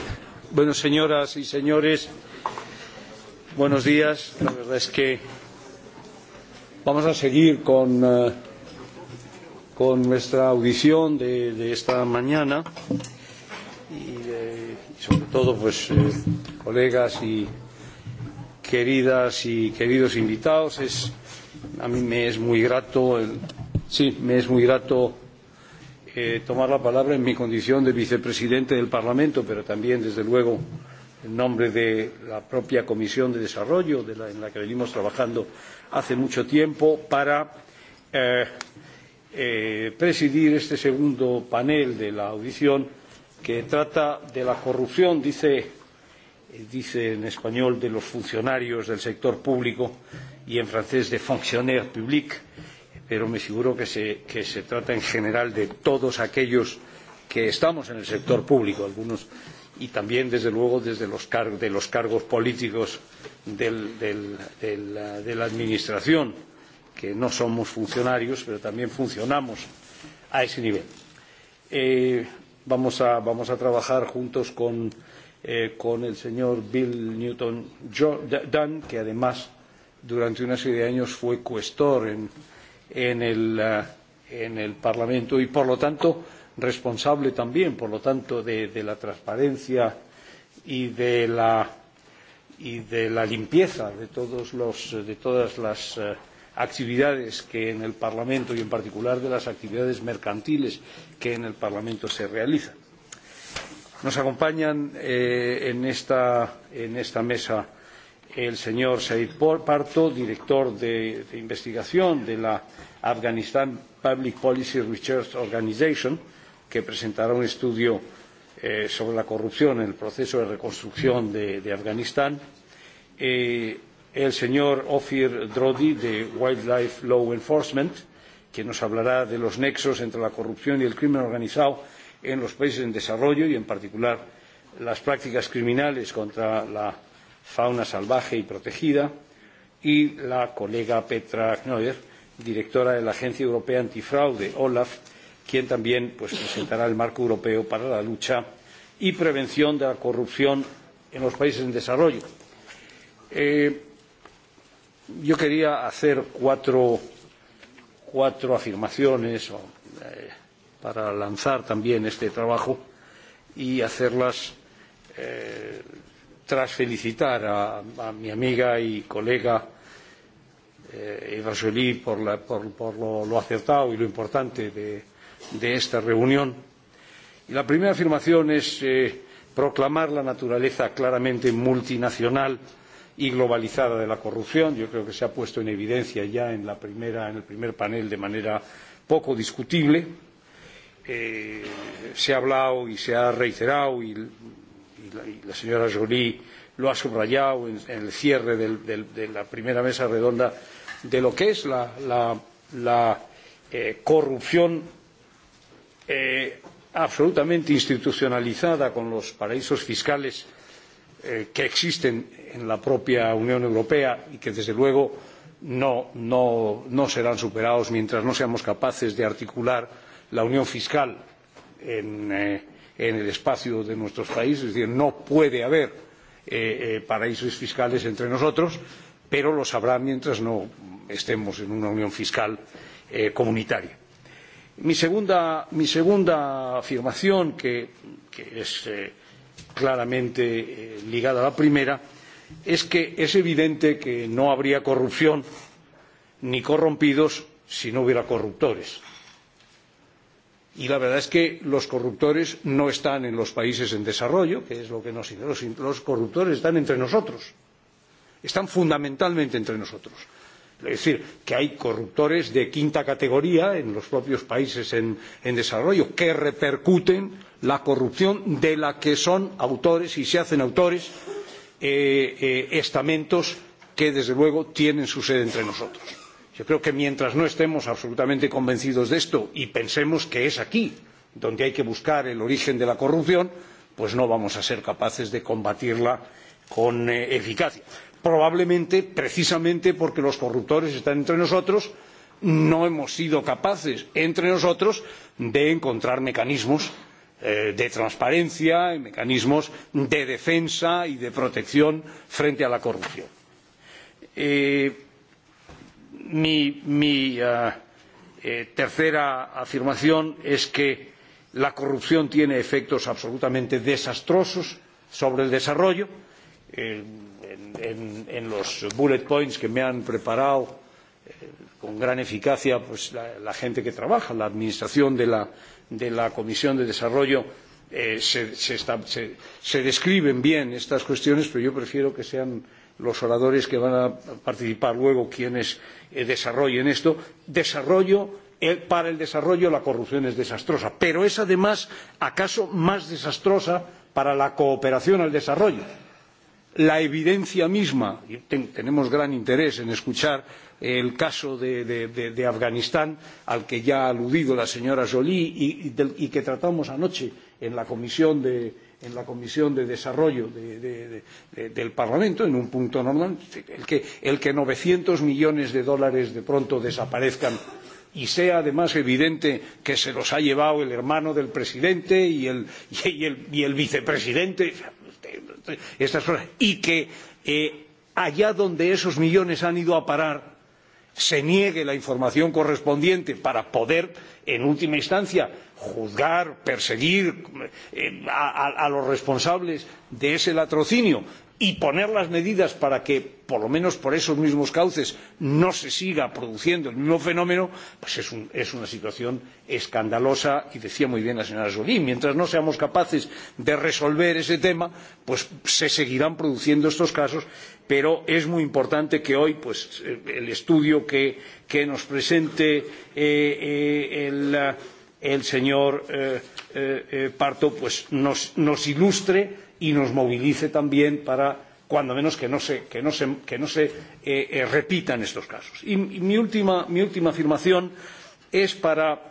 bueno, señoras y señores, buenos días. La verdad es que vamos a seguir con, uh, con nuestra audición de, de esta mañana y, eh, y sobre todo, pues, eh, colegas y queridas y queridos invitados. Es, a mí me es muy grato, el, sí, me es muy grato eh, tomar la palabra en mi condición de vicepresidente del Parlamento, pero también, desde luego, en nombre de la propia Comisión de Desarrollo, de la, en la que venimos trabajando hace mucho tiempo, para eh, eh, presidir este segundo panel de la audición que trata de la corrupción, dice, eh, dice en español, de los funcionarios del sector público y en francés de fonctionnaires publics pero me figuro que se, que se trata en general de todos aquellos que estamos en el sector público, algunos y también, desde luego, desde los car de los cargos políticos del, del, del, eh, de la Administración, que no somos funcionarios, pero también funcionamos a ese nivel. Eh, vamos, a, vamos a trabajar juntos con, eh, con el señor Bill Newton Dunn, que además durante una serie de años fue cuestor en en el, eh, en el Parlamento y, por lo tanto, responsable también, por lo tanto, de, de la transparencia y de la, y de la limpieza de, todos los, de todas las eh, actividades que en el Parlamento y en particular de las actividades mercantiles que en el Parlamento se realizan. Nos acompañan eh, en, esta, en esta mesa el señor Said Parto, director de, de investigación de la Afghanistan Public Policy Research Organization, que presentará un estudio eh, sobre la corrupción en el proceso de reconstrucción de, de Afganistán, eh, el señor Ofir Drodi de Wildlife Law Enforcement, que nos hablará de los nexos entre la corrupción y el crimen organizado en los países en desarrollo y, en particular, las prácticas criminales contra la fauna salvaje y protegida, y la colega Petra Knoer, directora de la Agencia Europea Antifraude, OLAF, quien también pues, presentará el marco europeo para la lucha y prevención de la corrupción en los países en desarrollo. Eh, yo quería hacer cuatro, cuatro afirmaciones o, eh, para lanzar también este trabajo y hacerlas eh, tras felicitar a, a mi amiga y colega eh, Eva Jolie por, la, por, por lo, lo acertado y lo importante de, de esta reunión, y la primera afirmación es eh, proclamar la naturaleza claramente multinacional y globalizada de la corrupción. Yo creo que se ha puesto en evidencia ya en, la primera, en el primer panel de manera poco discutible. Eh, se ha hablado y se ha reiterado y y la señora Jolie lo ha subrayado en, en el cierre del, del, de la primera mesa redonda, de lo que es la, la, la eh, corrupción eh, absolutamente institucionalizada con los paraísos fiscales eh, que existen en la propia Unión Europea y que, desde luego, no, no, no serán superados mientras no seamos capaces de articular la unión fiscal en, eh, en el espacio de nuestros países, es decir, no puede haber eh, eh, paraísos fiscales entre nosotros, pero lo sabrá mientras no estemos en una unión fiscal eh, comunitaria. Mi segunda, mi segunda afirmación, que, que es eh, claramente eh, ligada a la primera, es que es evidente que no habría corrupción ni corrompidos si no hubiera corruptores. Y la verdad es que los corruptores no están en los países en desarrollo, que es lo que nos interesa. los corruptores están entre nosotros. Están fundamentalmente entre nosotros. Es decir, que hay corruptores de quinta categoría en los propios países en, en desarrollo que repercuten la corrupción de la que son autores y se hacen autores eh, eh, estamentos que desde luego tienen su sede entre nosotros. Yo creo que mientras no estemos absolutamente convencidos de esto y pensemos que es aquí donde hay que buscar el origen de la corrupción, pues no vamos a ser capaces de combatirla con eh, eficacia. Probablemente, precisamente porque los corruptores están entre nosotros, no hemos sido capaces entre nosotros de encontrar mecanismos eh, de transparencia y mecanismos de defensa y de protección frente a la corrupción. Eh, Mi, mi uh, eh, tercera afirmación es que la corrupción tiene efectos absolutamente desastrosos sobre el desarrollo. en, en, en, los bullet points que me han preparado eh, con gran eficacia pues, la, la, gente que trabaja, la administración de la, de la Comisión de Desarrollo, eh, se, se, está, se, se describen bien estas cuestiones, pero yo prefiero que sean los oradores que van a participar luego quienes eh, desarrollen esto, desarrollo eh, para el desarrollo la corrupción es desastrosa, pero es además acaso más desastrosa para la cooperación al desarrollo. La evidencia misma, y ten, tenemos gran interés en escuchar el caso de, de, de, de Afganistán, al que ya ha aludido la señora Joly y, y, del, y que tratamos anoche en la Comisión de, en la Comisión de Desarrollo de, de, de, del Parlamento, en un punto normal, el que, el que 900 millones de dólares de pronto desaparezcan y sea además evidente que se los ha llevado el hermano del presidente y el, y el, y el vicepresidente estas cosas, y que eh, allá donde esos millones han ido a parar se niegue la información correspondiente para poder, en última instancia, juzgar, perseguir eh, a, a, a los responsables de ese latrocinio y poner las medidas para que, por lo menos por esos mismos cauces, no se siga produciendo el mismo fenómeno, pues es, un, es una situación escandalosa y decía muy bien la señora Solí, mientras no seamos capaces de resolver ese tema, pues se seguirán produciendo estos casos, pero es muy importante que hoy pues, eh, el estudio que, que nos presente eh, eh, el el señor eh, eh, eh, Parto pues nos, nos ilustre y nos movilice también para cuando menos que no se, que no se, que no se eh, eh, repitan estos casos. Y, y mi, última, mi última afirmación es para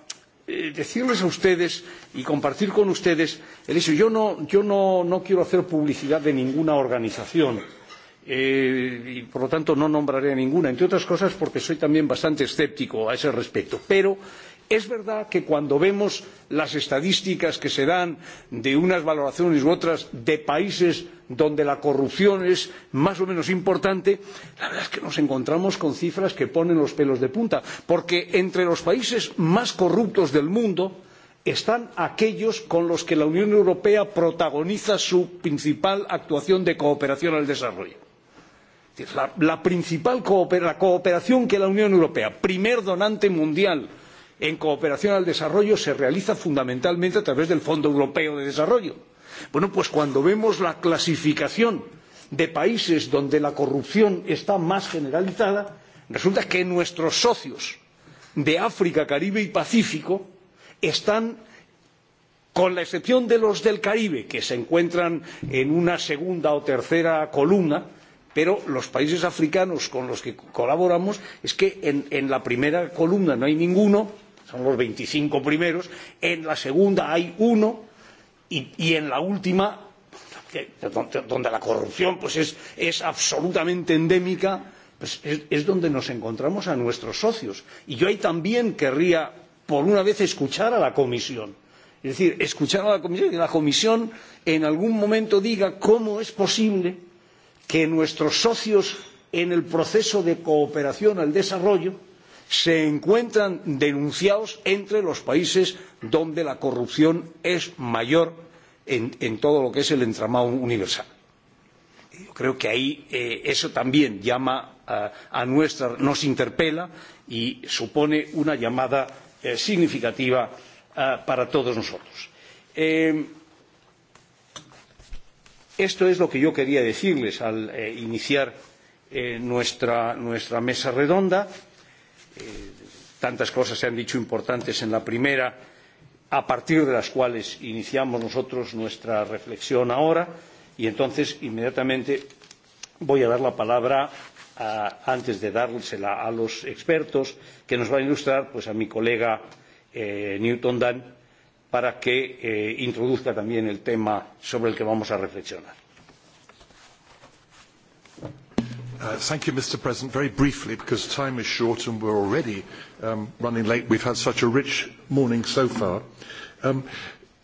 eh, decirles a ustedes y compartir con ustedes el hecho. Yo no, yo no, no quiero hacer publicidad de ninguna organización. Eh, y por lo tanto no nombraré a ninguna, entre otras cosas porque soy también bastante escéptico a ese respecto. Pero Es verdad que cuando vemos las estadísticas que se dan de unas valoraciones u otras de países donde la corrupción es más o menos importante, la verdad es que nos encontramos con cifras que ponen los pelos de punta, porque entre los países más corruptos del mundo están aquellos con los que la Unión Europea protagoniza su principal actuación de cooperación al desarrollo. La, la principal cooper, la cooperación que la Unión Europea, primer donante mundial, en cooperación al desarrollo se realiza fundamentalmente a través del Fondo Europeo de Desarrollo. Bueno, pues cuando vemos la clasificación de países donde la corrupción está más generalizada, resulta que nuestros socios de África, Caribe y Pacífico están con la excepción de los del Caribe, que se encuentran en una segunda o tercera columna, pero los países africanos con los que colaboramos es que en, en la primera columna no hay ninguno, son los 25 primeros, en la segunda hay uno y, y en la última, que, donde, donde la corrupción pues es, es absolutamente endémica, pues es, es donde nos encontramos a nuestros socios. Y yo ahí también querría, por una vez, escuchar a la Comisión. Es decir, escuchar a la Comisión, que la Comisión en algún momento diga cómo es posible que nuestros socios en el proceso de cooperación al desarrollo se encuentran denunciados entre los países donde la corrupción es mayor en, en todo lo que es el entramado universal. Yo creo que ahí eh, eso también llama a, a nuestra, nos interpela y supone una llamada eh, significativa eh, para todos nosotros. Eh, esto es lo que yo quería decirles al eh, iniciar eh, nuestra, nuestra mesa redonda. Eh, tantas cosas se han dicho importantes en la primera, a partir de las cuales iniciamos nosotros nuestra reflexión ahora, y entonces inmediatamente voy a dar la palabra a, antes de dársela a los expertos que nos va a ilustrar pues a mi colega eh, Newton Dunn para que eh, introduzca también el tema sobre el que vamos a reflexionar. Uh, thank you, Mr. President. Very briefly, because time is short and we're already um, running late. We've had such a rich morning so far. Um,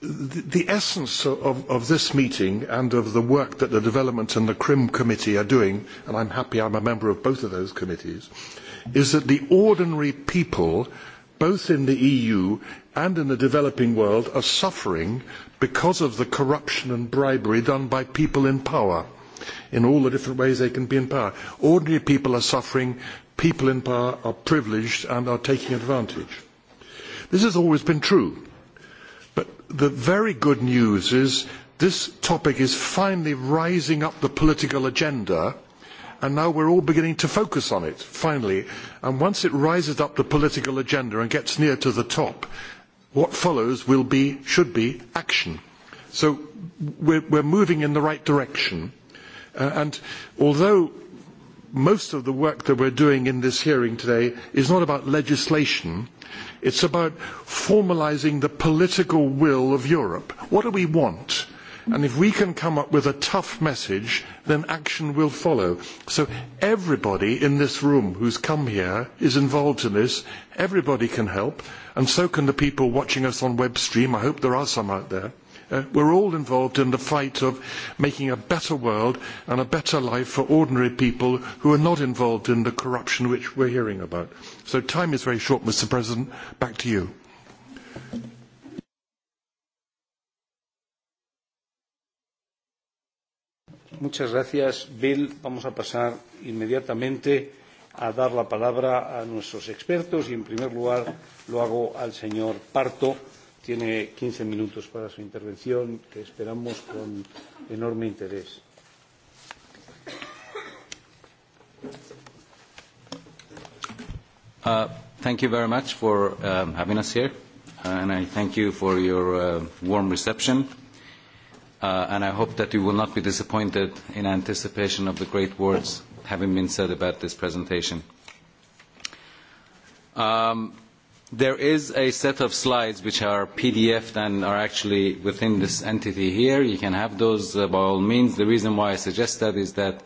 the, the essence of, of this meeting and of the work that the Development and the Crim Committee are doing, and I'm happy I'm a member of both of those committees, is that the ordinary people, both in the EU and in the developing world, are suffering because of the corruption and bribery done by people in power in all the different ways they can be in power. Ordinary people are suffering, people in power are privileged and are taking advantage. This has always been true. But the very good news is this topic is finally rising up the political agenda and now we're all beginning to focus on it, finally. And once it rises up the political agenda and gets near to the top, what follows will be, should be, action. So we're, we're moving in the right direction. Uh, and although most of the work that we are doing in this hearing today is not about legislation, it is about formalising the political will of Europe. What do we want? And if we can come up with a tough message, then action will follow. So everybody in this room who has come here is involved in this. Everybody can help, and so can the people watching us on web stream. I hope there are some out there uh, we're all involved in the fight of making a better world and a better life for ordinary people who are not involved in the corruption which we're hearing about. So time is very short, Mr. President. Back to you. Muchas gracias, Bill. Vamos a pasar inmediatamente a dar la palabra a nuestros expertos y, en primer lugar, lo hago al señor Parto Tiene 15 minutos para su intervención, que esperamos con enorme interés. Uh, thank you very much for um, having us here, and I thank you for your uh, warm reception. Uh, and I hope that you will not be disappointed in anticipation of the great words having been said about this presentation. Um, There is a set of slides which are PDF and are actually within this entity here. You can have those uh, by all means. The reason why I suggest that is that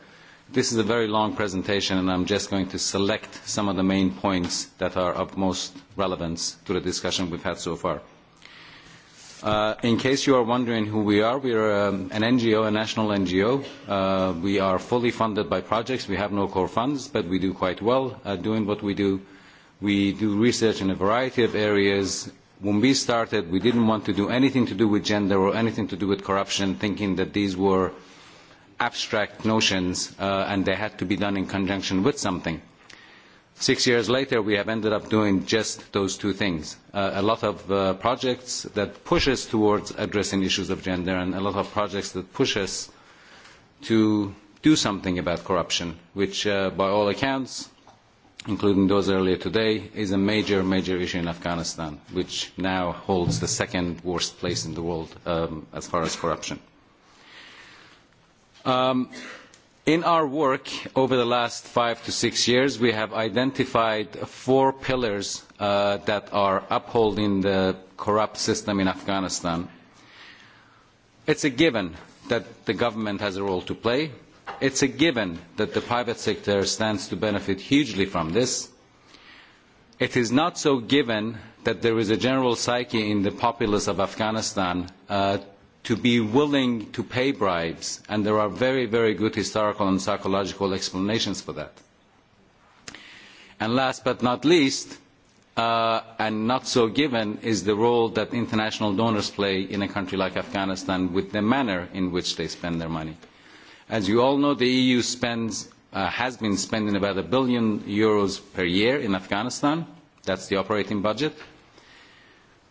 this is a very long presentation and I'm just going to select some of the main points that are of most relevance to the discussion we've had so far. Uh, in case you are wondering who we are, we are um, an NGO, a national NGO. Uh, we are fully funded by projects. We have no core funds, but we do quite well uh, doing what we do We do research in a variety of areas. When we started, we didn't want to do anything to do with gender or anything to do with corruption, thinking that these were abstract notions uh, and they had to be done in conjunction with something. Six years later, we have ended up doing just those two things. Uh, a lot of uh, projects that push us towards addressing issues of gender and a lot of projects that push us to do something about corruption, which uh, by all accounts including those earlier today, is a major, major issue in Afghanistan, which now holds the second worst place in the world um, as far as corruption. Um, in our work over the last five to six years, we have identified four pillars uh, that are upholding the corrupt system in Afghanistan. It's a given that the government has a role to play It is a given that the private sector stands to benefit hugely from this. It is not so given that there is a general psyche in the populace of Afghanistan uh, to be willing to pay bribes, and there are very, very good historical and psychological explanations for that. And last but not least, uh, and not so given, is the role that international donors play in a country like Afghanistan with the manner in which they spend their money. As you all know, the EU spends, uh, has been spending about a billion euros per year in Afghanistan. That's the operating budget.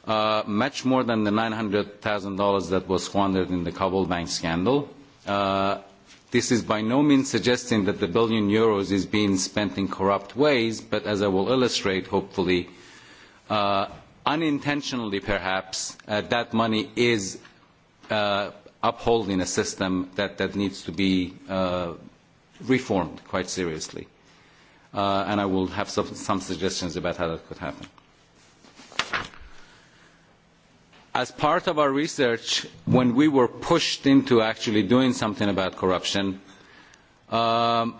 Uh, much more than the $900,000 that was squandered in the Kabul bank scandal. Uh, this is by no means suggesting that the billion euros is being spent in corrupt ways, but as I will illustrate, hopefully, uh, unintentionally perhaps, uh, that money is uh, upholding a system that, that needs to be uh, reformed quite seriously. Uh, and I will have some, some suggestions about how that could happen. As part of our research, when we were pushed into actually doing something about corruption, um,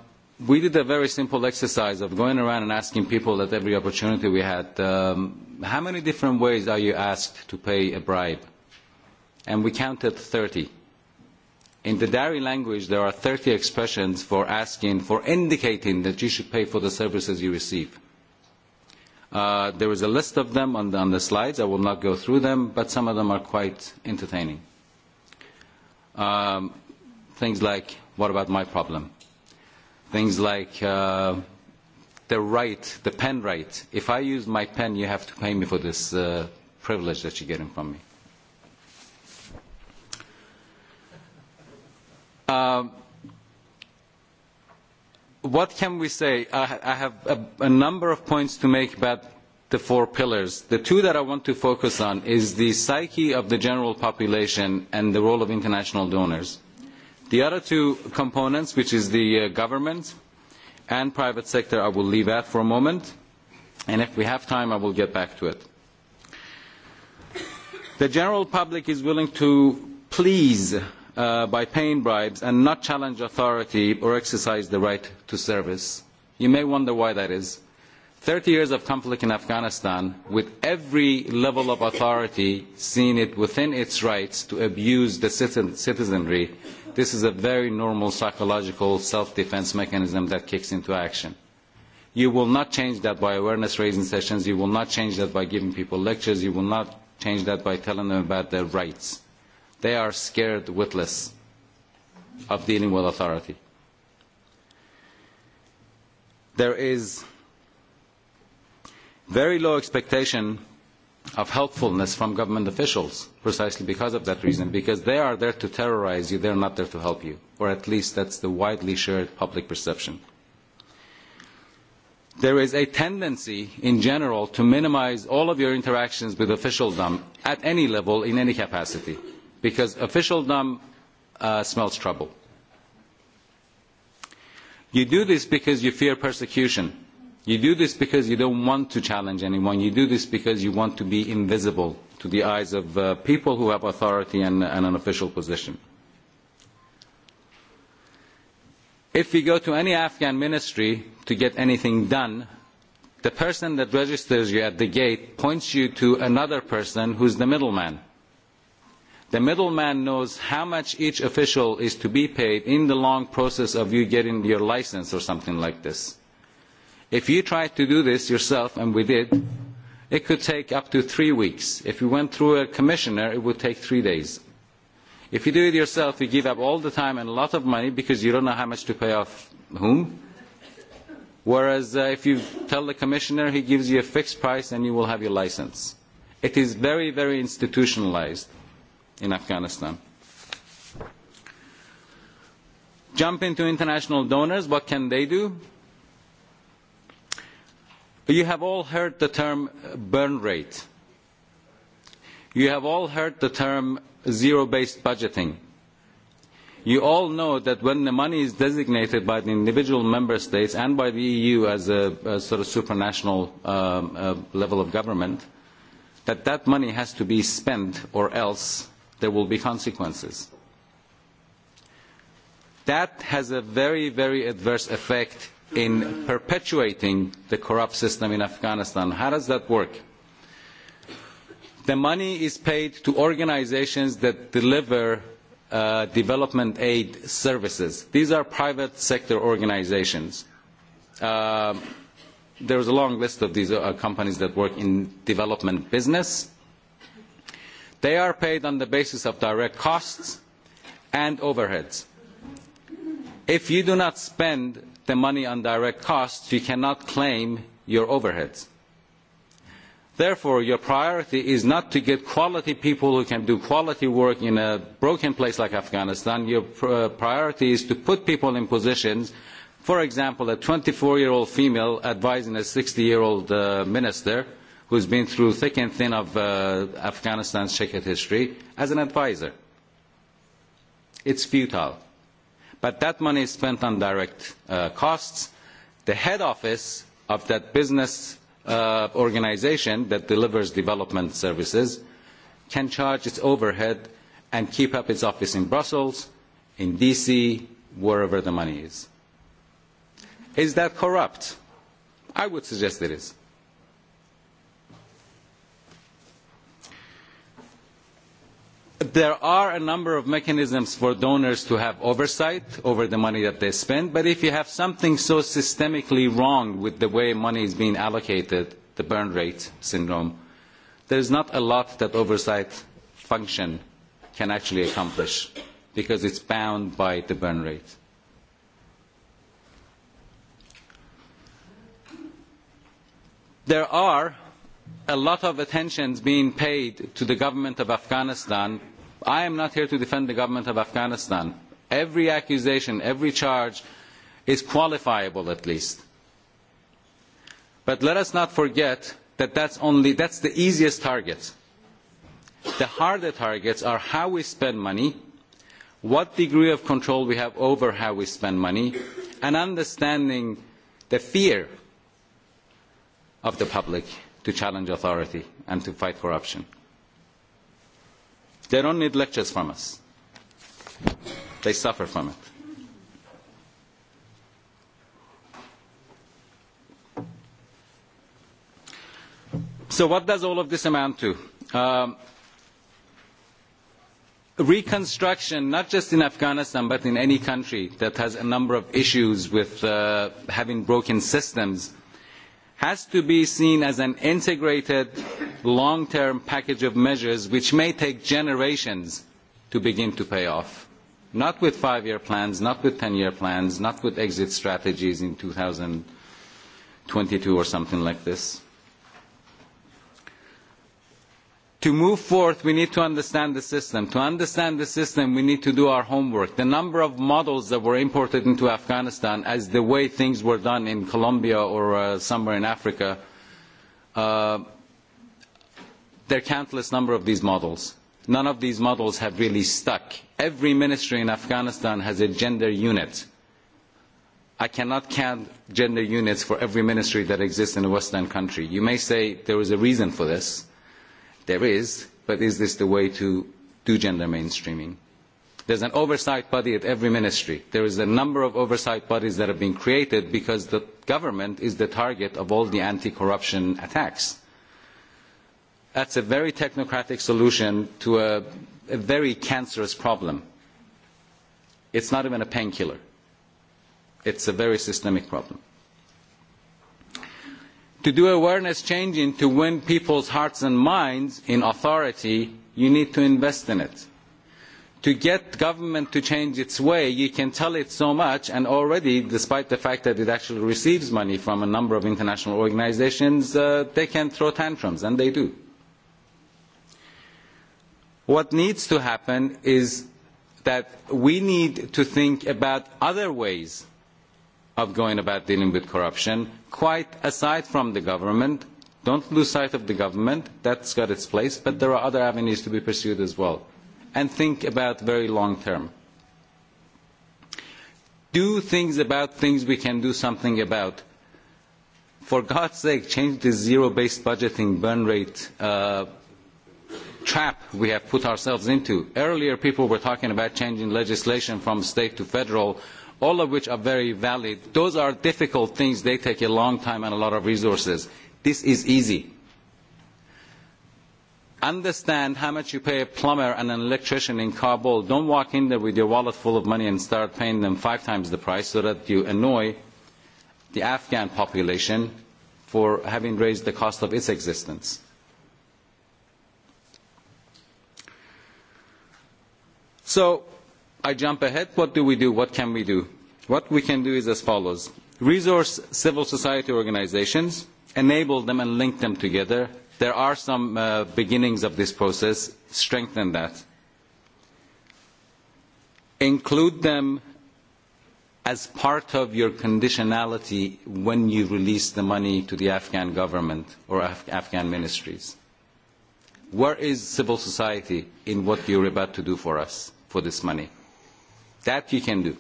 we did a very simple exercise of going around and asking people at every opportunity we had, um, how many different ways are you asked to pay a bribe? and we counted thirty. In the Dari language, there are thirty expressions for asking, for indicating that you should pay for the services you receive. Uh, there is a list of them on the, on the slides. I will not go through them, but some of them are quite entertaining. Um, things like, what about my problem? Things like uh, the right, the pen right. If I use my pen, you have to pay me for this uh, privilege that you're getting from me. Um, what can we say? I, I have a, a number of points to make about the four pillars. The two that I want to focus on is the psyche of the general population and the role of international donors. The other two components, which is the uh, government and private sector, I will leave out for a moment. And if we have time, I will get back to it. The general public is willing to please uh, by paying bribes and not challenge authority or exercise the right to service. You may wonder why that is. Thirty years of conflict in Afghanistan, with every level of authority seeing it within its rights to abuse the citizenry, this is a very normal psychological self-defense mechanism that kicks into action. You will not change that by awareness-raising sessions. You will not change that by giving people lectures. You will not change that by telling them about their rights. They are scared witless of dealing with authority. There is very low expectation of helpfulness from government officials precisely because of that reason, because they are there to terrorize you, they are not there to help you, or at least that's the widely shared public perception. There is a tendency in general to minimize all of your interactions with officialdom at any level, in any capacity because officialdom uh, smells trouble. You do this because you fear persecution. You do this because you don't want to challenge anyone. You do this because you want to be invisible to the eyes of uh, people who have authority and, and an official position. If you go to any Afghan ministry to get anything done, the person that registers you at the gate points you to another person who's the middleman. The middleman knows how much each official is to be paid in the long process of you getting your license or something like this. If you tried to do this yourself, and we did, it could take up to three weeks. If you went through a commissioner, it would take three days. If you do it yourself, you give up all the time and a lot of money because you don't know how much to pay off whom. Whereas uh, if you tell the commissioner, he gives you a fixed price and you will have your license. It is very, very institutionalized in Afghanistan. Jump into international donors, what can they do? You have all heard the term uh, burn rate. You have all heard the term zero-based budgeting. You all know that when the money is designated by the individual member states and by the EU as a, a sort of supranational um, uh, level of government, that that money has to be spent or else there will be consequences. That has a very, very adverse effect in perpetuating the corrupt system in Afghanistan. How does that work? The money is paid to organisations that deliver uh, development aid services. These are private sector organisations. Uh, um, there is a long list of these uh, companies that work in development business. They are paid on the basis of direct costs and overheads. If you do not spend the money on direct costs, you cannot claim your overheads. Therefore, your priority is not to get quality people who can do quality work in a broken place like Afghanistan. Your uh, priority is to put people in positions, for example, a twenty four year old female advising a sixty year old uh, minister, who has been through thick and thin of uh, Afghanistan's checkered history, as an advisor. It's futile. But that money is spent on direct uh, costs. The head office of that business uh, organization that delivers development services can charge its overhead and keep up its office in Brussels, in DC, wherever the money is. Is that corrupt? I would suggest it is. there are a number of mechanisms for donors to have oversight over the money that they spend, but if you have something so systemically wrong with the way money is being allocated, the burn rate syndrome, there is not a lot that oversight function can actually accomplish because it is bound by the burn rate. There are a lot of attention is being paid to the government of Afghanistan. I am not here to defend the government of Afghanistan. Every accusation, every charge is qualifiable at least. But let us not forget that that's only that's the easiest target. The harder targets are how we spend money, what degree of control we have over how we spend money, and understanding the fear of the public to challenge authority and to fight corruption. They don't need lectures from us. They suffer from it. So what does all of this amount to? Um, reconstruction, not just in Afghanistan, but in any country that has a number of issues with uh, having broken systems, has to be seen as an integrated long term package of measures which may take generations to begin to pay off not with five year plans not with ten year plans not with exit strategies in two thousand twenty two or something like this to move forth we need to understand the system. To understand the system, we need to do our homework. The number of models that were imported into Afghanistan as the way things were done in Colombia or uh, somewhere in Africa, uh, there are countless number of these models. None of these models have really stuck. Every ministry in Afghanistan has a gender unit. I cannot count gender units for every ministry that exists in a Western country. You may say there is a reason for this There is, but is this the way to do gender mainstreaming? There's an oversight body at every ministry. There is a number of oversight bodies that have been created because the government is the target of all the anti-corruption attacks. That's a very technocratic solution to a, a very cancerous problem. It's not even a painkiller. It's a very systemic problem. To do awareness changing to win people's hearts and minds in authority, you need to invest in it. To get government to change its way, you can tell it so much, and already, despite the fact that it actually receives money from a number of international organizations, uh, they can throw tantrums, and they do. What needs to happen is that we need to think about other ways of going about dealing with corruption, quite aside from the government. Don't lose sight of the government. That's got its place, but there are other avenues to be pursued as well. And think about very long term. Do things about things we can do something about. For God's sake, change the zero-based budgeting burn rate uh, trap we have put ourselves into. Earlier, people were talking about changing legislation from state to federal all of which are very valid. Those are difficult things. They take a long time and a lot of resources. This is easy. Understand how much you pay a plumber and an electrician in Kabul. Don't walk in there with your wallet full of money and start paying them five times the price so that you annoy the Afghan population for having raised the cost of its existence. So I jump ahead. What do we do? What can we do? What we can do is as follows. Resource civil society organizations, enable them and link them together. There are some uh, beginnings of this process. Strengthen that. Include them as part of your conditionality when you release the money to the Afghan government or Af Afghan ministries. Where is civil society in what you're about to do for us for this money? That you can do.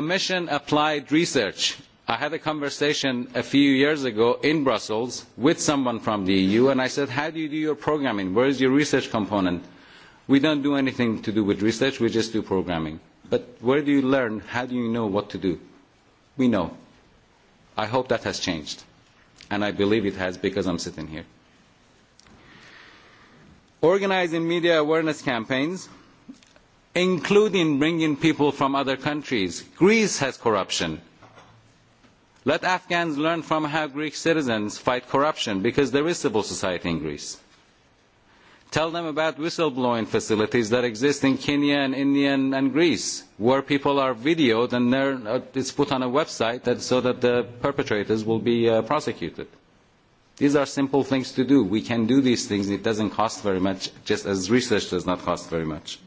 Commission applied research. I had a conversation a few years ago in Brussels with someone from the EU and I said, how do you do your programming? Where is your research component? We don't do anything to do with research, we just do programming. But where do you learn? How do you know what to do? We know. I hope that has changed. And I believe it has because I'm sitting here. Organizing media awareness campaigns including bringing people from other countries. Greece has corruption. Let Afghans learn from how Greek citizens fight corruption because there is civil society in Greece. Tell them about whistleblowing facilities that exist in Kenya and India and, and Greece where people are videoed and uh it's put on a website that, so that the perpetrators will be uh, prosecuted. These are simple things to do. We can do these things and it doesn't cost very much, just as research does not cost very much.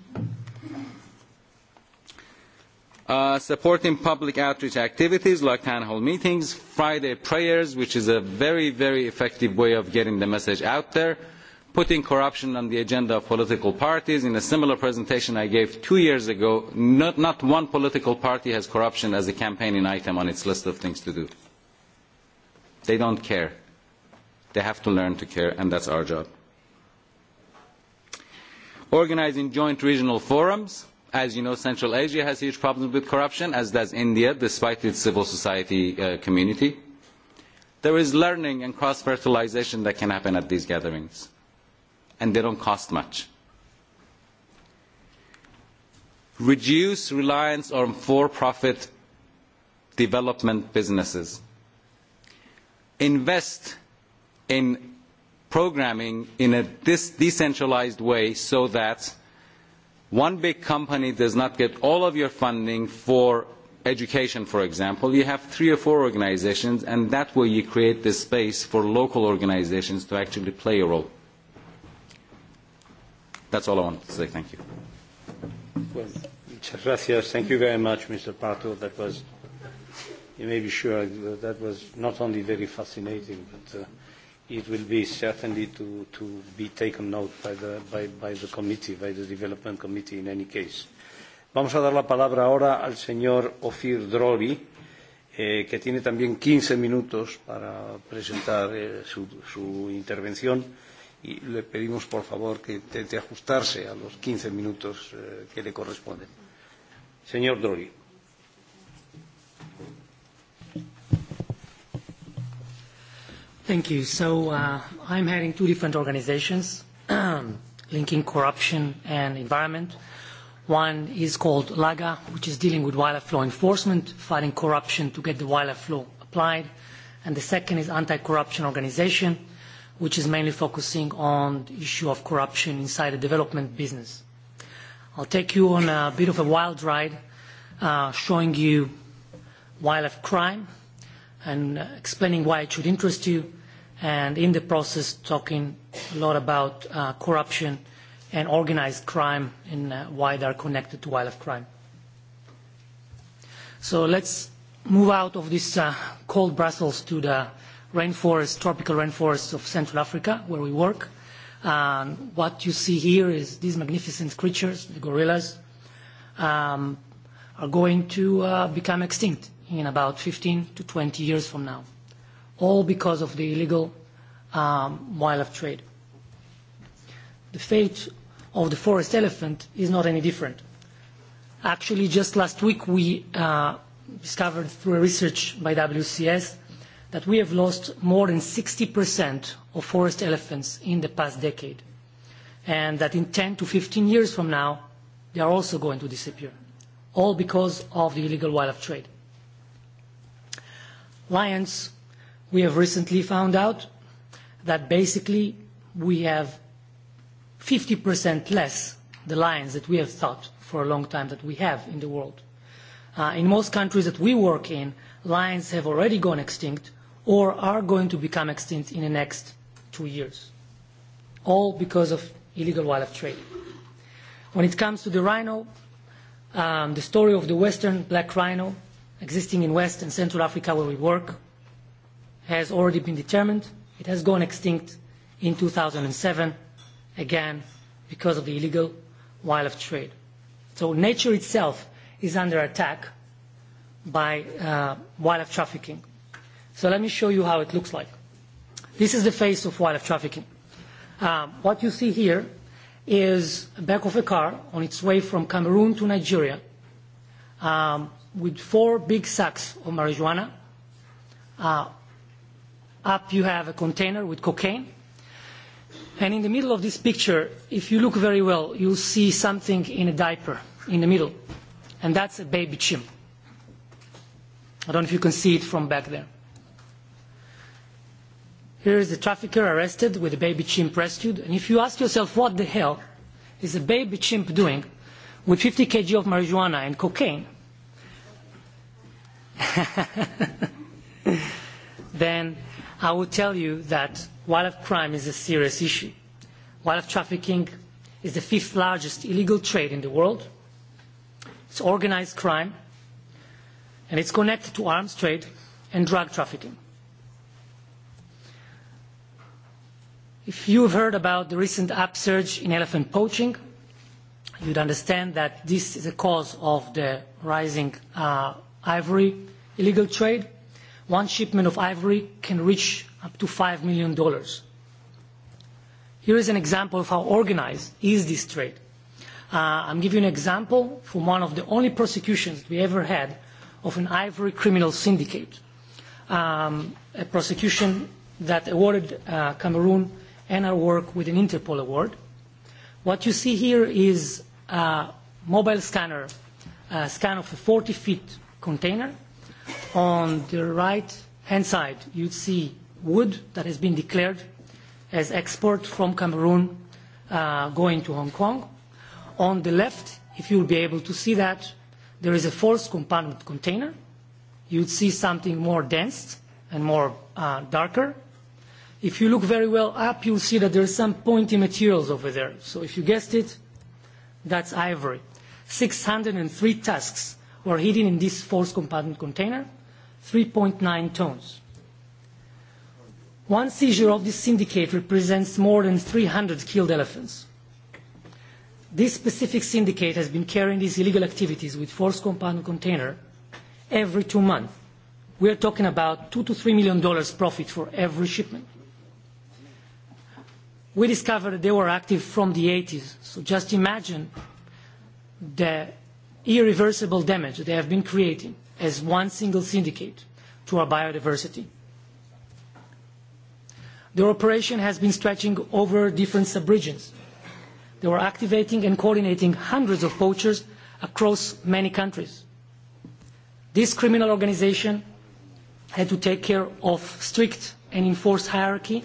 Uh, supporting public outreach activities like town hall meetings, Friday prayers, which is a very, very effective way of getting the message out there, putting corruption on the agenda of political parties. In a similar presentation I gave two years ago, not, not one political party has corruption as a campaigning item on its list of things to do. They don't care. They have to learn to care, and that's our job. Organising joint regional forums As you know, Central Asia has huge problems with corruption, as does India, despite its civil society uh, community. There is learning and cross-fertilization that can happen at these gatherings, and they don't cost much. Reduce reliance on for-profit development businesses. Invest in programming in a decentralised way so that one big company does not get all of your funding for education, for example. You have three or four organizations, and that way you create the space for local organizations to actually play a role. That's all I want to say. Thank you. Well, muchas gracias. Thank you very much, Mr. Pato. That was, you may be sure, that was not only very fascinating, but... Uh, it will be certainly to, to be taken note by the, by, by the committee, by the development committee in any case. Vamos a dar la palabra ahora al señor Ofir Drori, eh, que tiene también 15 minutos para presentar eh, su, su intervención y le pedimos por favor que intente ajustarse a los 15 minutos eh, que le corresponden. Señor Drori. Thank you. So uh, I'm heading two different organizations linking corruption and environment. One is called LAGA, which is dealing with wildlife law enforcement, fighting corruption to get the wildlife law applied. And the second is anti-corruption organization, which is mainly focusing on the issue of corruption inside the development business. I'll take you on a bit of a wild ride, uh, showing you wildlife crime and uh, explaining why it should interest you, and in the process talking a lot about uh, corruption and organized crime and uh, why they are connected to wildlife crime. So let's move out of this uh, cold Brussels to the rainforest, tropical rainforests of Central Africa where we work. Um, what you see here is these magnificent creatures, the gorillas, um, are going to uh, become extinct in about 15 to 20 years from now all because of the illegal um, wildlife trade. The fate of the forest elephant is not any different. Actually, just last week we uh, discovered through a research by WCS that we have lost more than 60% of forest elephants in the past decade and that in 10 to 15 years from now, they are also going to disappear, all because of the illegal wildlife trade. Lions We have recently found out that basically we have 50% less the lions that we have thought for a long time that we have in the world. Uh, in most countries that we work in, lions have already gone extinct or are going to become extinct in the next two years, all because of illegal wildlife trade. When it comes to the rhino, um, the story of the western black rhino existing in West and Central Africa where we work has already been determined. It has gone extinct in 2007, again, because of the illegal wildlife trade. So nature itself is under attack by uh, wildlife trafficking. So let me show you how it looks like. This is the face of wildlife trafficking. Um, what you see here is back of a car on its way from Cameroon to Nigeria um, with four big sacks of marijuana, uh, Up you have a container with cocaine. And in the middle of this picture, if you look very well, you'll see something in a diaper in the middle. And that's a baby chimp. I don't know if you can see it from back there. Here is the trafficker arrested with a baby chimp rescued. And if you ask yourself, what the hell is a baby chimp doing with 50 kg of marijuana and cocaine? then I will tell you that wildlife crime is a serious issue. Wildlife trafficking is the fifth largest illegal trade in the world. It's organized crime, and it's connected to arms trade and drug trafficking. If you've heard about the recent upsurge in elephant poaching, you'd understand that this is a cause of the rising uh, ivory illegal trade One shipment of ivory can reach up to $5 million. Here is an example of how organized is this trade. Uh, I'm giving you an example from one of the only prosecutions we ever had of an ivory criminal syndicate, um, a prosecution that awarded uh, Cameroon and our work with an Interpol award. What you see here is a mobile scanner, a scan of a 40 feet container On the right-hand side, you see wood that has been declared as export from Cameroon uh, going to Hong Kong. On the left, if you'll be able to see that, there is a false compartment container. You'd see something more dense and more uh, darker. If you look very well up, you'll see that there are some pointy materials over there. So if you guessed it, that's ivory. 603 tusks were hidden in this false compartment container, 3.9 tons. One seizure of this syndicate represents more than 300 killed elephants. This specific syndicate has been carrying these illegal activities with forced compound container every two months. We are talking about two to three million dollars profit for every shipment. We discovered that they were active from the 80s, so just imagine the irreversible damage they have been creating as one single syndicate to our biodiversity. Their operation has been stretching over different subregions. They were activating and coordinating hundreds of poachers across many countries. This criminal organization had to take care of strict and enforced hierarchy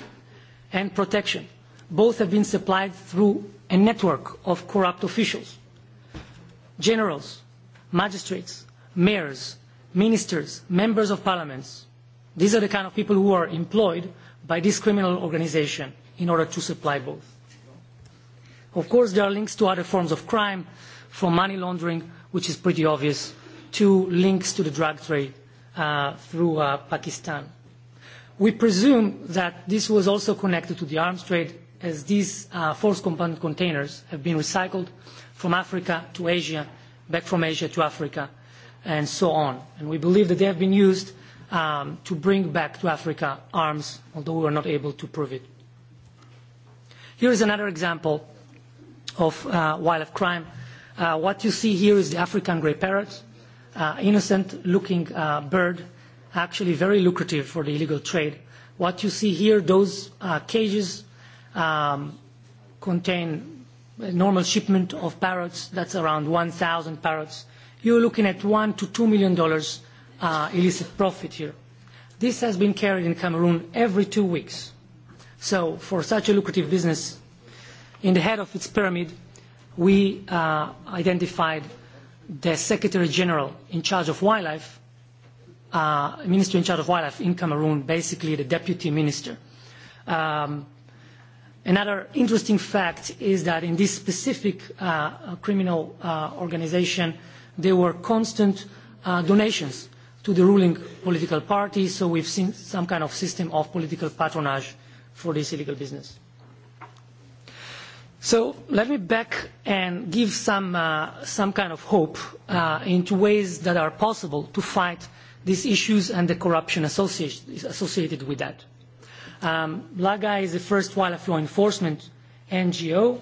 and protection. Both have been supplied through a network of corrupt officials generals, magistrates, mayors, ministers, members of parliaments. These are the kind of people who are employed by this criminal organization in order to supply both. Of course, there are links to other forms of crime, from money laundering, which is pretty obvious, to links to the drug trade uh, through uh, Pakistan. We presume that this was also connected to the arms trade, as these uh, force component containers have been recycled from Africa to Asia, back from Asia to Africa, and so on. And we believe that they have been used um, to bring back to Africa arms, although we were not able to prove it. Here is another example of uh, wildlife crime. Uh, what you see here is the African grey parrot, uh, innocent-looking uh, bird, actually very lucrative for the illegal trade. What you see here, those uh, cages um, contain normal shipment of parrots, that's around 1,000 parrots, you're looking at one to two million dollars uh, illicit profit here. This has been carried in Cameroon every two weeks. So for such a lucrative business, in the head of its pyramid, we uh, identified the Secretary General in charge of wildlife, uh, Minister in charge of wildlife in Cameroon, basically the Deputy Minister. Um, Another interesting fact is that in this specific uh, uh, criminal uh, organization, there were constant uh, donations to the ruling political party, so we've seen some kind of system of political patronage for this illegal business. So let me back and give some, uh, some kind of hope uh, into ways that are possible to fight these issues and the corruption associated, associated with that. Um, LAGA is the first wildlife law enforcement NGO.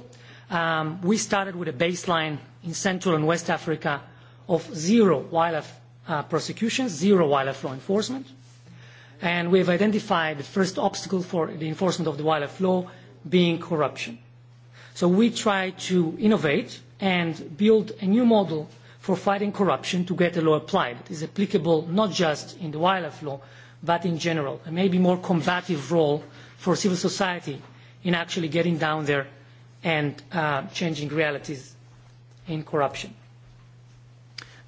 Um, we started with a baseline in Central and West Africa of zero wildlife uh, prosecutions, zero wildlife law enforcement. And we have identified the first obstacle for the enforcement of the wildlife law being corruption. So we try to innovate and build a new model for fighting corruption to get the law applied. It is applicable not just in the wildlife law, but in general, a maybe more combative role for civil society in actually getting down there and uh, changing realities in corruption.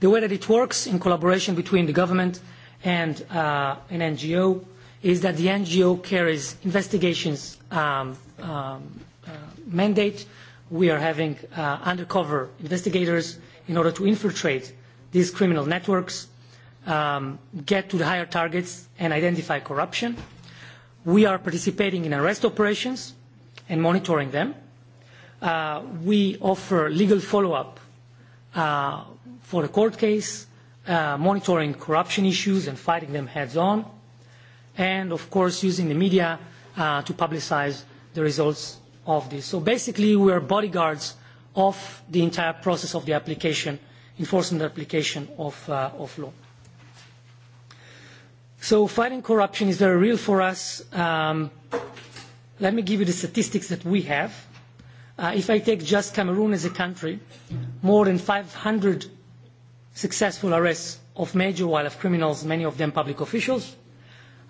The way that it works in collaboration between the government and uh, an NGO is that the NGO carries investigations um, um, uh, mandate. We are having uh, undercover investigators in order to infiltrate these criminal networks um, get to the higher targets and identify corruption. We are participating in arrest operations and monitoring them. Uh, we offer legal follow-up uh, for the court case, uh, monitoring corruption issues and fighting them heads-on, and of course using the media uh, to publicize the results of this. So basically we are bodyguards of the entire process of the application, enforcement application of, uh, of law. So fighting corruption is very real for us. Um, let me give you the statistics that we have. Uh, if I take just Cameroon as a country, more than 500 successful arrests of major wildlife criminals, many of them public officials.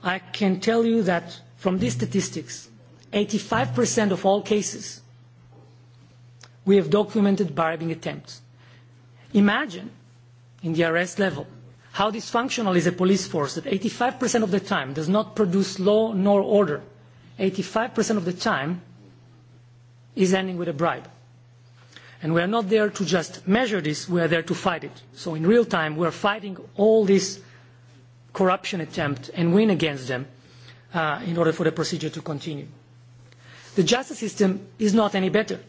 I can tell you that from these statistics, 85% of all cases we have documented bribing attempts. Imagine in the arrest level how dysfunctional is a police force that 85% of the time does not produce law nor order. 85% of the time is ending with a bribe. And we are not there to just measure this, we are there to fight it. So in real time, we are fighting all this corruption attempt and win against them uh, in order for the procedure to continue. The justice system is not any better.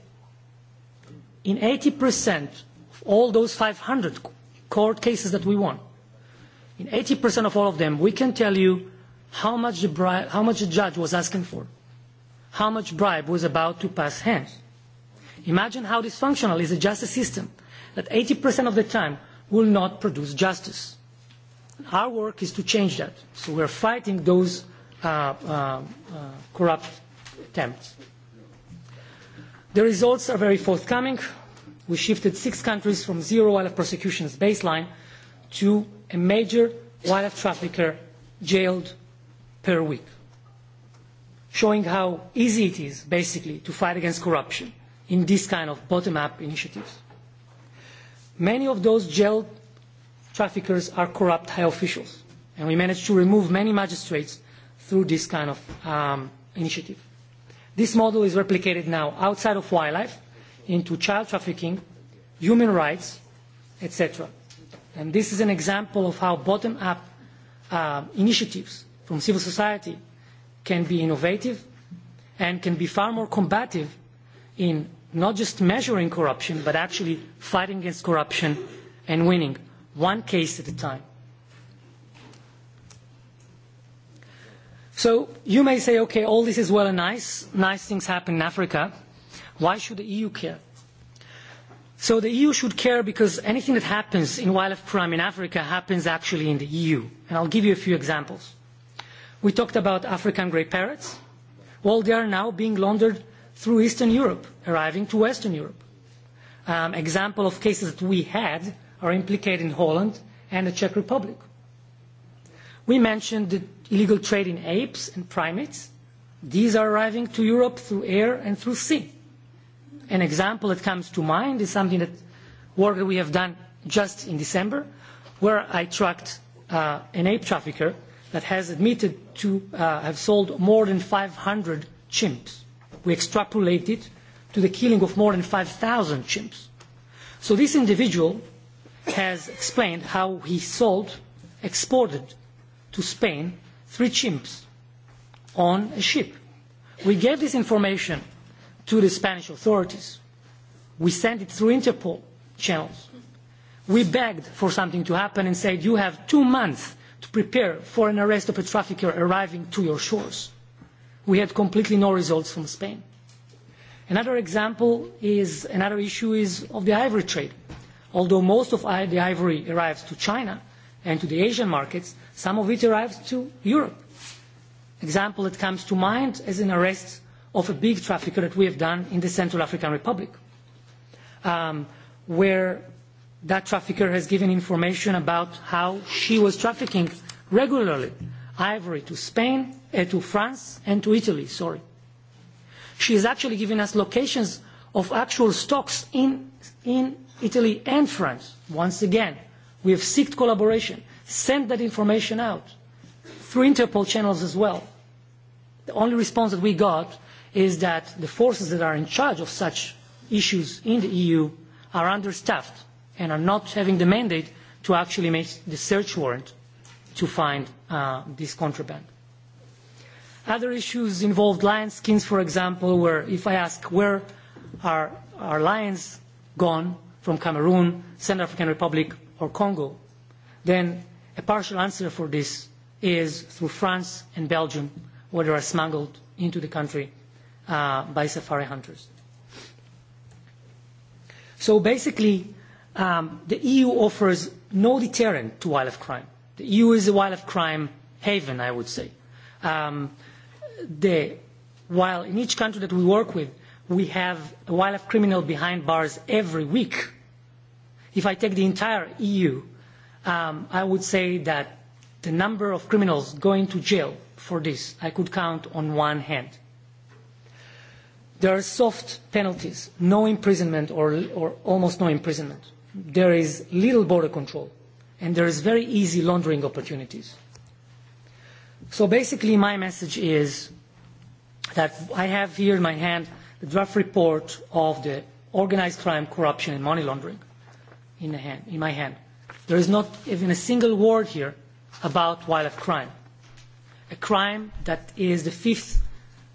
In 80% of all those 500 court cases that we won, In 80% of all of them, we can tell you how much, the bribe, how much the judge was asking for, how much bribe was about to pass hands. Imagine how dysfunctional is the justice system that 80% of the time will not produce justice. Our work is to change that. So we're fighting those uh, uh, uh, corrupt attempts. The results are very forthcoming. We shifted six countries from zero out of prosecution's baseline to a major wildlife trafficker jailed per week, showing how easy it is, basically, to fight against corruption in this kind of bottom-up initiatives. Many of those jailed traffickers are corrupt high officials, and we managed to remove many magistrates through this kind of um, initiative. This model is replicated now outside of wildlife into child trafficking, human rights, etc. And this is an example of how bottom-up uh, initiatives from civil society can be innovative and can be far more combative in not just measuring corruption, but actually fighting against corruption and winning one case at a time. So you may say, okay, all this is well and nice, nice things happen in Africa. Why should the EU care? So the EU should care because anything that happens in wildlife crime in Africa happens actually in the EU. And I'll give you a few examples. We talked about African grey parrots. Well, they are now being laundered through Eastern Europe, arriving to Western Europe. Um, example of cases that we had are implicated in Holland and the Czech Republic. We mentioned the illegal trade in apes and primates. These are arriving to Europe through air and through sea an example that comes to mind is something that work that we have done just in December, where I tracked uh, an ape trafficker that has admitted to uh, have sold more than 500 chimps. We extrapolated to the killing of more than 5,000 chimps. So this individual has explained how he sold, exported to Spain, three chimps on a ship. We gave this information to the Spanish authorities. We sent it through Interpol channels. We begged for something to happen and said, you have two months to prepare for an arrest of a trafficker arriving to your shores. We had completely no results from Spain. Another example is, another issue is of the ivory trade. Although most of the ivory arrives to China and to the Asian markets, some of it arrives to Europe. Example that comes to mind is an arrest of a big trafficker that we have done in the Central African Republic, um, where that trafficker has given information about how she was trafficking regularly ivory to Spain, uh, to France, and to Italy, sorry. She has actually given us locations of actual stocks in, in Italy and France. Once again, we have sought collaboration, sent that information out through Interpol channels as well. The only response that we got is that the forces that are in charge of such issues in the EU are understaffed and are not having the mandate to actually make the search warrant to find uh, this contraband. Other issues involved lion skins, for example, where if I ask where are, are lions gone from Cameroon, Central African Republic, or Congo, then a partial answer for this is through France and Belgium, where they are smuggled into the country uh, by safari hunters. So basically, um, the EU offers no deterrent to wildlife crime. The EU is a wildlife crime haven, I would say. Um, the, while in each country that we work with, we have a wildlife criminal behind bars every week. If I take the entire EU, um, I would say that the number of criminals going to jail for this, I could count on one hand. There are soft penalties, no imprisonment or, or almost no imprisonment. There is little border control, and there is very easy laundering opportunities. So basically my message is that I have here in my hand the draft report of the organized crime, corruption and money laundering in, the hand, in my hand. There is not even a single word here about wildlife crime, a crime that is the fifth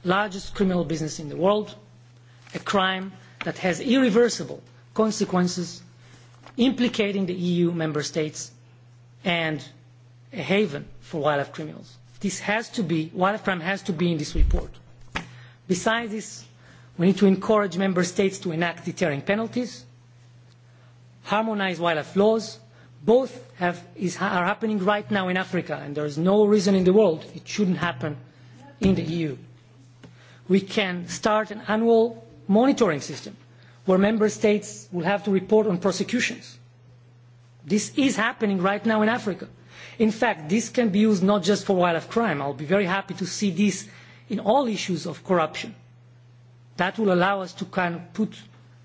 largest criminal business in the world, a crime that has irreversible consequences implicating the EU member states and a haven for wildlife criminals. This has to be, wildlife crime has to be in this report. Besides this, we need to encourage member states to enact deterring penalties, harmonise wildlife laws. Both have, is, are happening right now in Africa, and there is no reason in the world it shouldn't happen in the EU we can start an annual monitoring system where member states will have to report on prosecutions. This is happening right now in Africa. In fact, this can be used not just for wildlife crime. I'll be very happy to see this in all issues of corruption. That will allow us to kind of put,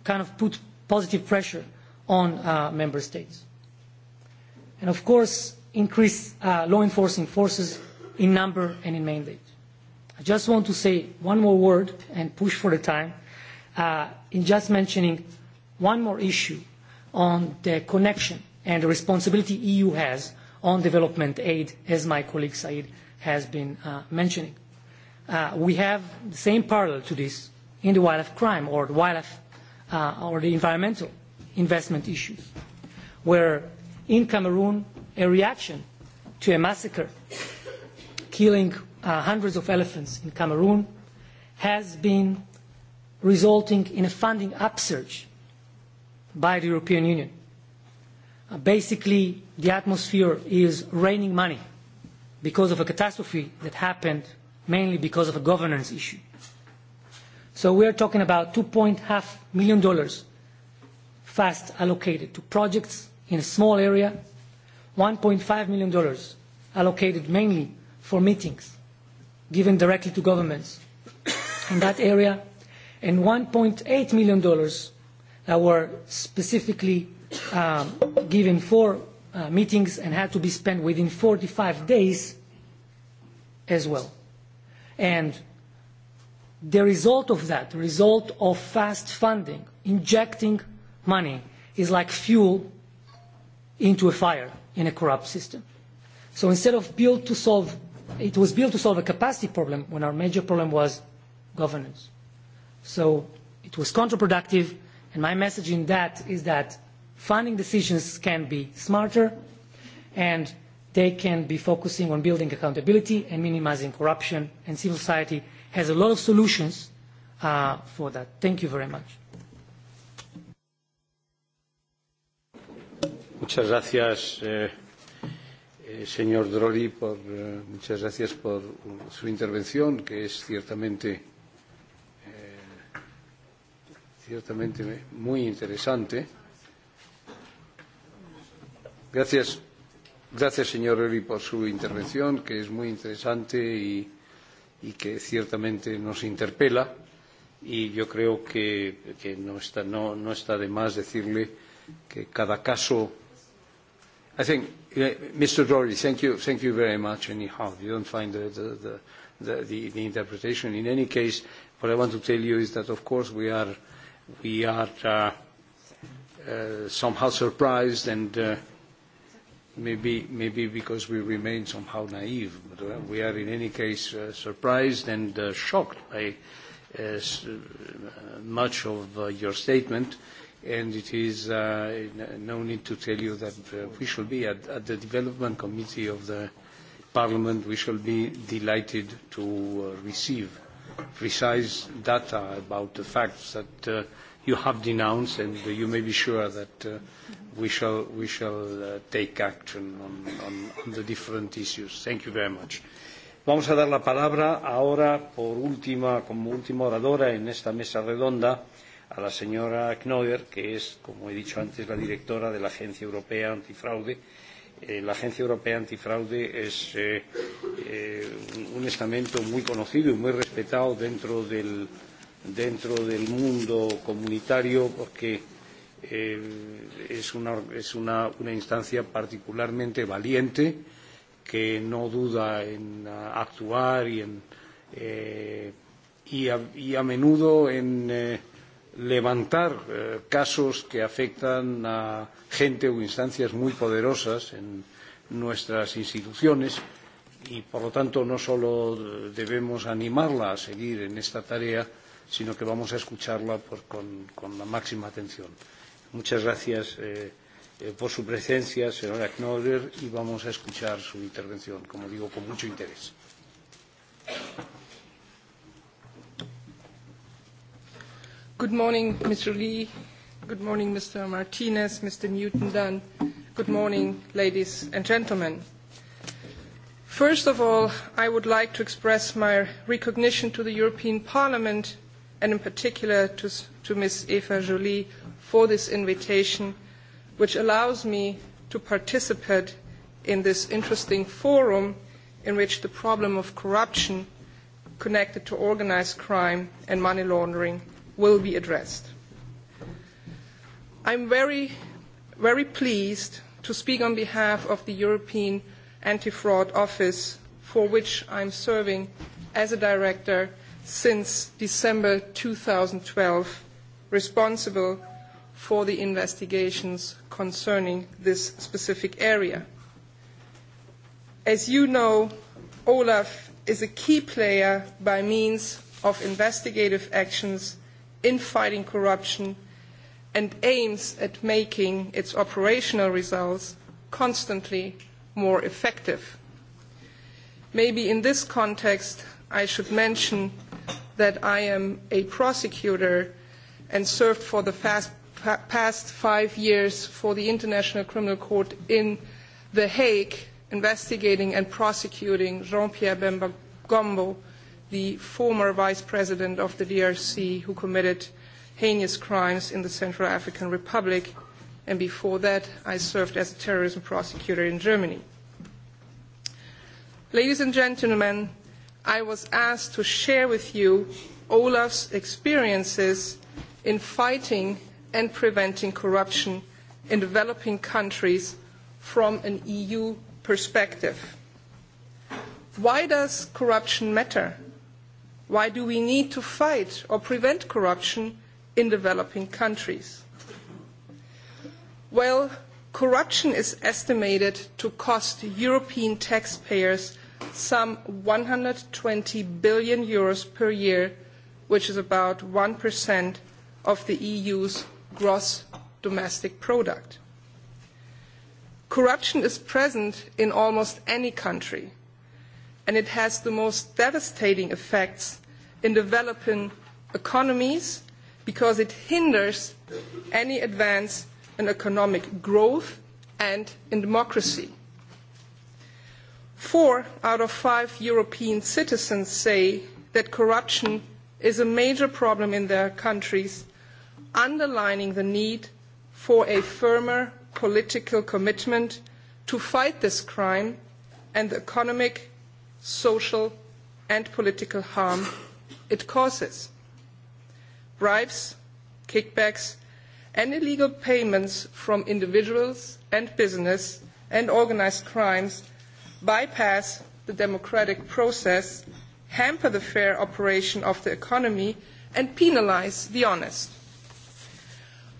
kind of put positive pressure on uh, member states. And of course, increase uh, law enforcing forces in number and in mandate. I just want to say one more word and push for the time uh, in just mentioning one more issue on the connection and the responsibility EU has on development aid, as my colleague Said has been uh, mentioning. Uh, we have the same parallel to this in the wildlife crime or the wildlife uh, or the environmental investment issues, where in Cameroon a reaction to a massacre killing uh, hundreds of elephants in Cameroon has been resulting in a funding upsurge by the European Union. Uh, basically, the atmosphere is raining money because of a catastrophe that happened mainly because of a governance issue. So we are talking about $2.5 million fast allocated to projects in a small area, $1.5 million allocated mainly for meetings given directly to governments in that area, and $1.8 million that were specifically um, given for uh, meetings and had to be spent within 45 days as well. And the result of that, the result of fast funding, injecting money, is like fuel into a fire in a corrupt system. So instead of build to solve it was built to solve a capacity problem when our major problem was governance. So it was counterproductive, and my message in that is that funding decisions can be smarter, and they can be focusing on building accountability and minimizing corruption, and civil society has a lot of solutions uh, for that. Thank you very much. Muchas gracias, eh, Eh, señor Droli, por, eh, muchas gracias por uh, su intervención, que es ciertamente, eh, ciertamente muy interesante. Gracias, gracias señor Drori, por su intervención, que es muy interesante y, y que ciertamente nos interpela. Y yo creo que, que no, está, no, no está de más decirle que cada caso. I think Mr. Dory, thank you, thank you very much. Anyhow, you don't find the, the, the, the, the the interpretation. In any case, what I want to tell you is that, of course, we are, we are uh, uh, somehow surprised and uh, maybe, maybe because we remain somehow naive. But uh, we are, in any case, uh, surprised and uh, shocked by uh, uh much of uh, your statement. Uh, and it is uh, no need to tell you that uh, we shall be at, at the development committee of the parliament we shall be delighted to uh, receive precise data about the facts that uh, you have denounced and uh, you may be sure that uh, we shall we shall uh, take action on, on, on the different issues thank you very much vamos a dar la palabra ahora por última como última oradora en esta mesa redonda a la señora Knoyer, que es, como he dicho antes, la directora de la Agencia Europea Antifraude. Eh, la Agencia Europea Antifraude es eh, eh, un estamento muy conocido y muy respetado dentro del, dentro del mundo comunitario porque eh, es, una, es una, una instancia particularmente valiente que no duda en uh, actuar y, en, eh, y, a, y a menudo en. Eh, levantar eh, casos que afectan a gente o instancias muy poderosas en nuestras instituciones y, por lo tanto, no solo debemos animarla a seguir en esta tarea, sino que vamos a escucharla pues, con, con la máxima atención. Muchas gracias eh, eh, por su presencia, señora Knoller, y vamos a escuchar su intervención, como digo, con mucho interés. Good morning, Mr. Lee. Good morning, Mr. Martinez, Mr. Newton Dunn. Good morning, ladies and gentlemen. First of all, I would like to express my recognition to the European Parliament and in particular to, to Ms. Eva Joly for this invitation, which allows me to participate in this interesting forum in which the problem of corruption connected to organised crime and money laundering will be addressed. I'm very, very pleased to speak on behalf of the European Anti-Fraud Office, for which I'm serving as a director since December 2012, responsible for the investigations concerning this specific area. As you know, Olaf is a key player by means of investigative actions in fighting corruption and aims at making its operational results constantly more effective. Maybe in this context, I should mention that I am a prosecutor and served for the fast, past five years for the International Criminal Court in The Hague, investigating and prosecuting Jean-Pierre Bemba Gombo the former vice president of the DRC who committed heinous crimes in the Central African Republic, and before that I served as a terrorism prosecutor in Germany. Ladies and gentlemen, I was asked to share with you Olaf's experiences in fighting and preventing corruption in developing countries from an EU perspective. Why does corruption matter? Why do we need to fight or prevent corruption in developing countries? Well, corruption is estimated to cost European taxpayers some EUR one hundred and twenty billion Euros per year, which is about 1% of the EU's gross domestic product. Corruption is present in almost any country, and it has the most devastating effects in developing economies because it hinders any advance in economic growth and in democracy. Four out of five European citizens say that corruption is a major problem in their countries, underlining the need for a firmer political commitment to fight this crime and the economic, social and political harm it causes. Bribes, kickbacks, and illegal payments from individuals and business and organised crimes bypass the democratic process, hamper the fair operation of the economy, and penalise the honest.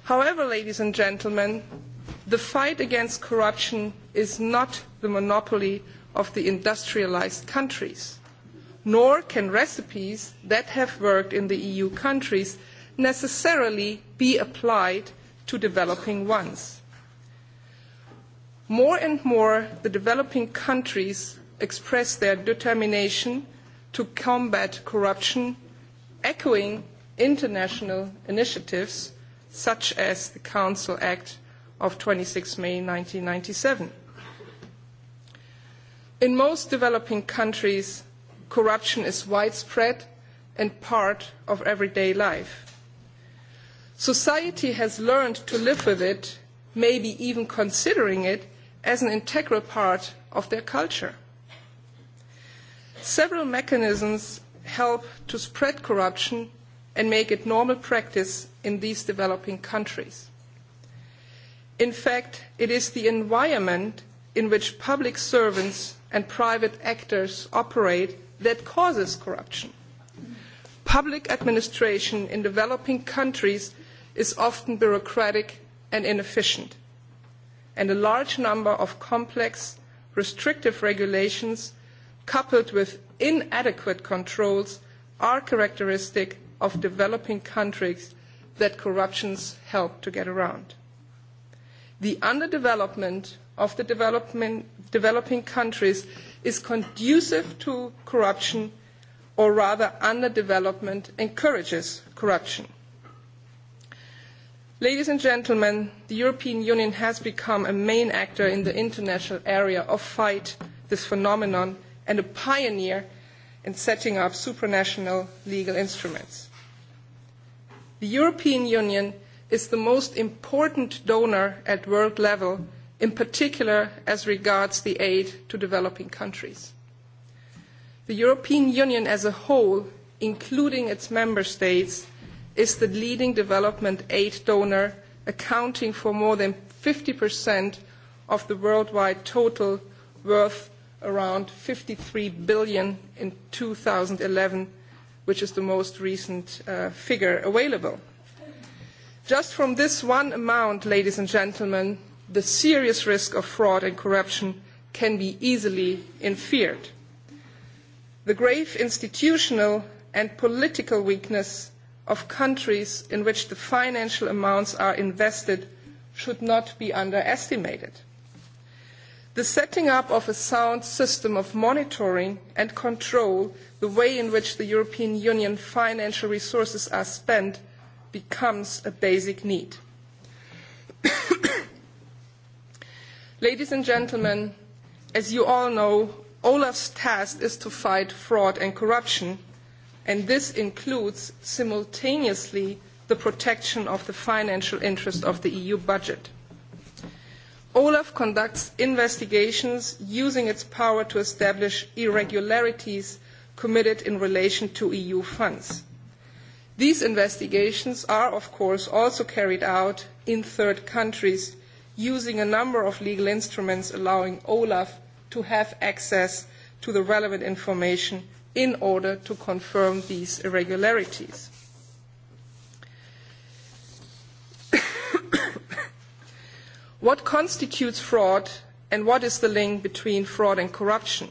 However, ladies and gentlemen, the fight against corruption is not the monopoly of the industrialised countries nor can recipes that have worked in the EU countries necessarily be applied to developing ones. More and more, the developing countries express their determination to combat corruption, echoing international initiatives such as the Council Act of 26 May ninety seven. In most developing countries, corruption is widespread and part of everyday life. Society has learned to live with it, maybe even considering it as an integral part of their culture. Several mechanisms help to spread corruption and make it normal practice in these developing countries. In fact, it is the environment in which public servants and private actors operate that causes corruption. Public administration in developing countries is often bureaucratic and inefficient, and a large number of complex, restrictive regulations coupled with inadequate controls are characteristic of developing countries that corruptions help to get around. The underdevelopment of the developing countries is conducive to corruption or rather underdevelopment encourages corruption. Ladies and gentlemen, the European Union has become a main actor in the international area of fight this phenomenon and a pioneer in setting up supranational legal instruments. The European Union is the most important donor at world level in particular as regards the aid to developing countries. The European Union as a whole, including its member states, is the leading development aid donor, accounting for more than 50% of the worldwide total worth around 53 billion in 2011, which is the most recent uh, figure available. Just from this one amount, ladies and gentlemen, the serious risk of fraud and corruption can be easily inferred. The grave institutional and political weakness of countries in which the financial amounts are invested should not be underestimated. The setting up of a sound system of monitoring and control the way in which the European Union financial resources are spent becomes a basic need. Ladies and gentlemen, as you all know, Olaf's task is to fight fraud and corruption, and this includes simultaneously the protection of the financial interest of the EU budget. Olaf conducts investigations using its power to establish irregularities committed in relation to EU funds. These investigations are, of course, also carried out in third countries using a number of legal instruments allowing Olaf to have access to the relevant information in order to confirm these irregularities. what constitutes fraud and what is the link between fraud and corruption?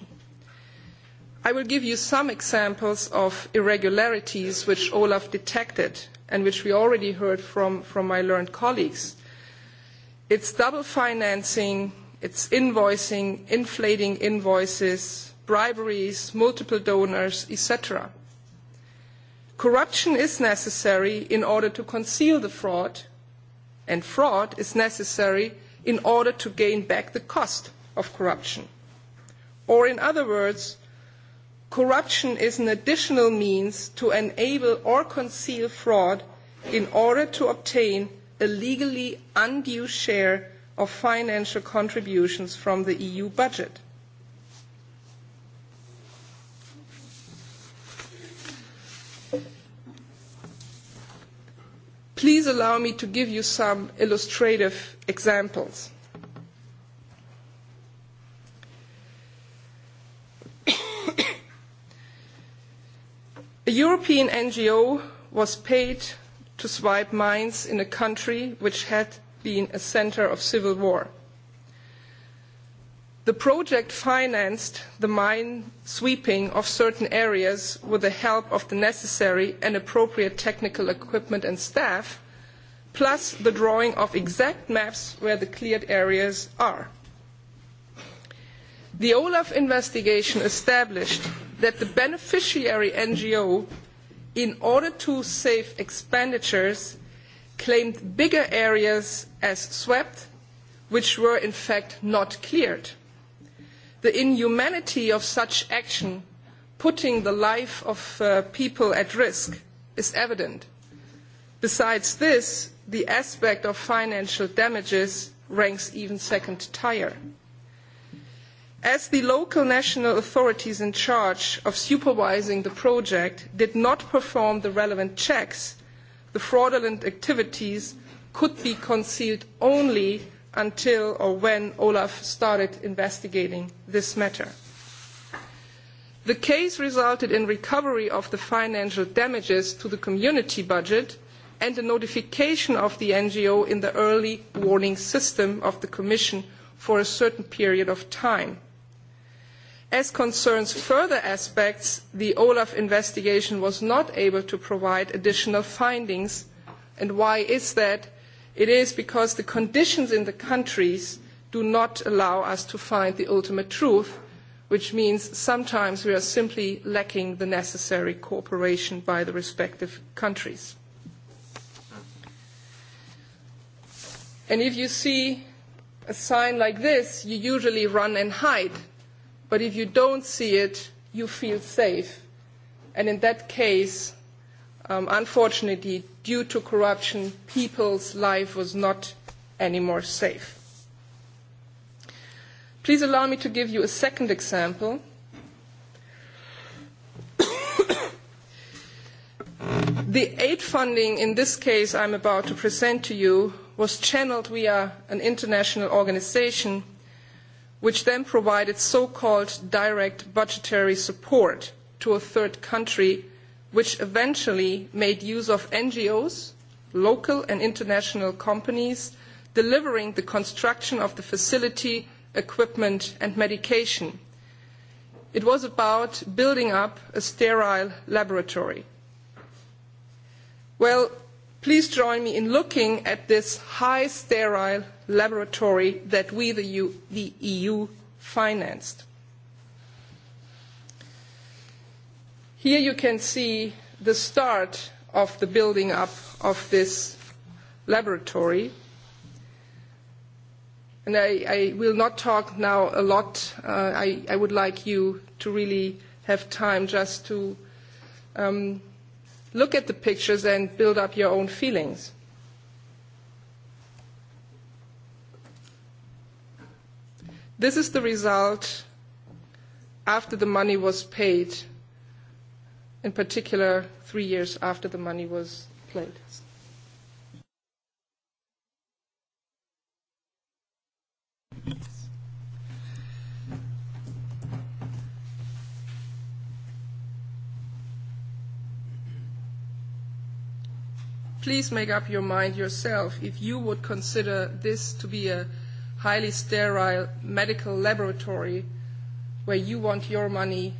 I will give you some examples of irregularities which Olaf detected and which we already heard from, from my learned colleagues. It's double financing, it's invoicing, inflating invoices, briberies, multiple donors, etc. Corruption is necessary in order to conceal the fraud, and fraud is necessary in order to gain back the cost of corruption. Or in other words, corruption is an additional means to enable or conceal fraud in order to obtain a legally undue share of financial contributions from the EU budget. Please allow me to give you some illustrative examples. a European NGO was paid to swipe mines in a country which had been a centre of civil war. The project financed the mine sweeping of certain areas with the help of the necessary and appropriate technical equipment and staff, plus the drawing of exact maps where the cleared areas are. The Olaf investigation established that the beneficiary NGO in order to save expenditures, claimed bigger areas as swept, which were in fact not cleared. The inhumanity of such action, putting the life of uh, people at risk, is evident. Besides this, the aspect of financial damages ranks even second tier. As the local national authorities in charge of supervising the project did not perform the relevant checks, the fraudulent activities could be concealed only until or when Olaf started investigating this matter. The case resulted in recovery of the financial damages to the community budget and a notification of the NGO in the early warning system of the Commission for a certain period of time. As concerns further aspects, the Olaf investigation was not able to provide additional findings. And why is that? It is because the conditions in the countries do not allow us to find the ultimate truth, which means sometimes we are simply lacking the necessary cooperation by the respective countries. And if you see a sign like this, you usually run and hide But if you don't see it, you feel safe. And in that case, um, unfortunately, due to corruption, people's life was not anymore safe. Please allow me to give you a second example. the aid funding in this case I am about to present to you was channeled via an international organisation which then provided so-called direct budgetary support to a third country, which eventually made use of NGOs, local and international companies, delivering the construction of the facility, equipment and medication. It was about building up a sterile laboratory. Well, Please join me in looking at this high sterile laboratory that we, the EU, the EU financed. Here you can see the start of the building up of this laboratory. And I, I will not talk now a lot. Uh, I, I would like you to really have time just to um, Look at the pictures and build up your own feelings. This is the result after the money was paid, in particular three years after the money was played, please make up your mind yourself if you would consider this to be a highly sterile medical laboratory where you want your money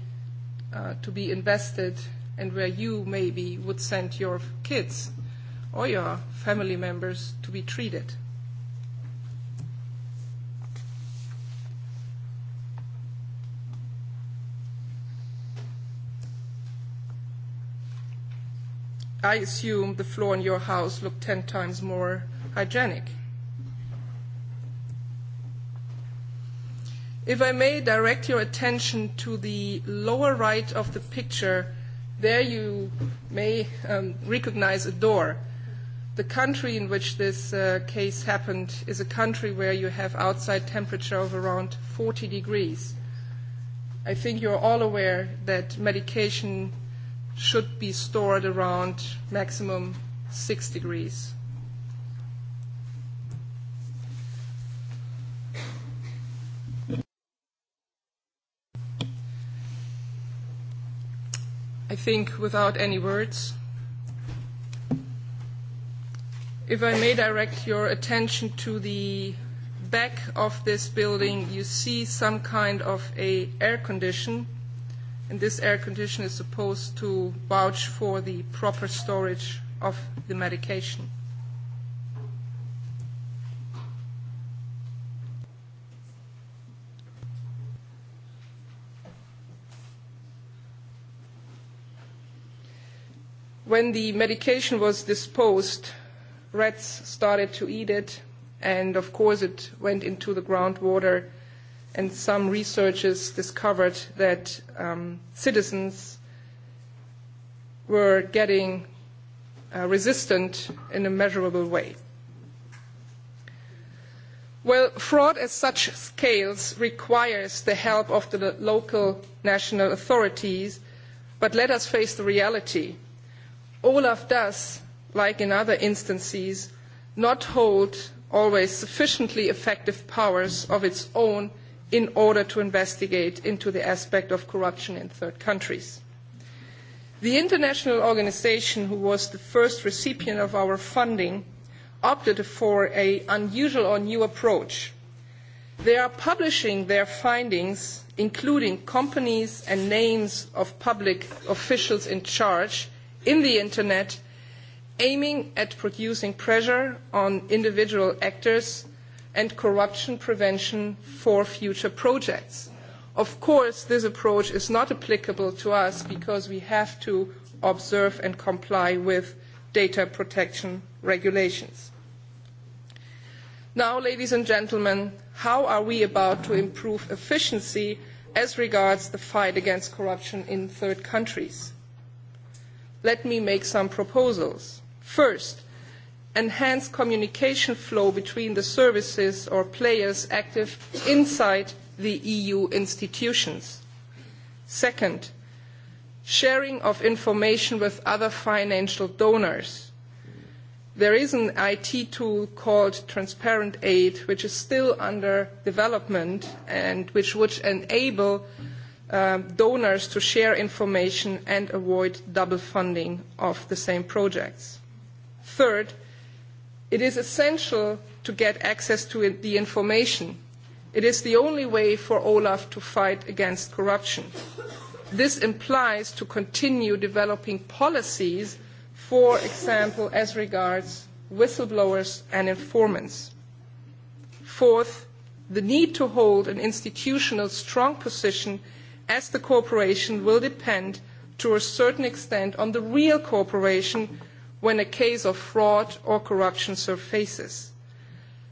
uh, to be invested and where you maybe would send your kids or your family members to be treated. I assume the floor in your house looked ten times more hygienic. If I may direct your attention to the lower right of the picture, there you may um, recognize a door. The country in which this uh, case happened is a country where you have outside temperature of around 40 degrees. I think you're all aware that medication should be stored around maximum 6 degrees. I think without any words. If I may direct your attention to the back of this building, you see some kind of a air condition and this air conditioner is supposed to vouch for the proper storage of the medication. When the medication was disposed, rats started to eat it, and of course it went into the groundwater and some researchers discovered that um, citizens were getting uh, resistant in a measurable way. Well, fraud at such scales requires the help of the local national authorities, but let us face the reality. Olaf does, like in other instances, not hold always sufficiently effective powers of its own in order to investigate into the aspect of corruption in third countries. The international organisation who was the first recipient of our funding opted for an unusual or new approach. They are publishing their findings, including companies and names of public officials in charge, in the internet, aiming at producing pressure on individual actors and corruption prevention for future projects. Of course, this approach is not applicable to us because we have to observe and comply with data protection regulations. Now, ladies and gentlemen, how are we about to improve efficiency as regards the fight against corruption in third countries? Let me make some proposals. First, enhance communication flow between the services or players active inside the EU institutions. Second, sharing of information with other financial donors. There is an IT tool called Transparent Aid, which is still under development and which would enable um, donors to share information and avoid double funding of the same projects. Third, It is essential to get access to the information. It is the only way for Olaf to fight against corruption. This implies to continue developing policies, for example, as regards whistleblowers and informants. Fourth, the need to hold an institutional strong position as the cooperation will depend to a certain extent on the real cooperation when a case of fraud or corruption surfaces.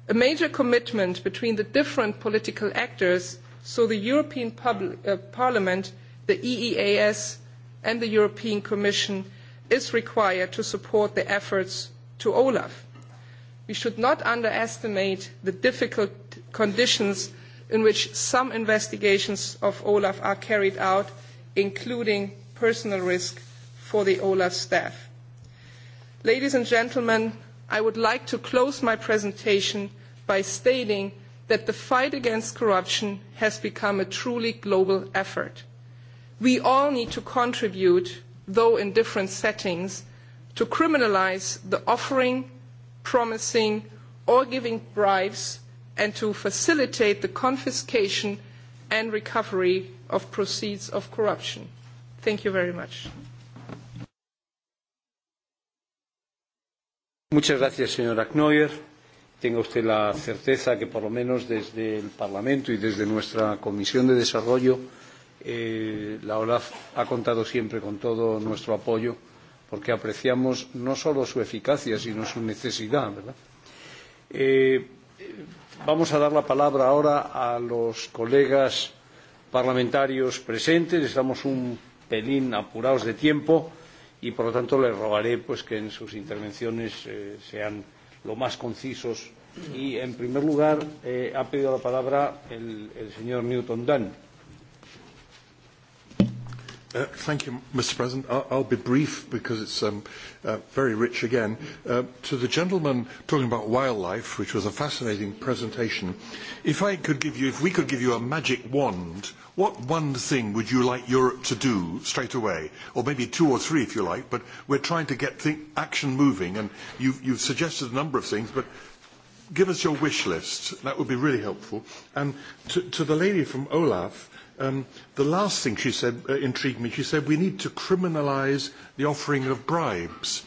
A major commitment between the different political actors, so the European Public, uh, Parliament, the EEAS and the European Commission, is required to support the efforts to Olaf. We should not underestimate the difficult conditions in which some investigations of Olaf are carried out, including personal risk for the Olaf staff. Ladies and gentlemen, I would like to close my presentation by stating that the fight against corruption has become a truly global effort. We all need to contribute, though in different settings, to criminalise the offering, promising or giving bribes and to facilitate the confiscation and recovery of proceeds of corruption. Thank you very much. Muchas gracias, señora Knoyer. Tenga usted la certeza que, por lo menos desde el Parlamento y desde nuestra Comisión de Desarrollo, eh, la OLAF ha contado siempre con todo nuestro apoyo, porque apreciamos no solo su eficacia, sino su necesidad. ¿verdad? Eh, vamos a dar la palabra ahora a los colegas parlamentarios presentes. Estamos un pelín apurados de tiempo y por lo tanto les rogaré pues que en sus intervenciones eh, sean lo más concisos y en primer lugar eh, ha pedido la palabra el, el señor Newton Dunn Uh, thank you, Mr. President. I'll, I'll be brief because it's um, uh, very rich again. Uh, to the gentleman talking about wildlife, which was a fascinating presentation, if I could give you, if we could give you a magic wand, what one thing would you like Europe to do straight away, or maybe two or three if you like? But we're trying to get th- action moving, and you've, you've suggested a number of things, but give us your wish list. That would be really helpful. And to, to the lady from Olaf Um, the last thing she said uh, intrigued me. She said we need to criminalise the offering of bribes.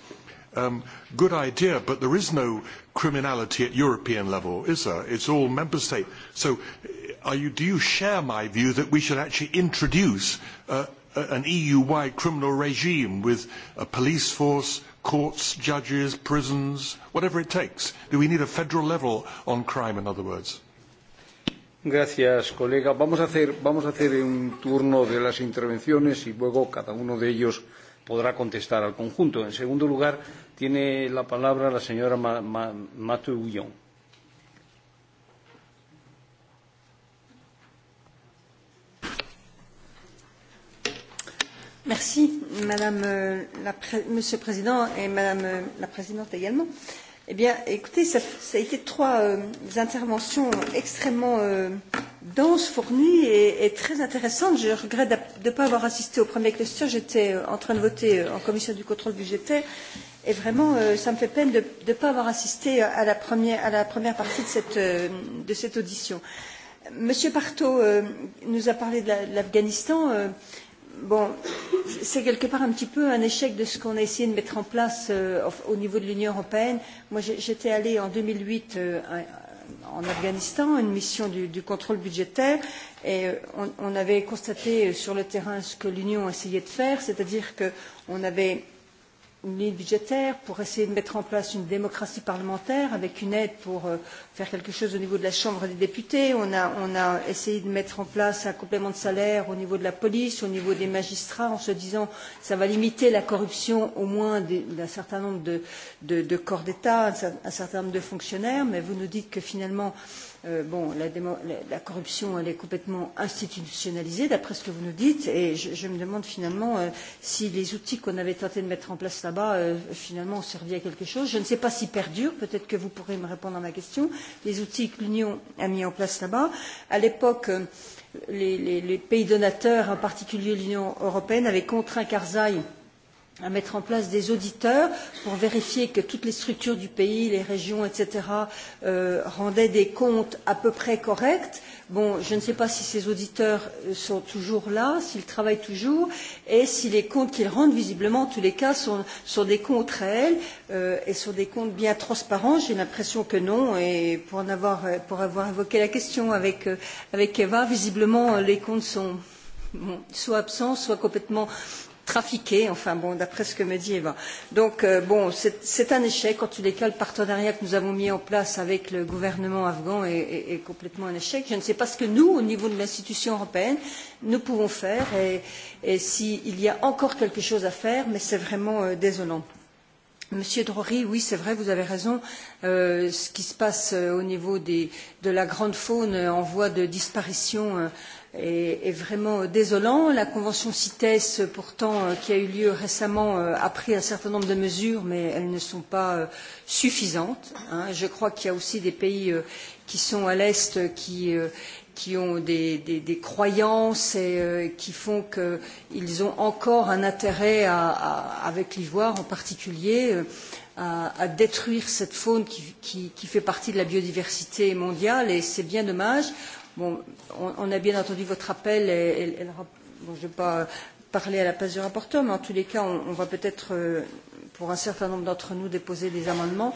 Um, good idea, but there is no criminality at European level, is there? It's all member state. So uh, are you, do you share my view that we should actually introduce uh, an EU-wide criminal regime with a police force, courts, judges, prisons, whatever it takes? Do we need a federal level on crime, in other words? Gracias, colega. Vamos a, hacer, vamos a hacer un turno de las intervenciones y luego cada uno de ellos podrá contestar al conjunto. En segundo lugar, tiene la palabra la señora Ma Ma Mathieu Bouillon. Merci, Madame euh, la Pré Monsieur le Président et Madame euh, la Présidente également. Euh, Eh bien, écoutez, ça, ça a été trois euh, interventions extrêmement euh, denses, fournies et, et très intéressantes. Je regrette de ne pas avoir assisté au premier cluster. J'étais euh, en train de voter euh, en commission du contrôle budgétaire. Et vraiment, euh, ça me fait peine de ne pas avoir assisté euh, à la première, à la première partie de cette, euh, de cette audition. Monsieur Partot euh, nous a parlé de l'Afghanistan. La, euh, bon, c'est quelque part un petit peu un échec de ce qu'on a essayé de mettre en place euh, au niveau de l'Union européenne. Moi, j'étais allée en 2008 euh, en Afghanistan, une mission du, du contrôle budgétaire, et euh, on, on avait constaté euh, sur le terrain ce que l'Union essayait de faire, c'est-à-dire qu'on avait ligne budgétaire, pour essayer de mettre en place une démocratie parlementaire avec une aide pour euh, faire quelque chose au niveau de la Chambre des députés. On a, on a essayé de mettre en place un complément de salaire au niveau de la police, au niveau des magistrats, en se disant que ça va limiter la corruption au moins d'un certain nombre de, de, de corps d'État, un, un certain nombre de fonctionnaires. Mais vous nous dites que finalement, euh, euh, bon, la, démo, la, la corruption, elle est complètement institutionnalisée, d'après ce que vous nous dites, et je, je me demande finalement euh, si les outils qu'on avait tenté de mettre en place là-bas, euh, finalement, ont servi à quelque chose. Je ne sais pas si perdurent, peut-être que vous pourrez me répondre à ma question, les outils que l'Union a mis en place là-bas. À l'époque, euh, les, les, les pays donateurs, en particulier l'Union européenne, avaient contraint Karzaï à mettre en place des auditeurs pour vérifier que toutes les structures du pays, les régions, etc., euh, rendaient des comptes à peu près corrects. Bon, je ne sais pas si ces auditeurs euh, sont toujours là, s'ils travaillent toujours, et si les comptes qu'ils rendent, visiblement, en tous les cas, sont, sont des comptes réels euh, et sont des comptes bien transparents. J'ai l'impression que non, et pour, en avoir, euh, pour avoir évoqué la question avec, euh, avec Eva, visiblement, euh, les comptes sont bon, soit absents, soit complètement trafiqués, enfin bon, d'après ce que me dit Eva. Donc euh, bon, c'est un échec. En tous les cas, le partenariat que nous avons mis en place avec le gouvernement afghan est, est, est complètement un échec. Je ne sais pas ce que nous, au niveau de l'institution européenne, nous pouvons faire et, et s'il y a encore quelque chose à faire, mais c'est vraiment euh, désolant. Monsieur Drory, oui, c'est vrai, vous avez raison. Euh, ce qui se passe euh, au niveau des, de la grande faune euh, en voie de disparition. Euh, est, vraiment désolant. La convention CITES, pourtant, euh, qui a eu lieu récemment, euh, a pris un certain nombre de mesures, mais elles ne sont pas euh, suffisantes. Hein. Je crois qu'il y a aussi des pays qui sont à l'Est qui, qui ont des, des, des croyances et euh, qui font qu'ils ont encore un intérêt à, à, avec l'ivoire en particulier à, à détruire cette faune qui, qui, qui fait partie de la biodiversité mondiale et c'est bien dommage. Bon, on, on a bien entendu votre appel et, et, et le, bon, je ne vais pas parler à la place du rapporteur, mais en tous les cas, on, on va peut-être, euh, pour un certain nombre d'entre nous, déposer des amendements.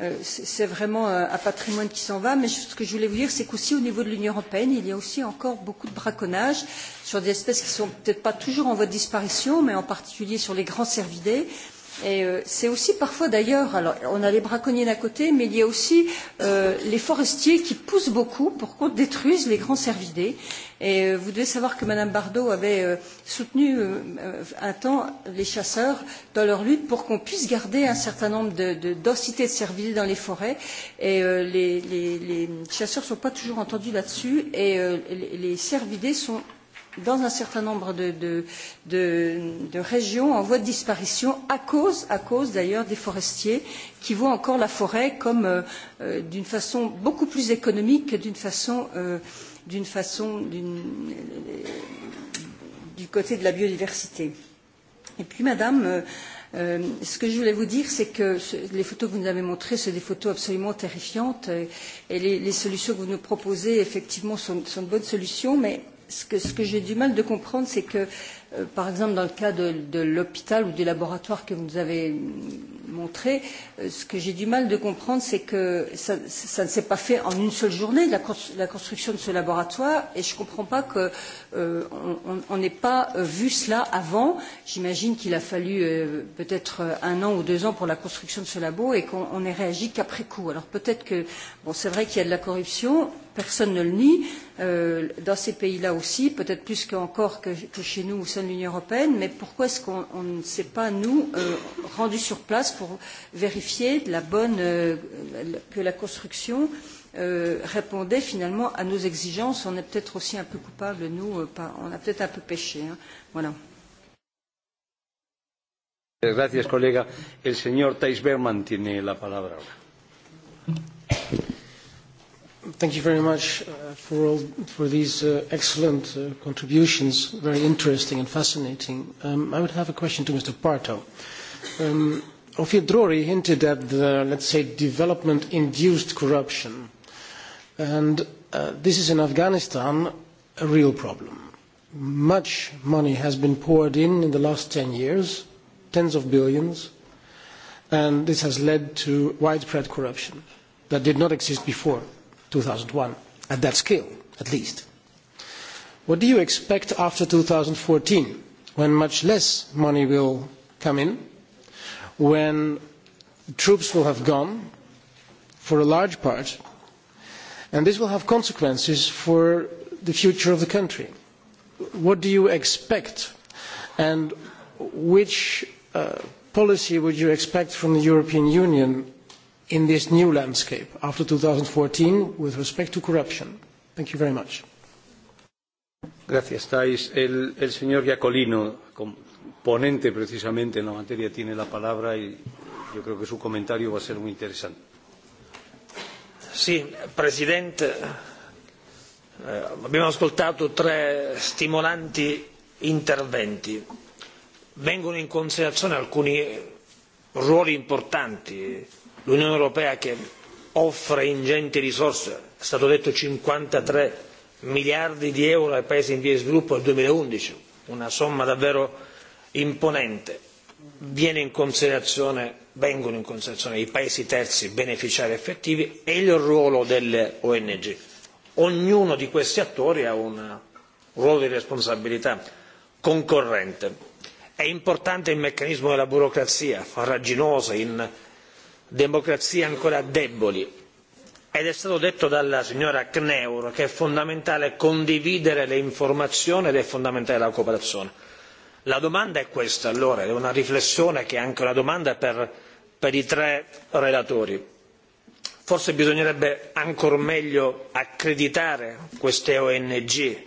Euh, c'est vraiment un, un patrimoine qui s'en va, mais ce que je voulais vous dire, c'est qu'aussi au niveau de l'Union européenne, il y a aussi encore beaucoup de braconnage sur des espèces qui ne sont peut-être pas toujours en voie de disparition, mais en particulier sur les grands cervidés. Euh, Et euh, c'est aussi parfois d'ailleurs, alors on a les braconniers d'un côté, mais il y a aussi euh, les forestiers qui poussent beaucoup pour qu'on détruise les grands cervidés. Et euh, vous devez savoir que Madame Bardot avait euh, soutenu euh, euh un temps les chasseurs dans leur lutte pour qu'on puisse garder un certain nombre de, de densités de cervidés dans les forêts. Et euh, les, les, les chasseurs ne sont pas toujours entendus là-dessus. Et euh, les, les cervidés sont dans un certain nombre de, de, de, de régions en voie de disparition à cause, à cause d'ailleurs des forestiers qui voient encore la forêt comme euh, euh d'une façon beaucoup plus économique que d'une façon, euh, d'une façon d'une, euh, du côté de la biodiversité. Et puis Madame euh, Euh, ce que je voulais vous dire, c'est que ce, les photos que vous nous avez montrées, sont des photos absolument terrifiantes. Et, et les, les solutions que vous nous proposez, effectivement, sont, sont de bonnes solutions, mais ce que, ce que j'ai du mal de comprendre, c'est que Euh, par exemple dans le cas de, de l'hôpital ou du laboratoire que vous nous avez montré, euh, ce que j'ai du mal de comprendre, c'est que ça, ça ne s'est pas fait en une seule journée, la, la construction de ce laboratoire, et je ne comprends pas qu'on euh, n'ait pas euh, vu cela avant. J'imagine qu'il a fallu euh, peut-être un an ou deux ans pour la construction de ce labo et qu'on n'ait réagi qu'après coup. Alors peut-être que, bon, c'est vrai qu'il y a de la corruption, personne ne le nie, euh, dans ces pays-là aussi, peut-être plus qu encore que, que chez nous ça de l'Union européenne, mais pourquoi est-ce qu'on ne s'est pas, nous, euh, rendu sur place pour vérifier de la bonne, euh, que la construction euh, répondait finalement à nos exigences On est peut-être aussi un peu coupable, nous, euh, pas, on a peut-être un peu péché. Hein. Voilà. Gracias, colega. El señor Thijs Berman tiene la palabra ahora. Thank you very much uh, for, all, for these uh, excellent uh, contributions, very interesting and fascinating. Um, I would have a question to Mr. Parto. Um, Ophir Drori hinted at the, let's say, development-induced corruption. And uh, this is in Afghanistan a real problem. Much money has been poured in in the last 10 years, tens of billions, and this has led to widespread corruption that did not exist before. 2001, at that scale, at least. What do you expect after 2014, when much less money will come in, when troops will have gone, for a large part, and this will have consequences for the future of the country? What do you expect, and which uh, policy would you expect from the European Union in this new landscape after 2014 with respect to corruption? Thank you very much. Gracias, Thais. El, el señor Giacolino, ponente precisamente en la materia, tiene la palabra y yo creo que su comentario va a ser muy interesante. Sí, Presidente, eh, abbiamo ascoltato tre stimolanti interventi. Vengono in considerazione alcuni ruoli importanti l'Unione Europea che offre ingenti risorse, è stato detto 53 miliardi di euro ai paesi in via di sviluppo nel 2011, una somma davvero imponente. Viene in considerazione, vengono in considerazione i paesi terzi beneficiari effettivi e il ruolo delle ONG. Ognuno di questi attori ha un ruolo di responsabilità concorrente. È importante il meccanismo della burocrazia farraginosa in democrazie ancora deboli ed è stato detto dalla signora Kneur che è fondamentale condividere le informazioni ed è fondamentale la cooperazione. La domanda è questa allora, è una riflessione che è anche una domanda per, per i tre relatori. Forse bisognerebbe ancor meglio accreditare queste ONG,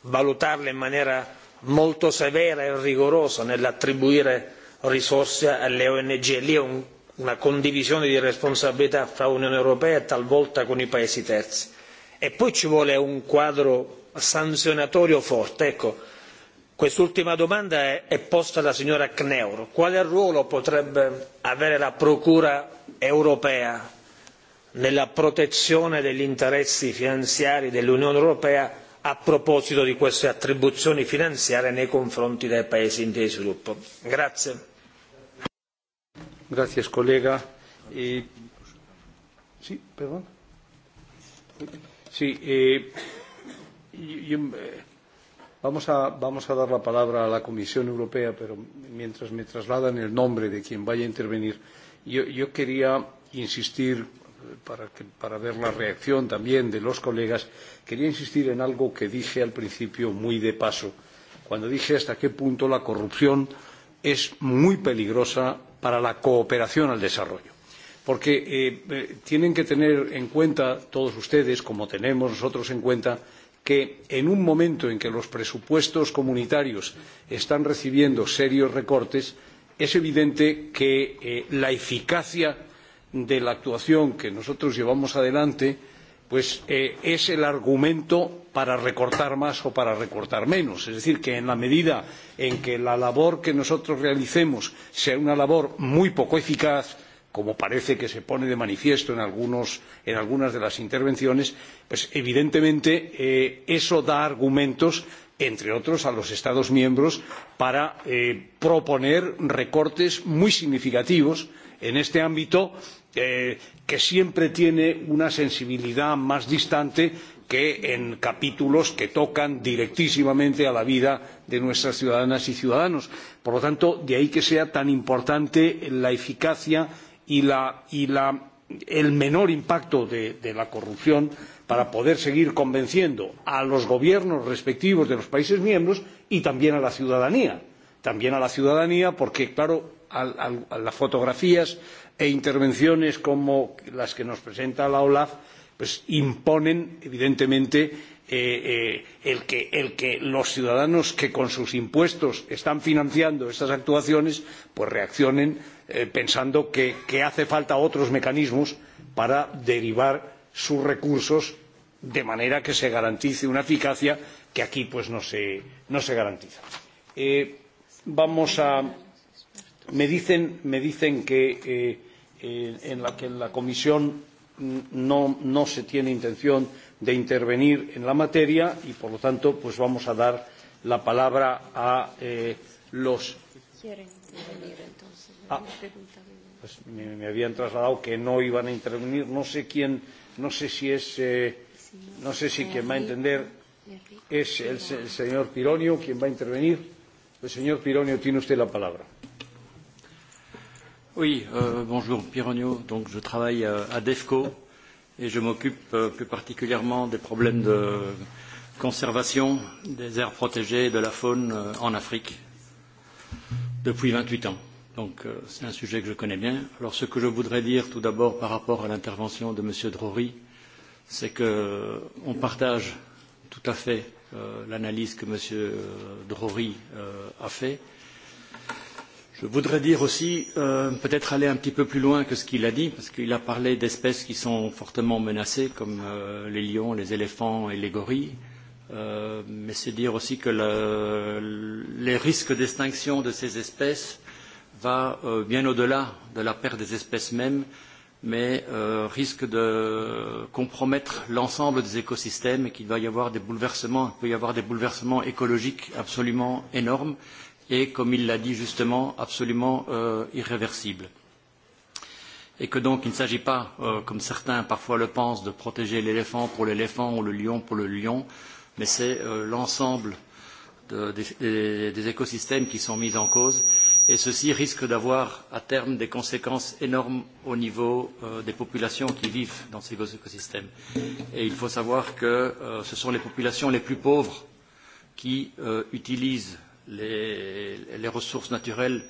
valutarle in maniera molto severa e rigorosa nell'attribuire risorse alle ONG. Lì è un una condivisione di responsabilità fra Unione Europea e talvolta con i paesi terzi. E poi ci vuole un quadro sanzionatorio forte. Ecco, quest'ultima domanda è, è posta alla signora Cneuro. Quale ruolo potrebbe avere la Procura europea nella protezione degli interessi finanziari dell'Unione Europea a proposito di queste attribuzioni finanziarie nei confronti dei paesi in via di sviluppo. Grazie. Gracias, colega. Eh, sí, perdón. Sí, eh, yo, eh, vamos, a, vamos a dar la palabra a la Comisión Europea, pero mientras me trasladan el nombre de quien vaya a intervenir, yo, yo quería insistir para, que, para ver la reacción también de los colegas, quería insistir en algo que dije al principio muy de paso, cuando dije hasta qué punto la corrupción es muy peligrosa para la cooperación al desarrollo. Porque eh, eh, tienen que tener en cuenta todos ustedes, como tenemos nosotros en cuenta, que en un momento en que los presupuestos comunitarios están recibiendo serios recortes, es evidente que eh, la eficacia de la actuación que nosotros llevamos adelante pues eh, es el argumento para recortar más o para recortar menos. Es decir, que en la medida en que la labor que nosotros realicemos sea una labor muy poco eficaz, como parece que se pone de manifiesto en, algunos, en algunas de las intervenciones, pues evidentemente eh, eso da argumentos entre otros a los Estados miembros, para eh, proponer recortes muy significativos en este ámbito eh, que siempre tiene una sensibilidad más distante que en capítulos que tocan directísimamente a la vida de nuestras ciudadanas y ciudadanos. Por lo tanto, de ahí que sea tan importante la eficacia y, la, y la, el menor impacto de, de la corrupción para poder seguir convenciendo a los gobiernos respectivos de los países miembros y también a la ciudadanía. También a la ciudadanía porque, claro, a, a, a las fotografías e intervenciones como las que nos presenta la OLAF pues imponen evidentemente eh, eh, el, que, el que los ciudadanos que con sus impuestos están financiando estas actuaciones pues reaccionen eh, pensando que, que hace falta otros mecanismos para derivar sus recursos de manera que se garantice una eficacia que aquí pues no se, no se garantiza. Eh, vamos a me dicen, me dicen que eh, eh, en la que la Comisión no, no se tiene intención de intervenir en la materia y, por lo tanto, pues vamos a dar la palabra a eh, los. ¿Quieren intervenir entonces? Ah, pues me, me habían trasladado que no iban a intervenir. No sé quién, no sé si es, eh, no sé si quien va a entender es el, el señor Pironio quien va a intervenir. El señor Pironio tiene usted la palabra. Oui, euh, bonjour Pironio. Donc je travaille euh, à DEFCO et je m'occupe euh, plus particulièrement des problèmes de conservation des aires protégées et de la faune euh, en Afrique depuis 28 ans. Donc euh, c'est un sujet que je connais bien. Alors ce que je voudrais dire tout d'abord par rapport à l'intervention de M. Drory, c'est qu'on euh, partage tout à fait euh, l'analyse que M. Drory euh, a faite. Je voudrais dire aussi, euh, peut-être aller un petit peu plus loin que ce qu'il a dit, parce qu'il a parlé d'espèces qui sont fortement menacées, comme euh, les lions, les éléphants et les gorilles. Euh, mais c'est dire aussi que le, les risques d'extinction de ces espèces va euh, bien au-delà de la perte des espèces mêmes, mais euh, risque de compromettre l'ensemble des écosystèmes et qu'il va y avoir des bouleversements, il peut y avoir des bouleversements écologiques absolument énormes et, comme il l'a dit justement, absolument euh, irréversible. Et que donc il ne s'agit pas, euh, comme certains parfois le pensent, de protéger l'éléphant pour l'éléphant ou le lion pour le lion, mais c'est euh, l'ensemble de, des, des, des écosystèmes qui sont mis en cause. Et ceci risque d'avoir à terme des conséquences énormes au niveau euh, des populations qui vivent dans ces écosystèmes. Et il faut savoir que euh, ce sont les populations les plus pauvres qui euh, utilisent les, les ressources naturelles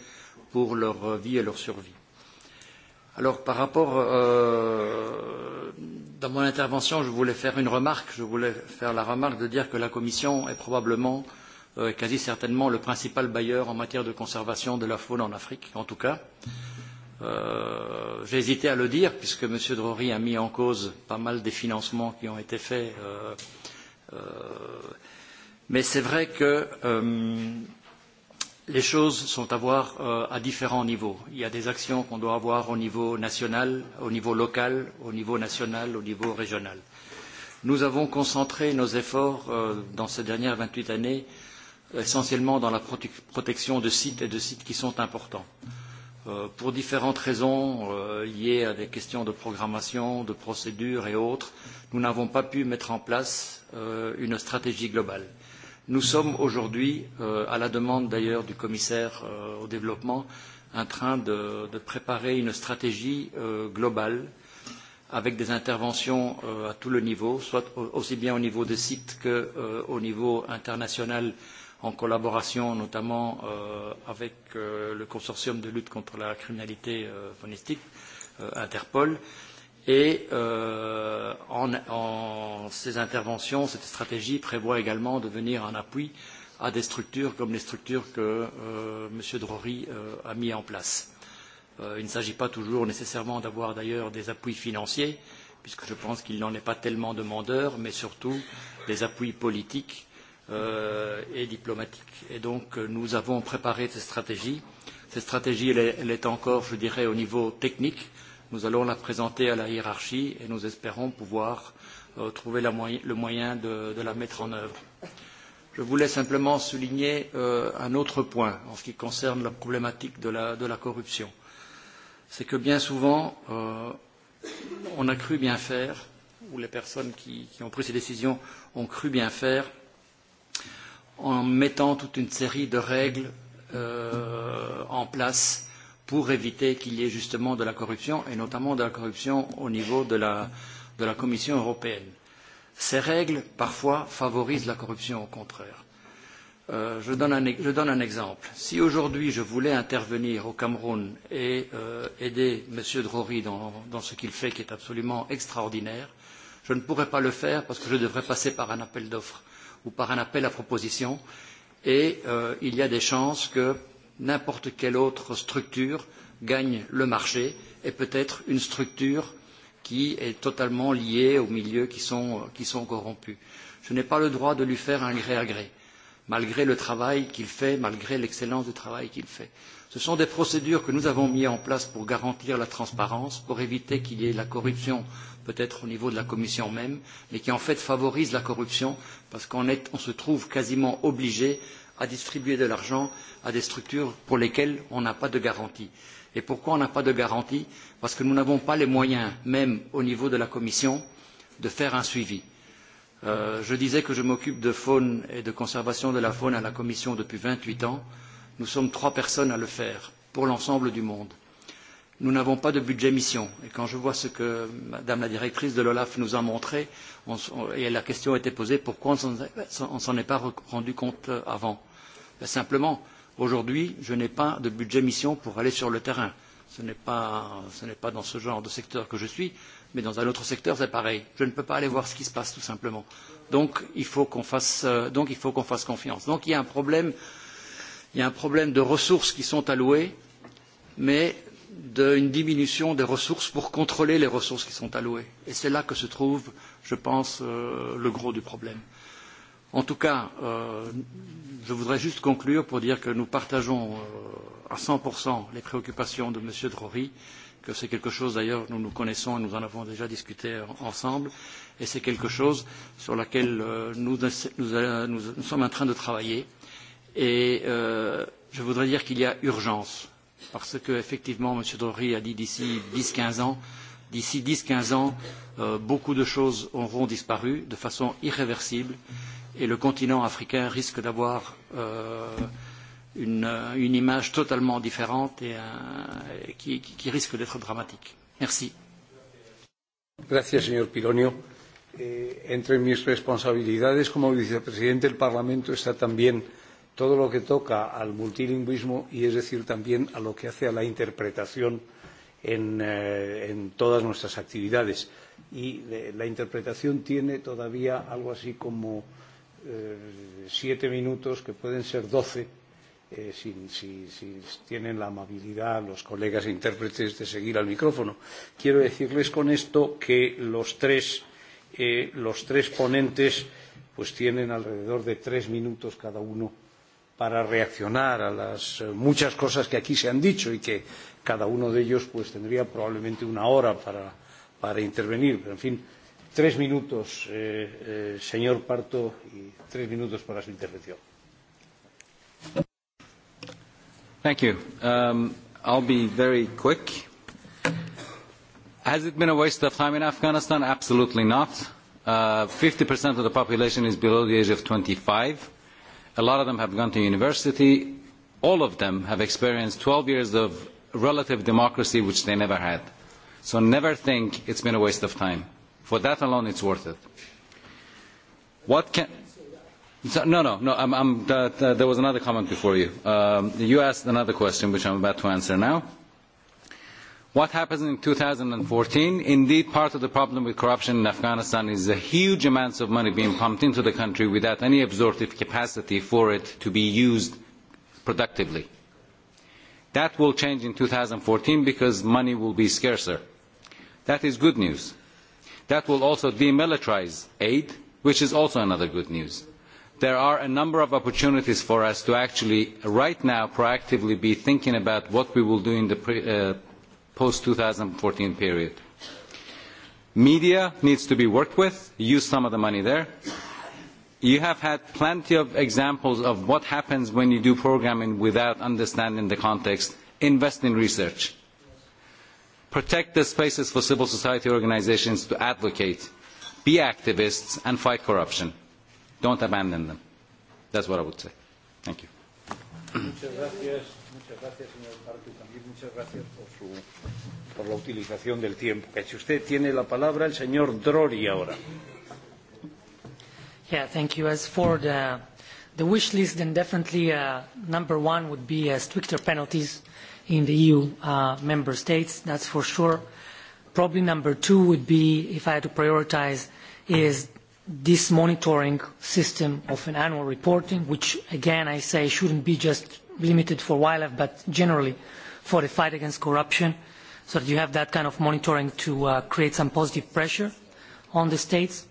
pour leur vie et leur survie. Alors par rapport, euh, dans mon intervention, je voulais faire une remarque, je voulais faire la remarque de dire que la Commission est probablement, euh, quasi certainement, le principal bailleur en matière de conservation de la faune en Afrique, en tout cas. Euh, J'ai hésité à le dire, puisque M. Drory a mis en cause pas mal des financements qui ont été faits. Euh, euh, Mais c'est vrai que euh, les choses sont à voir euh, à différents niveaux. Il y a des actions qu'on doit avoir au niveau national, au niveau local, au niveau national, au niveau régional. Nous avons concentré nos efforts euh, dans ces dernières 28 années essentiellement dans la prote protection de sites et de sites qui sont importants. Euh, pour différentes raisons euh, liées à des questions de programmation, de procédures et autres, nous n'avons pas pu mettre en place euh, une stratégie globale. Euh, Nous sommes aujourd'hui, euh, à la demande d'ailleurs du commissaire euh, au développement, en train de, de préparer une stratégie euh, globale avec des interventions euh, à tout le niveau, soit aussi bien au niveau des sites qu'au euh, niveau international en collaboration notamment euh, avec euh, le consortium de lutte contre la criminalité euh, phonistique, euh, Interpol. Euh, Et euh, en, en ces interventions, cette stratégie prévoit également de venir en appui à des structures comme les structures que euh, M. Drory euh, a mis en place. Euh, il ne s'agit pas toujours nécessairement d'avoir d'ailleurs des appuis financiers, puisque je pense qu'il n'en est pas tellement demandeur, mais surtout des appuis politiques euh, et diplomatiques. Et donc euh, nous avons préparé cette stratégie. Cette stratégie, elle est, elle est encore, je dirais, au niveau technique Nous allons la présenter à la hiérarchie et nous espérons pouvoir euh, trouver la moyen, le moyen de, de la mettre en œuvre. Je voulais simplement souligner euh, un autre point en ce qui concerne la problématique de la, de la corruption. C'est que bien souvent, euh, on a cru bien faire, ou les personnes qui, qui ont pris ces décisions ont cru bien faire, en mettant toute une série de règles euh, en place pour éviter qu'il y ait justement de la corruption, et notamment de la corruption au niveau de la, de la Commission européenne. Ces règles, parfois, favorisent la corruption au contraire. Euh, je, donne un, je donne un exemple. Si aujourd'hui je voulais intervenir au Cameroun et euh, aider M. Drori dans, dans ce qu'il fait qui est absolument extraordinaire, je ne pourrais pas le faire parce que je devrais passer par un appel d'offres ou par un appel à proposition et euh, il y a des chances que n'importe quelle autre structure gagne le marché et peut-être une structure qui est totalement liée aux milieux qui sont, qui sont corrompus. Je n'ai pas le droit de lui faire un gré à gré, malgré le travail qu'il fait, malgré l'excellence du travail qu'il fait. Ce sont des procédures que nous avons mises en place pour garantir la transparence, pour éviter qu'il y ait la corruption, peut-être au niveau de la Commission même, mais qui en fait favorise la corruption, parce qu'on on se trouve quasiment obligé à distribuer de l'argent à des structures pour lesquelles on n'a pas de garantie. Et pourquoi on n'a pas de garantie Parce que nous n'avons pas les moyens, même au niveau de la Commission, de faire un suivi. Euh, je disais que je m'occupe de faune et de conservation de la faune à la Commission depuis 28 ans. Nous sommes trois personnes à le faire, pour l'ensemble du monde. Nous n'avons pas de budget mission. Et quand je vois ce que Madame la directrice de l'OLAF nous a montré, on, et la question a été posée, pourquoi on ne s'en est pas rendu compte euh, avant Mais simplement, aujourd'hui, je n'ai pas de budget mission pour aller sur le terrain. Ce n'est pas, pas dans ce genre de secteur que je suis, mais dans un autre secteur, c'est pareil. Je ne peux pas aller voir ce qui se passe, tout simplement. Donc, il faut qu'on fasse, euh, qu fasse confiance. Donc, il y, a un problème, il y a un problème de ressources qui sont allouées, mais d'une diminution des ressources pour contrôler les ressources qui sont allouées. Et c'est là que se trouve, je pense, euh, le gros du problème. En tout cas, euh, je voudrais juste conclure pour dire que nous partageons euh, à 100% les préoccupations de M. Drori, que c'est quelque chose d'ailleurs, nous nous connaissons et nous en avons déjà discuté ensemble, et c'est quelque chose sur laquelle euh, nous, euh, nous, euh, nous, nous sommes en train de travailler. Et euh, je voudrais dire qu'il y a urgence, parce qu'effectivement, M. Drori a dit d'ici 10-15 ans, D'ici 10-15 ans, euh, beaucoup de choses auront disparu de façon irréversible et le continent africain risque d'avoir euh, une, une image totalement différente et, un, euh, et qui, qui risque d'être dramatique. Merci. Merci, Monsieur Pilonio. Eh, entre mis responsabilidades como vicepresidente del Parlamento está también todo lo que toca al multilingüismo y es decir también a lo que hace a la interpretación en, eh, en todas nuestras actividades. Y la interpretación tiene todavía algo así como eh, siete minutos, que pueden ser doce, eh, si, si, si tienen la amabilidad los colegas intérpretes de seguir al micrófono. Quiero decirles con esto que los tres, eh, los tres ponentes pues tienen alrededor de tres minutos cada uno para reaccionar a las eh, muchas cosas que aquí se han dicho y que cada uno de ellos pues tendría probablemente una hora para, para intervenir. Pero, en fin, tres minutos, eh, eh, señor Parto, y tres minutos para su intervención. Thank you. Um, I'll be very quick. Has it been a waste of time in Afghanistan? Absolutely not. Uh, 50% of the population is below the age of 25. A lot of them have gone to university. All of them have experienced 12 years of relative democracy which they never had. So never think it's been a waste of time. For that alone, it's worth it. What can... So, no, no, no. I'm, I'm, uh, uh there was another comment before you. Um, you asked another question, which I'm about to answer now. What happens in 2014? Indeed, part of the problem with corruption in Afghanistan is the huge amounts of money being pumped into the country without any absorptive capacity for it to be used productively. That will change in fourteen because money will be scarcer. That is good news. That will also demilitarize aid, which is also another good news. There are a number of opportunities for us to actually, right now, proactively be thinking about what we will do in the uh, post fourteen period. Media needs to be worked with, use some of the money there. You have had plenty of examples of what happens when you do programming without understanding the context. Invest in research. Protect the spaces for civil society organizations to advocate. Be activists and fight corruption. Don't abandon them. That's what I would say. Thank you. Muchas gracias, señor Parque, también muchas gracias por, su, por la utilización del tiempo que ha hecho usted. Tiene la palabra el señor Drori ahora. Yeah, thank you. As for the, the wish list, then definitely uh, number one would be uh, stricter penalties in the EU uh, member states, that's for sure. Probably number two would be, if I had to prioritize, is this monitoring system of an annual reporting, which again I say shouldn't be just limited for wildlife, but generally for the fight against corruption, so that you have that kind of monitoring to uh, create some positive pressure on the states.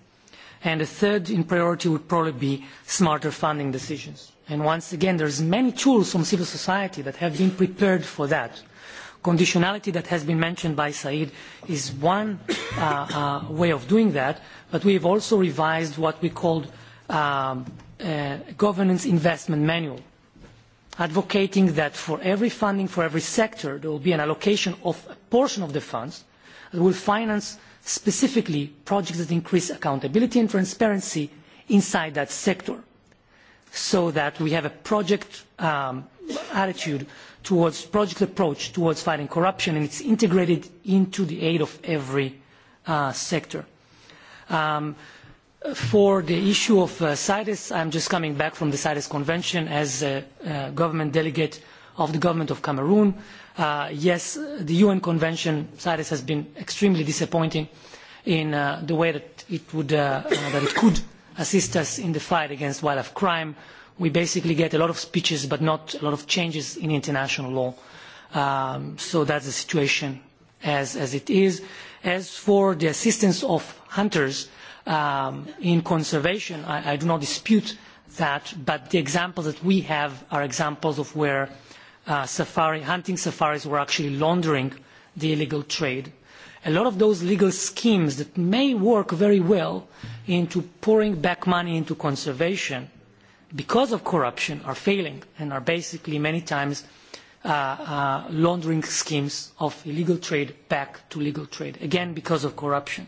And the third in priority would probably be smarter funding decisions. And once again, there are many tools from civil society that have been prepared for that. Conditionality that has been mentioned by Said is one uh, uh, way of doing that, but we have also revised what we called um, uh, governance investment manual, advocating that for every funding, for every sector, there will be an allocation of a portion of the funds that will finance specifically projects that increase accountability and transparency inside that sector so that we have a project um, attitude towards project approach towards fighting corruption and it's integrated into the aid of every uh, sector. Um, for the issue of uh, CITES, I'm just coming back from the CITES convention as a, a uh, government delegate of the government of Cameroon. Uh, yes, the UN Convention, CITES has been extremely disappointing in uh, the way that it, would, uh, uh, that it could assist us in the fight against wildlife crime. We basically get a lot of speeches but not a lot of changes in international law. Um, so that's the situation as, as it is. As for the assistance of hunters um, in conservation, I, I do not dispute that, but the examples that we have are examples of where uh, safari, hunting safaris were actually laundering the illegal trade. A lot of those legal schemes that may work very well into pouring back money into conservation because of corruption are failing and are basically many times uh, uh, laundering schemes of illegal trade back to legal trade, again because of corruption.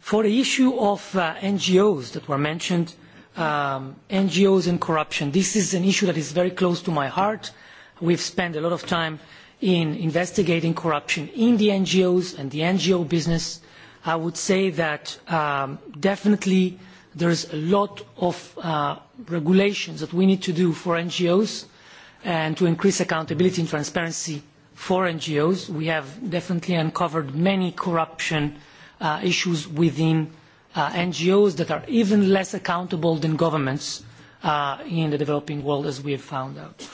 For the issue of uh, NGOs that were mentioned, um, NGOs and corruption. This is an issue that is very close to my heart. We've spent a lot of time in investigating corruption in the NGOs and the NGO business. I would say that um, definitely there is a lot of uh, regulations that we need to do for NGOs and to increase accountability and transparency for NGOs. We have definitely uncovered many corruption uh, issues within uh, NGOs that are even less accountable than governments uh, in the developing world, as we have found out.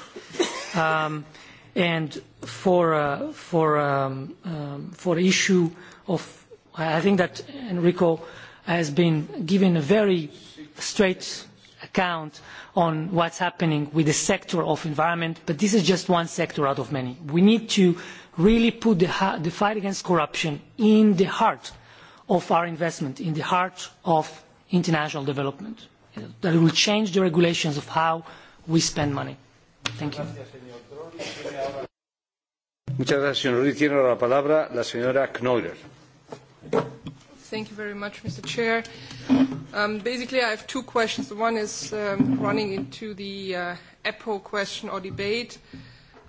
Um, and for, uh, for, um, um, for issue of, I think that Enrico has been given a very straight account on what's happening with the sector of environment, but this is just one sector out of many. We need to really put the, the fight against corruption in the heart of our investment in the heart of international development. That will change the regulations of how we spend money. Thank you. Muchas gracias, señor Tiene la palabra la señora Knoller. Thank you very much, Mr. Chair. Um, basically, I have two questions. The one is um, running into the uh, EPO question or debate.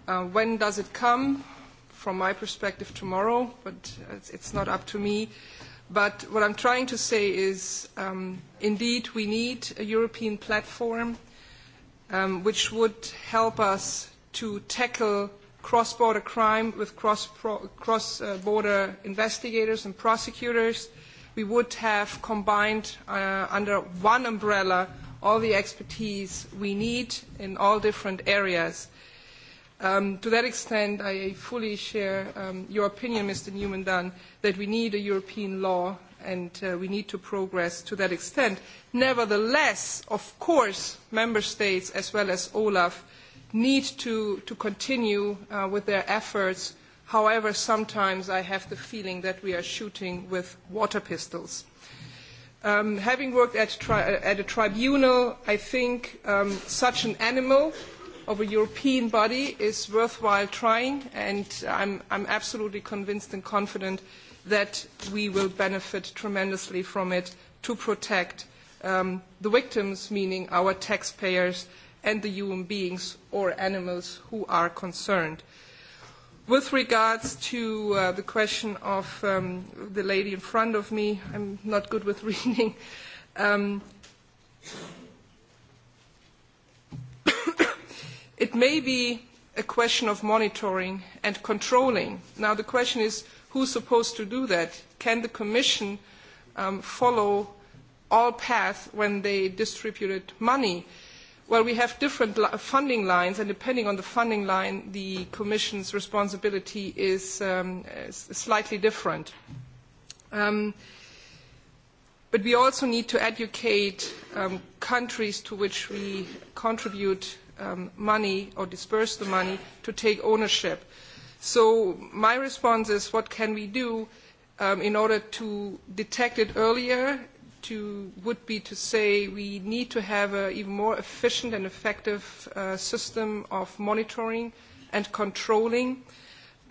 Uh, when does it come? From my perspective, tomorrow, but it's, it's not up to me. But what I'm trying to say is, um, indeed, we need a European platform um, which would help us to tackle cross-border crime with cross-border cross, investigators and prosecutors. We would have combined uh, under one umbrella all the expertise we need in all different areas. Um, to that extent, I fully share um, your opinion, Mr. Newman Dunn, that we need a European law and uh, we need to progress to that extent. Nevertheless, of course, member states as well as Olaf need to, to continue uh, with their efforts. However, sometimes I have the feeling that we are shooting with water pistols. Um, having worked at, tri at a tribunal, I think um, such an animal of a European body is worthwhile trying, and I'm, I'm absolutely convinced and confident that we will benefit tremendously from it to protect um, the victims, meaning our taxpayers and the human beings or animals who are concerned. With regards to uh, the question of um, the lady in front of me, I'm not good with reading. Um, It may be a question of monitoring and controlling. Now the question is who's supposed to do that? Can the Commission um, follow all paths when they distributed money? Well, we have different funding lines, and depending on the funding line, the Commission's responsibility is, um, is slightly different. Um, but we also need to educate um, countries to which we contribute um, money or disperse the money to take ownership. So my response is what can we do um, in order to detect it earlier to, would be to say we need to have an even more efficient and effective uh, system of monitoring and controlling.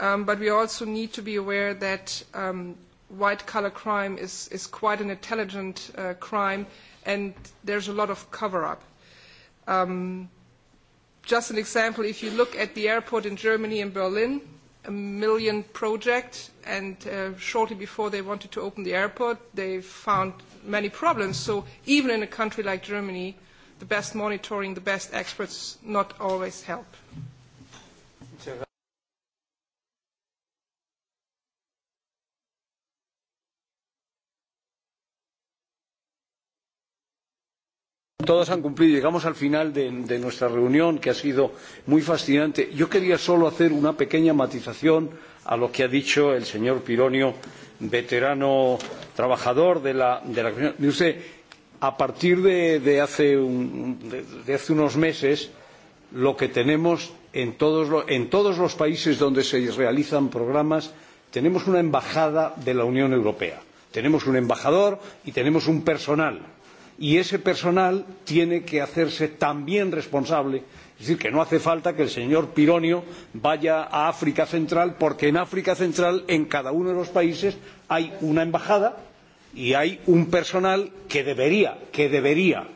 Um, but we also need to be aware that um, white-collar crime is, is quite an intelligent uh, crime and there's a lot of cover-up. Um, just an example, if you look at the airport in Germany in Berlin, a million project, and uh, shortly before they wanted to open the airport, they found many problems. So even in a country like Germany, the best monitoring, the best experts not always help. Todos han cumplido. Llegamos al final de, de nuestra reunión, que ha sido muy fascinante. Yo quería solo hacer una pequeña matización a lo que ha dicho el señor Pironio, veterano trabajador de la, de la Comisión. De usted, a partir de, de, hace un, de, de hace unos meses, lo que tenemos en todos, lo, en todos los países donde se realizan programas, tenemos una embajada de la Unión Europea. Tenemos un embajador y tenemos un personal y ese personal tiene que hacerse también responsable. Es decir, que no hace falta que el señor Pironio vaya a África Central, porque en África Central, en cada uno de los países, hay una embajada y hay un personal que debería, que debería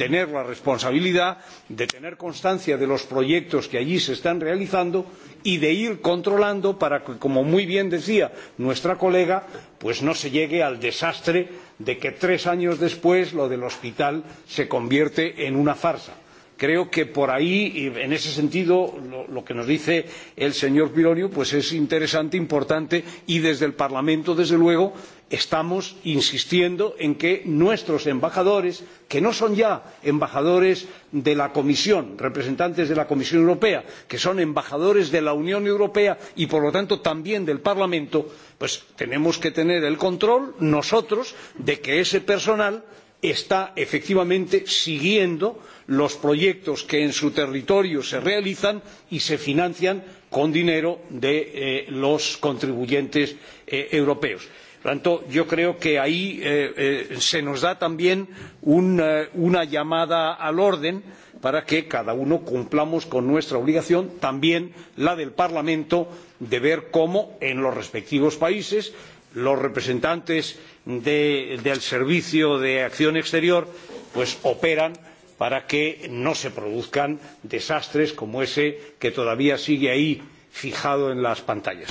tener la responsabilidad de tener constancia de los proyectos que allí se están realizando y de ir controlando para que, como muy bien decía nuestra colega, pues no se llegue al desastre de que tres años después lo del hospital se convierte en una farsa creo que por ahí, en ese sentido, lo, lo que nos dice el señor Pironio pues es interesante, importante y desde el Parlamento, desde luego, estamos insistiendo en que nuestros embajadores, que no son ya embajadores de la Comisión, representantes de la Comisión Europea, que son embajadores de la Unión Europea y por lo tanto también del Parlamento, pues tenemos que tener el control nosotros de que ese personal está efectivamente siguiendo los proyectos que en su territorio se realizan y se financian con dinero de eh, los contribuyentes eh, europeos. Por tanto, yo creo que ahí eh, eh, se nos da también un, eh, una llamada al orden para que cada uno cumplamos con nuestra obligación, también la del Parlamento, de ver cómo en los respectivos países los representantes de, del Servicio de Acción Exterior pues, operan para que no se produzcan desastres como ese que todavía sigue ahí fijado en las pantallas.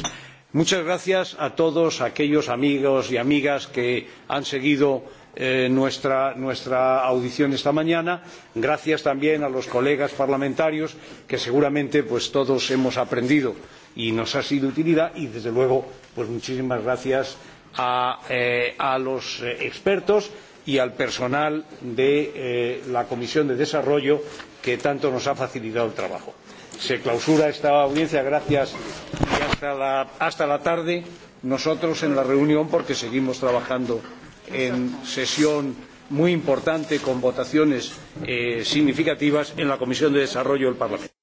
Muchas gracias a todos aquellos amigos y amigas que han seguido eh, nuestra, nuestra audición esta mañana. Gracias también a los colegas parlamentarios, que seguramente pues, todos hemos aprendido y nos ha sido de utilidad. Y, desde luego, pues, muchísimas gracias a, eh, a los eh, expertos y al personal de eh, la Comisión de Desarrollo que tanto nos ha facilitado el trabajo se clausura esta audiencia. Gracias y hasta la, hasta la tarde. Nosotros en la reunión, porque seguimos trabajando en sesión muy importante con votaciones eh, significativas en la Comisión de Desarrollo del Parlamento.